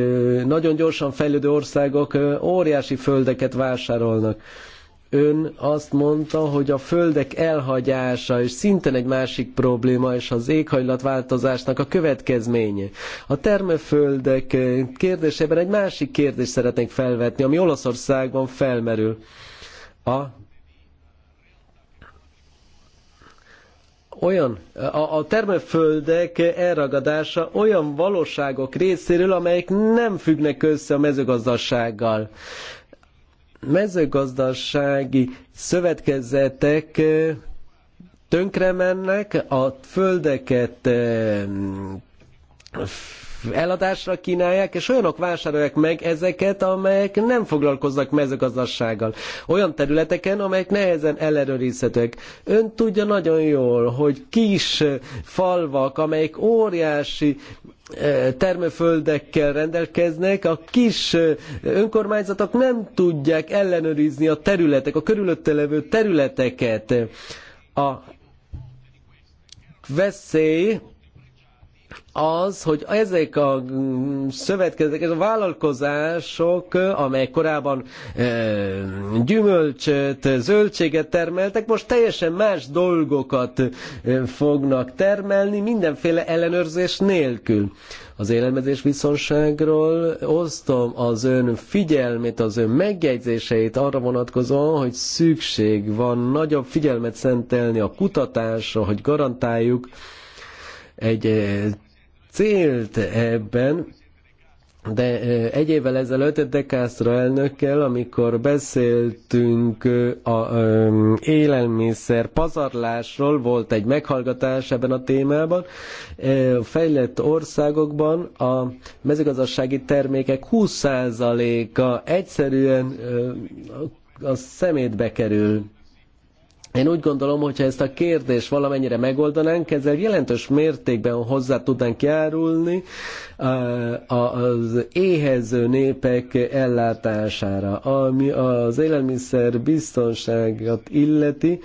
nagyon gyorsan fejlődő országok óriási földeket vásárolnak. Ön azt mondta, hogy a földek elhagyása és szintén egy másik probléma, és az éghajlatváltozásnak a következménye. A termőföldek kérdésében egy másik kérdést szeretnék felvetni, ami Olaszországban felmerül. A olyan, a, a termőföldek elragadása olyan valóságok részéről, amelyek nem függnek össze a mezőgazdasággal mezőgazdasági szövetkezetek tönkre mennek, a földeket eladásra kínálják, és olyanok vásárolják meg ezeket, amelyek nem foglalkoznak mezőgazdasággal. Olyan területeken, amelyek nehezen ellenőrizhetőek. Ön tudja nagyon jól, hogy kis falvak, amelyek óriási eh, termőföldekkel rendelkeznek, a kis eh, önkormányzatok nem tudják ellenőrizni a területek, a körülötte levő területeket. A veszély az, hogy ezek a mm, szövetkezetek, ez a vállalkozások, amelyek korábban e, gyümölcsöt, zöldséget termeltek, most teljesen más dolgokat e, fognak termelni, mindenféle ellenőrzés nélkül. Az élelmezés osztom az ön figyelmét, az ön megjegyzéseit arra vonatkozóan, hogy szükség van nagyobb figyelmet szentelni a kutatásra, hogy garantáljuk, egy e, célt ebben, de egy évvel ezelőtt De Castro elnökkel, amikor beszéltünk a, élelmiszer pazarlásról, volt egy meghallgatás ebben a témában, fejlett országokban a mezőgazdasági termékek 20%-a egyszerűen a szemétbe kerül én úgy gondolom, hogy ha ezt a kérdést valamennyire megoldanánk, ezzel jelentős mértékben hozzá tudnánk járulni az éhező népek ellátására, ami az élelmiszer biztonságot illeti.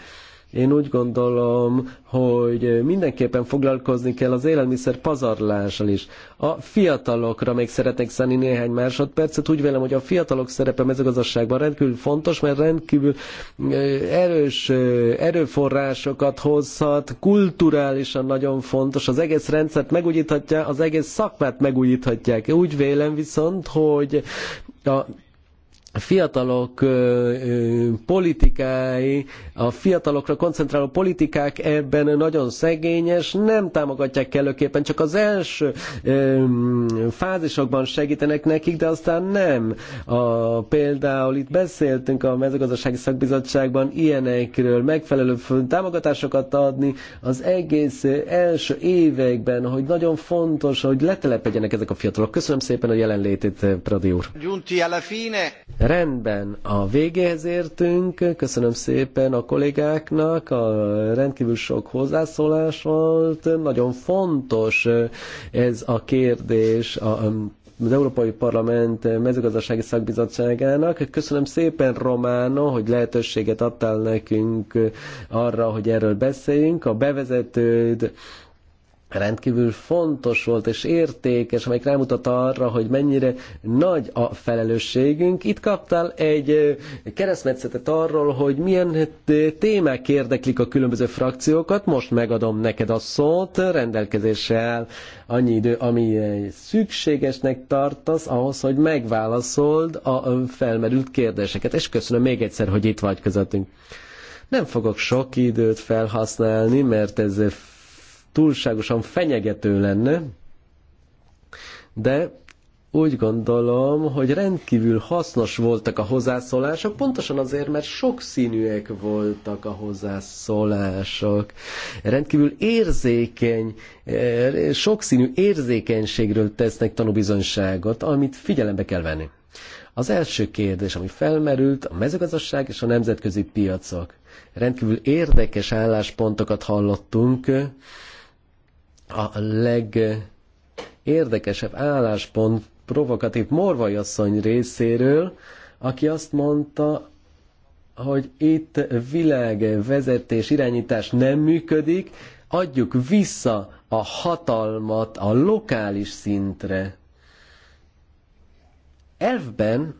Én úgy gondolom, hogy mindenképpen foglalkozni kell az élelmiszer pazarlással is. A fiatalokra még szeretnék szenni néhány másodpercet. Úgy vélem, hogy a fiatalok szerepe mezőgazdaságban rendkívül fontos, mert rendkívül eh, erős eh, erőforrásokat hozhat, kulturálisan nagyon fontos, az egész rendszert megújíthatja, az egész szakmát megújíthatják. Úgy vélem viszont, hogy a fiatalok politikái, a fiatalokra koncentráló politikák ebben nagyon szegényes, nem támogatják kellőképpen, csak az első fázisokban segítenek nekik, de aztán nem. A, például itt beszéltünk a mezőgazdasági szakbizottságban ilyenekről, megfelelő támogatásokat adni az egész első években, hogy nagyon fontos, hogy letelepedjenek ezek a fiatalok. Köszönöm szépen a jelenlétét, Pradi úr. Giunti alla fine. Rendben, a végéhez értünk. Köszönöm szépen a kollégáknak, a rendkívül sok hozzászólás volt. Nagyon fontos ez a kérdés, a um, az Európai Parlament mezőgazdasági szakbizottságának. Köszönöm szépen, Romano, hogy lehetőséget adtál nekünk arra, hogy erről beszéljünk. A bevezetőd rendkívül fontos volt és értékes, amelyik rámutat arra, hogy mennyire nagy a felelősségünk. Itt kaptál egy keresztmetszetet arról, hogy milyen témák érdeklik a különböző frakciókat. Most megadom neked a szót, rendelkezéssel annyi idő, ami szükségesnek tartasz ahhoz, hogy megválaszold a felmerült kérdéseket. És köszönöm még egyszer, hogy itt vagy közöttünk. Nem fogok sok időt felhasználni, mert ez túlságosan fenyegető lenne, de úgy gondolom, hogy rendkívül hasznos voltak a hozzászólások, pontosan azért, mert sokszínűek voltak a hozzászólások. Rendkívül érzékeny, eh, sokszínű érzékenységről tesznek tanúbizonyságot, amit figyelembe kell venni. Az első kérdés, ami felmerült, a mezőgazdaság és a nemzetközi piacok. Rendkívül érdekes álláspontokat hallottunk, a legérdekesebb álláspont provokatív morvajasszony részéről, aki azt mondta, hogy itt világvezetés, irányítás nem működik, adjuk vissza a hatalmat a lokális szintre. Elvben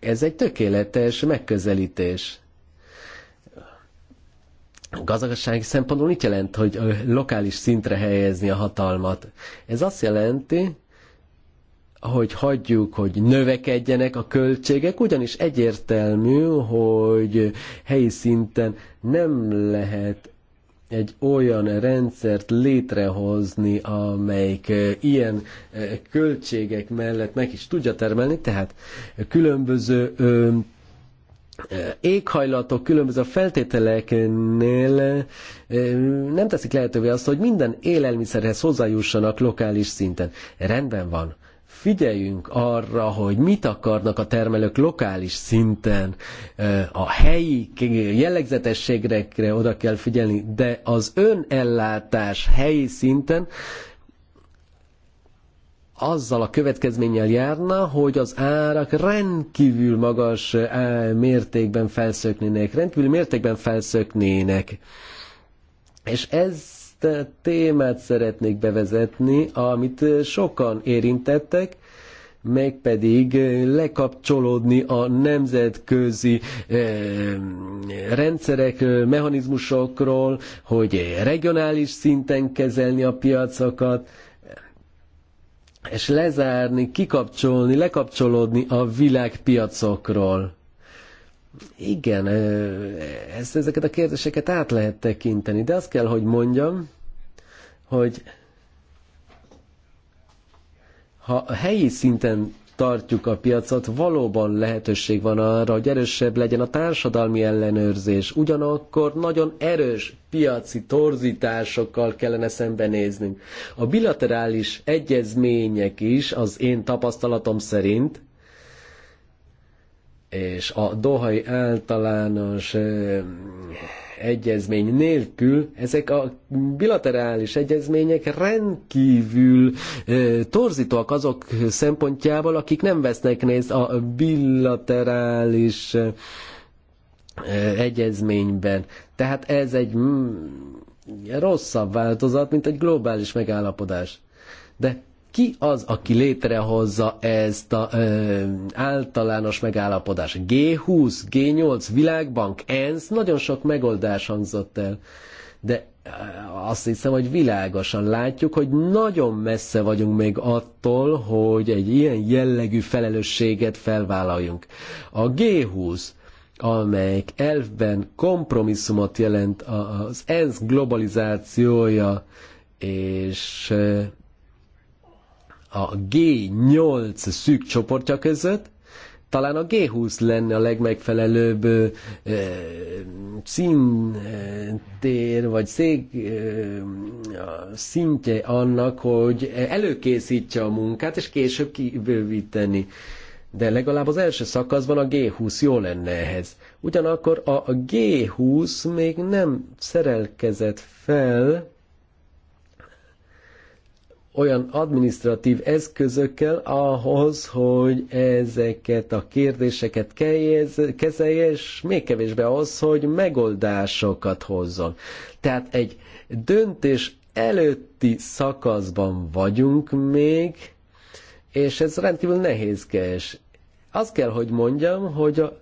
ez egy tökéletes megközelítés gazdasági szempontból mit jelent, hogy lokális szintre helyezni a hatalmat? Ez azt jelenti, hogy hagyjuk, hogy növekedjenek a költségek, ugyanis egyértelmű, hogy helyi szinten nem lehet egy olyan rendszert létrehozni, amelyik ilyen költségek mellett meg is tudja termelni, tehát különböző éghajlatok különböző feltételeknél eh, nem teszik lehetővé azt, hogy minden élelmiszerhez hozzájussanak lokális szinten. Rendben van. Figyeljünk arra, hogy mit akarnak a termelők lokális szinten, eh, a helyi jellegzetességekre oda kell figyelni, de az önellátás helyi szinten azzal a következménnyel járna, hogy az árak rendkívül magas e, mértékben felszöknének, rendkívül mértékben felszöknének. És ezt a e, témát szeretnék bevezetni, amit e, sokan érintettek, mégpedig lekapcsolódni a nemzetközi rendszerek, mechanizmusokról, hogy regionális szinten kezelni a piacokat, és lezárni, kikapcsolni, lekapcsolódni a világpiacokról. Igen, ezt, ezeket a kérdéseket át lehet tekinteni, de azt kell, hogy mondjam, hogy ha helyi szinten tartjuk a piacot, valóban lehetőség van arra, hogy erősebb legyen a társadalmi ellenőrzés. Ugyanakkor nagyon erős piaci torzításokkal kellene szembenéznünk. A bilaterális egyezmények is, az én tapasztalatom szerint, és a Dohai általános eh, egyezmény nélkül ezek a bilaterális egyezmények rendkívül torzítóak azok szempontjából, akik nem vesznek részt a bilaterális egyezményben. Tehát ez egy mm, rosszabb változat, mint egy globális megállapodás. De ki az, aki létrehozza ezt a ö, általános megállapodást? G20, G8, Világbank, ENSZ, nagyon sok megoldás hangzott el. De azt hiszem, hogy világosan látjuk, hogy nagyon messze vagyunk még attól, hogy egy ilyen jellegű felelősséget felvállaljunk. A G20 amelyik elfben kompromisszumot jelent az ENSZ globalizációja és a G8 szűk csoportja között, talán a G20 lenne a legmegfelelőbb ö, színtér, vagy szék, ö, szintje annak, hogy előkészítse a munkát, és később kibővíteni. De legalább az első szakaszban a G20 jó lenne ehhez. Ugyanakkor a G20 még nem szerelkezett fel olyan administratív eszközökkel ahhoz, hogy ezeket a kérdéseket kezelje, és még kevésbé ahhoz, hogy megoldásokat hozzon. Tehát egy döntés előtti szakaszban vagyunk még, és ez rendkívül nehézkes. Azt kell, hogy mondjam, hogy a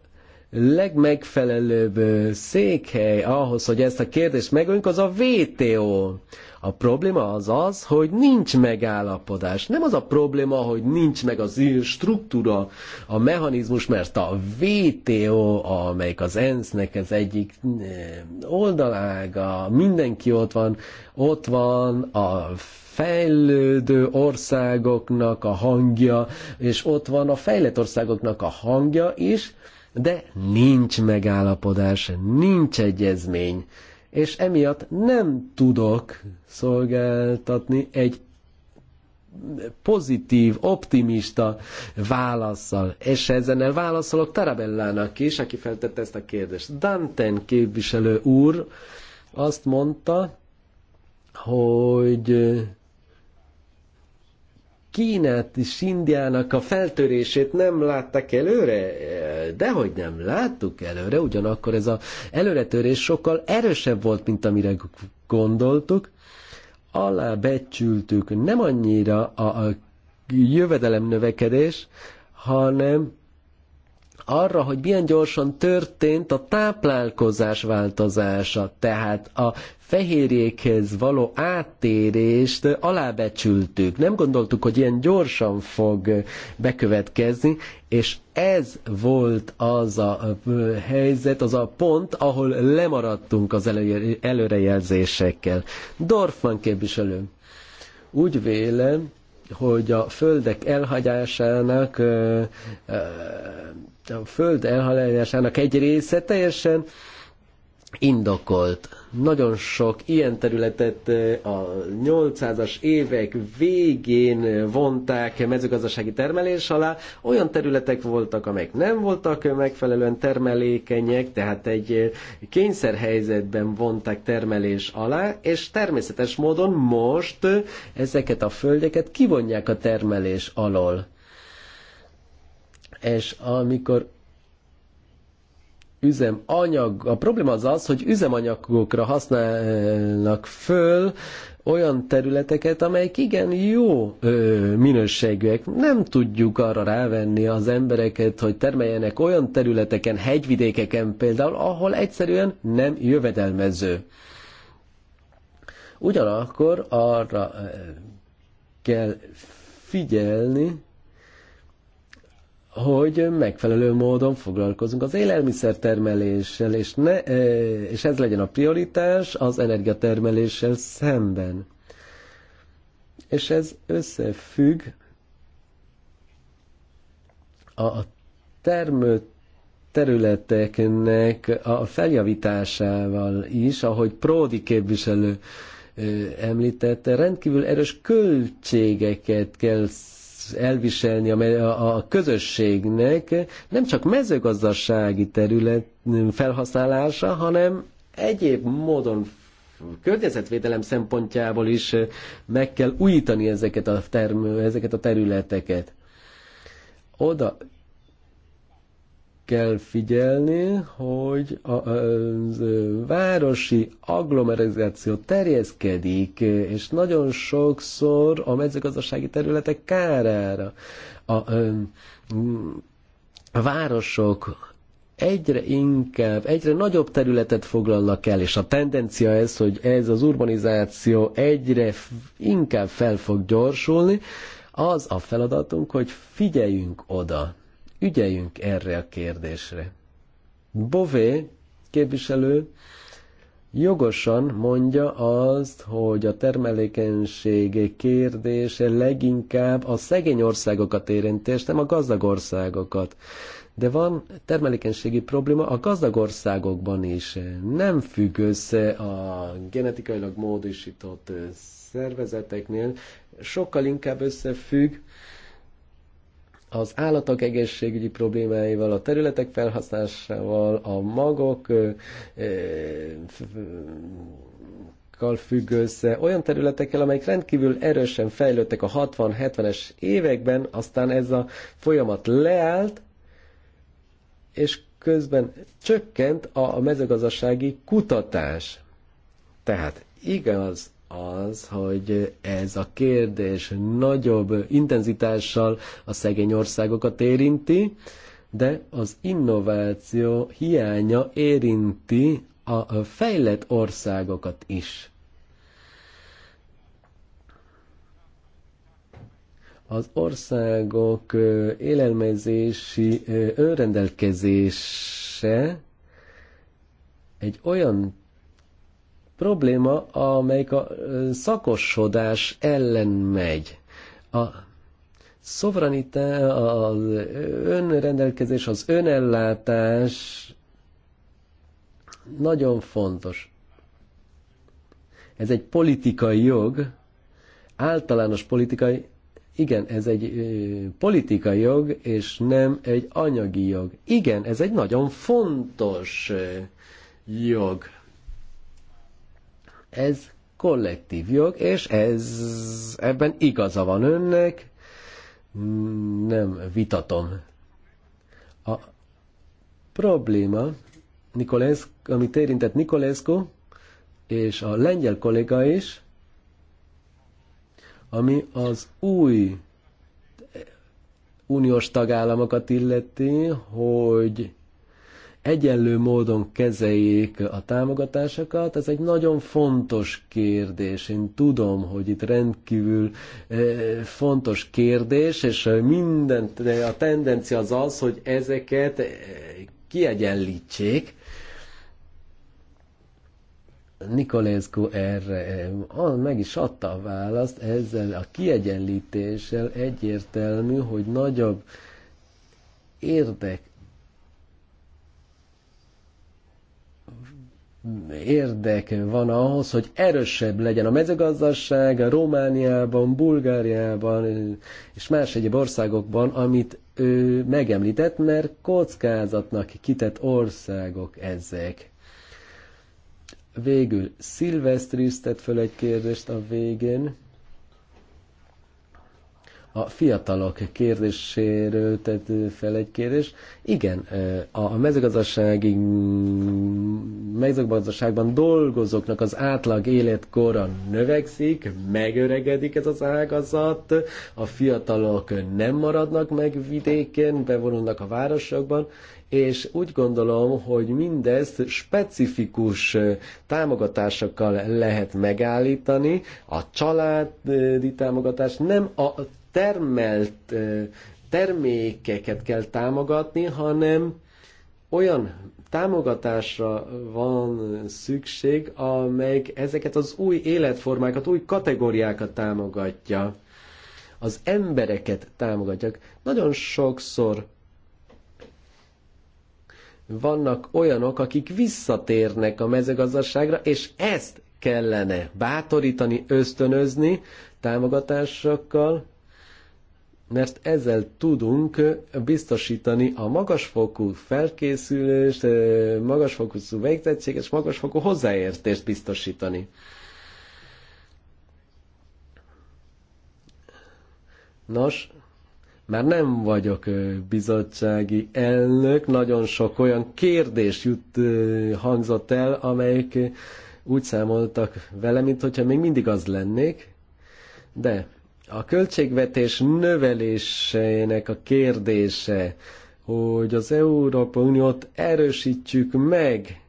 legmegfelelőbb székhely ahhoz, hogy ezt a kérdést megöljünk, az a VTO. A probléma az az, hogy nincs megállapodás. Nem az a probléma, hogy nincs meg az struktúra, a mechanizmus, mert a VTO, amelyik az ENSZ-nek az egyik oldalága, mindenki ott van, ott van a fejlődő országoknak a hangja, és ott van a fejlett országoknak a hangja is, de nincs megállapodás, nincs egyezmény, és emiatt nem tudok szolgáltatni egy pozitív, optimista válaszsal. És el válaszolok Tarabellának is, aki feltette ezt a kérdést. Danten képviselő úr azt mondta, hogy Kínát és Indiának a feltörését nem látták előre? Dehogy nem láttuk előre, ugyanakkor ez az előretörés sokkal erősebb volt, mint amire gondoltuk. Alábecsültük nem annyira a, a jövedelem növekedés, hanem arra, hogy milyen gyorsan történt a táplálkozás változása, tehát a fehérjékhez való áttérést alábecsültük. Nem gondoltuk, hogy ilyen gyorsan fog bekövetkezni, és ez volt az a helyzet, az a pont, ahol lemaradtunk az előrejelzésekkel. Dorfman képviselő, úgy vélem, hogy a földek elhagyásának a föld elhalálásának egy része teljesen indokolt. Nagyon sok ilyen területet eh, a 800-as évek végén vonták mezőgazdasági termelés alá. Olyan területek voltak, amelyek nem voltak megfelelően termelékenyek, tehát egy eh, kényszerhelyzetben vonták termelés alá, és természetes módon most eh, ezeket a földeket kivonják a termelés alól és amikor üzemanyag, a probléma az az, hogy üzemanyagokra használnak föl olyan területeket, amelyek igen jó ö, minőségűek. Nem tudjuk arra rávenni az embereket, hogy termeljenek olyan területeken, hegyvidékeken például, ahol egyszerűen nem jövedelmező. Ugyanakkor arra kell figyelni, hogy megfelelő módon foglalkozunk az élelmiszertermeléssel, és, ne, e, és ez legyen a prioritás az energiatermeléssel szemben. És ez összefügg a termő területeknek a feljavításával is, ahogy Pródi képviselő e, említette, rendkívül erős költségeket kell elviselni a, a közösségnek nem csak mezőgazdasági terület felhasználása, hanem egyéb módon környezetvédelem szempontjából is meg kell újítani ezeket a, term, ezeket a területeket. Oda kell figyelni, hogy a, a, a városi agglomerizáció terjeszkedik, és nagyon sokszor a mezőgazdasági területek kárára. A, a, a városok egyre inkább, egyre nagyobb területet foglalnak el, és a tendencia ez, hogy ez az urbanizáció egyre inkább fel fog gyorsulni, az a feladatunk, hogy figyeljünk oda ügyeljünk erre a kérdésre. Bové képviselő jogosan mondja azt, hogy a termelékenység kérdése leginkább a szegény országokat érinti, és nem a gazdag országokat. De van termelékenységi probléma a gazdag országokban is. Nem függ össze a genetikailag módosított szervezeteknél, sokkal inkább összefügg az állatok egészségügyi problémáival, a területek felhasználásával, a magok függ össze, olyan területekkel, amelyek rendkívül erősen fejlődtek a 60-70-es években, aztán ez a folyamat leállt, és közben csökkent a mezőgazdasági kutatás. Tehát igaz az, hogy ez a kérdés nagyobb intenzitással a szegény országokat érinti, de az innováció hiánya érinti a fejlett országokat is. Az országok élelmezési önrendelkezése egy olyan probléma, amelyik a szakosodás ellen megy. A szoveranitás, az önrendelkezés, az önellátás nagyon fontos. Ez egy politikai jog, általános politikai, igen, ez egy ö, politikai jog, és nem egy anyagi jog. Igen, ez egy nagyon fontos ö, jog. Ez kollektív jog, és ez, ebben igaza van önnek, nem vitatom. A probléma, Nikolensz, amit érintett Nikolesko, és a lengyel kolléga is, ami az új uniós tagállamokat illeti, hogy egyenlő módon kezeljék a támogatásokat, ez egy nagyon fontos kérdés. Én tudom, hogy itt rendkívül eh, fontos kérdés, és minden, a tendencia az az, hogy ezeket eh, kiegyenlítsék, Nikolescu erre eh, meg is adta a választ, ezzel a kiegyenlítéssel egyértelmű, hogy nagyobb érdek érdek van ahhoz, hogy erősebb legyen a mezőgazdaság a Romániában, Bulgáriában és más egyéb országokban, amit ő megemlített, mert kockázatnak kitett országok ezek. Végül Szilvesztri tett föl egy kérdést a végén a fiatalok kérdéséről tett fel egy kérdés. Igen, a mezőgazdasági, mezőgazdaságban dolgozóknak az átlag életkora növekszik, megöregedik ez az ágazat, a fiatalok nem maradnak meg vidéken, bevonulnak a városokban, és úgy gondolom, hogy mindezt specifikus támogatásokkal lehet megállítani. A családi támogatás nem a termelt termékeket kell támogatni, hanem olyan támogatásra van szükség, amelyek ezeket az új életformákat, új kategóriákat támogatja. Az embereket támogatják. Nagyon sokszor vannak olyanok, akik visszatérnek a mezőgazdaságra, és ezt kellene bátorítani, ösztönözni támogatásokkal, mert ezzel tudunk biztosítani a magasfokú felkészülést, magasfokú végzettség és magasfokú hozzáértést biztosítani. Nos, már nem vagyok bizottsági elnök, nagyon sok olyan kérdés jut, hangzott el, amelyek úgy számoltak velem, mintha még mindig az lennék, de a költségvetés növelésének a kérdése, hogy az Európa Uniót erősítjük meg,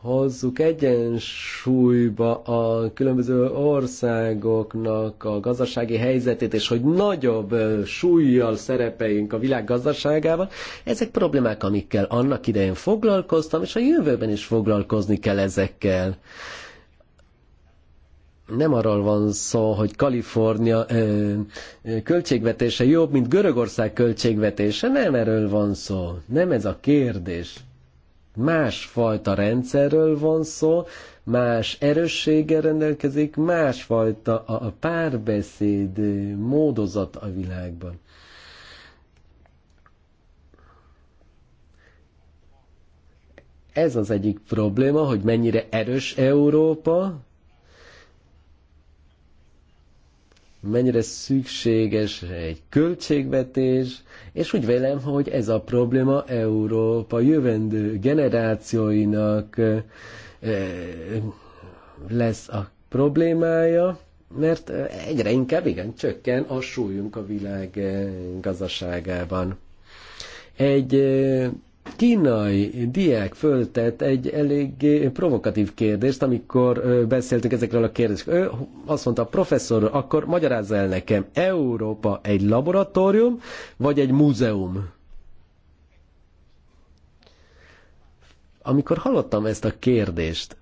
hozzuk egyensúlyba a különböző országoknak a gazdasági helyzetét, és hogy nagyobb súlyjal szerepeljünk a világ gazdaságában. Ezek problémák, amikkel annak idején foglalkoztam, és a jövőben is foglalkozni kell ezekkel nem arról van szó, hogy Kalifornia ö, költségvetése jobb, mint Görögország költségvetése. Nem erről van szó. Nem ez a kérdés. Másfajta rendszerről van szó, más erősséggel rendelkezik, másfajta a, a párbeszéd módozat a világban. Ez az egyik probléma, hogy mennyire erős Európa, mennyire szükséges egy költségvetés, és úgy vélem, hogy ez a probléma Európa jövendő generációinak lesz a problémája, mert egyre inkább igen, csökken a súlyunk a világ gazdaságában. Egy kínai diák föltett egy elég provokatív kérdést, amikor beszéltünk ezekről a kérdésekről. Ő azt mondta, a professzor, akkor magyarázza el nekem, Európa egy laboratórium, vagy egy múzeum? Amikor hallottam ezt a kérdést,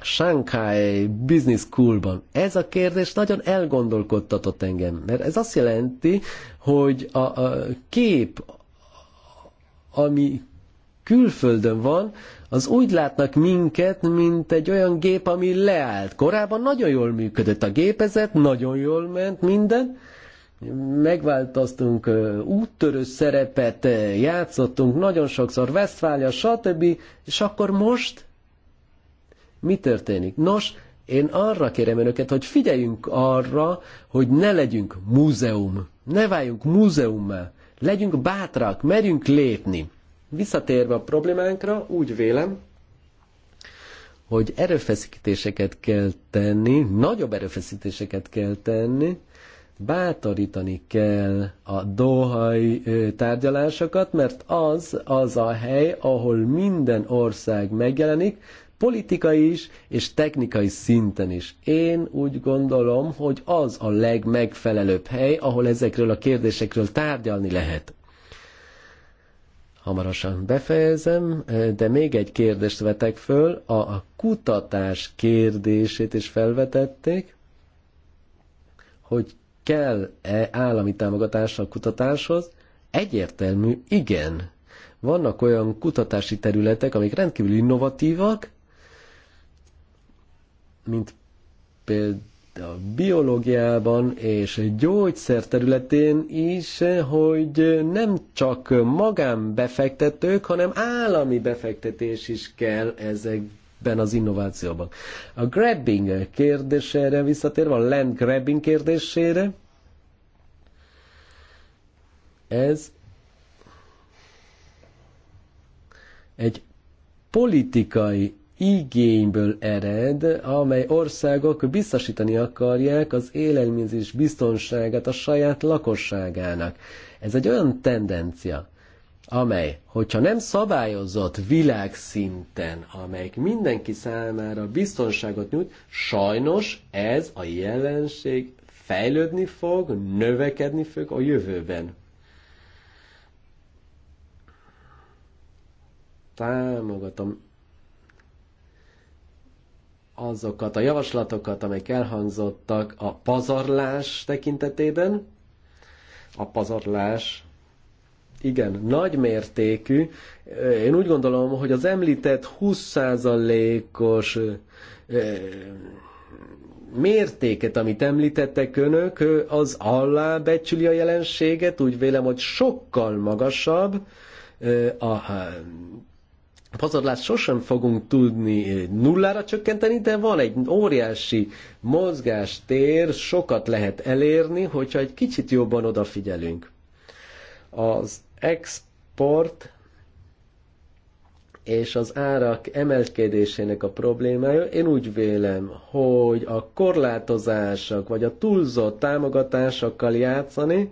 Shanghai Business Schoolban. Ez a kérdés nagyon elgondolkodtatott engem, mert ez azt jelenti, hogy a, a kép ami külföldön van, az úgy látnak minket, mint egy olyan gép, ami leállt. Korábban nagyon jól működött a gépezet, nagyon jól ment minden, megváltoztunk, úttörő szerepet játszottunk, nagyon sokszor Westfália, stb. És akkor most mi történik? Nos, én arra kérem önöket, hogy figyeljünk arra, hogy ne legyünk múzeum, ne váljunk múzeummal. Legyünk bátrak, merjünk lépni. Visszatérve a problémánkra, úgy vélem, hogy erőfeszítéseket kell tenni, nagyobb erőfeszítéseket kell tenni, bátorítani kell a dohai tárgyalásokat, mert az az a hely, ahol minden ország megjelenik, politikai is, és technikai szinten is. Én úgy gondolom, hogy az a legmegfelelőbb hely, ahol ezekről a kérdésekről tárgyalni lehet. Hamarosan befejezem, eh, de még egy kérdést vetek föl. A kutatás kérdését is felvetették, hogy kell-e állami támogatás a kutatáshoz. Egyértelmű, igen. Vannak olyan kutatási területek, amik rendkívül innovatívak, mint például a biológiában és gyógyszer területén is, hogy nem csak magánbefektetők, hanem állami befektetés is kell ezekben az innovációban. A grabbing kérdésére visszatérve, a land grabbing kérdésére, ez egy politikai igényből ered, amely országok biztosítani akarják az élelmezés biztonságát a saját lakosságának. Ez egy olyan tendencia, amely, hogyha nem szabályozott világszinten, amelyik mindenki számára biztonságot nyújt, sajnos ez a jelenség fejlődni fog, növekedni fog a jövőben. Támogatom azokat a javaslatokat, amelyek elhangzottak a pazarlás tekintetében. A pazarlás igen, nagy mértékű. Én úgy gondolom, hogy az említett 20%-os mértéket, amit említettek önök, az alábecsüli a jelenséget, úgy vélem, hogy sokkal magasabb a pazarlást sosem fogunk tudni nullára csökkenteni, de van egy óriási mozgástér, sokat lehet elérni, hogyha egy kicsit jobban odafigyelünk. Az export és az árak emelkedésének a problémája, én úgy vélem, hogy a korlátozások vagy a túlzott támogatásokkal játszani,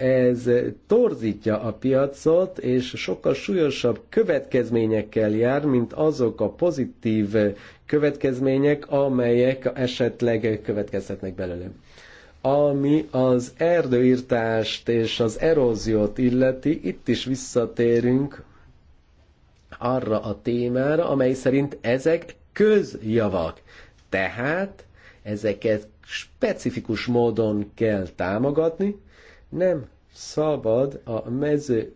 ez torzítja a piacot, és sokkal súlyosabb következményekkel jár, mint azok a pozitív következmények, amelyek esetleg következhetnek belőle. Ami az erdőírtást és az eróziót illeti, itt is visszatérünk arra a témára, amely szerint ezek közjavak. Tehát ezeket specifikus módon kell támogatni, nem szabad a mező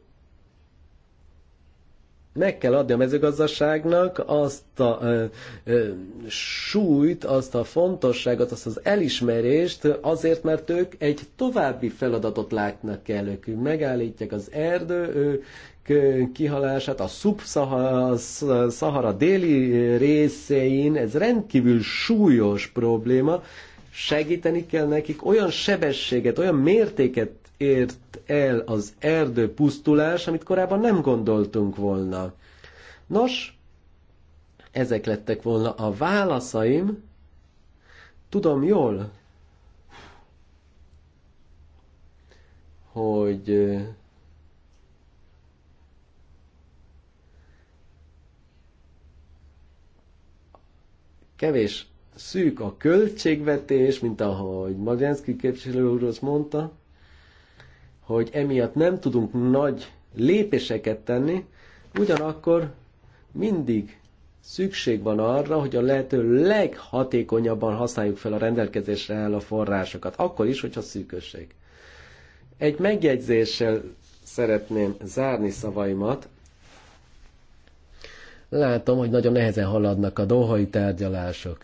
meg kell adni a mezőgazdaságnak azt a ö, ö, súlyt, azt a fontosságot, azt az elismerést, azért, mert ők egy további feladatot látnak el. Ők megállítják az erdő ők, kihalását, a szubszahara déli részein, ez rendkívül súlyos probléma, segíteni kell nekik, olyan sebességet, olyan mértéket ért el az erdő pusztulás, amit korábban nem gondoltunk volna. Nos, ezek lettek volna a válaszaim, tudom jól, hogy kevés szűk a költségvetés, mint ahogy Magenszki képviselő úr azt mondta, hogy emiatt nem tudunk nagy lépéseket tenni, ugyanakkor mindig szükség van arra, hogy a lehető leghatékonyabban használjuk fel a rendelkezésre álló forrásokat, akkor is, hogyha szűkösség. Egy megjegyzéssel szeretném zárni szavaimat. Látom, hogy nagyon nehezen haladnak a dohai tárgyalások.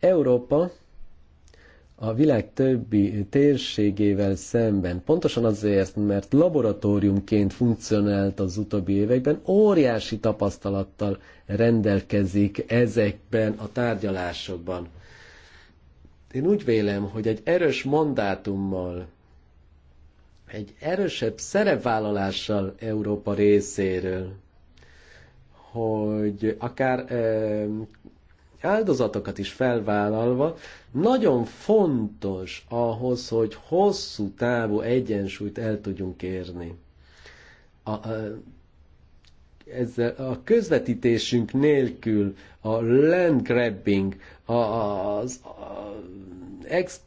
Európa a világ többi térségével szemben, pontosan azért, mert laboratóriumként funkcionált az utóbbi években, óriási tapasztalattal rendelkezik ezekben a tárgyalásokban. Én úgy vélem, hogy egy erős mandátummal, egy erősebb szerepvállalással Európa részéről, hogy akár ö, áldozatokat is felvállalva, nagyon fontos ahhoz, hogy hosszú távú egyensúlyt el tudjunk érni. A, a, ezzel a közvetítésünk nélkül a land grabbing, a, az a, ex,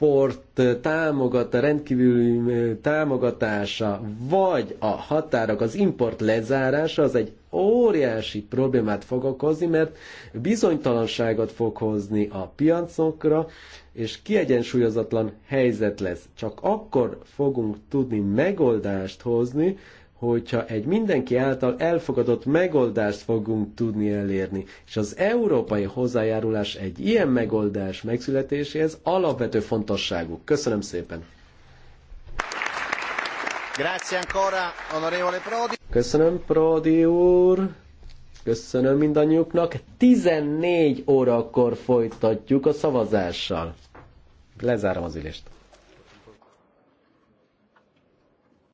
sport támogata, rendkívüli támogatása, vagy a határok, az import lezárása, az egy óriási problémát fog okozni, mert bizonytalanságot fog hozni a piacokra, és kiegyensúlyozatlan helyzet lesz. Csak akkor fogunk tudni megoldást hozni, hogyha egy mindenki által elfogadott megoldást fogunk tudni elérni. És az európai hozzájárulás egy ilyen megoldás megszületéséhez alapvető fontosságú. Köszönöm szépen! Grazie ancora, onorevole Prodi. Köszönöm, Prodi úr! Köszönöm mindannyiuknak. 14 órakor folytatjuk a szavazással. Lezárom az ülést.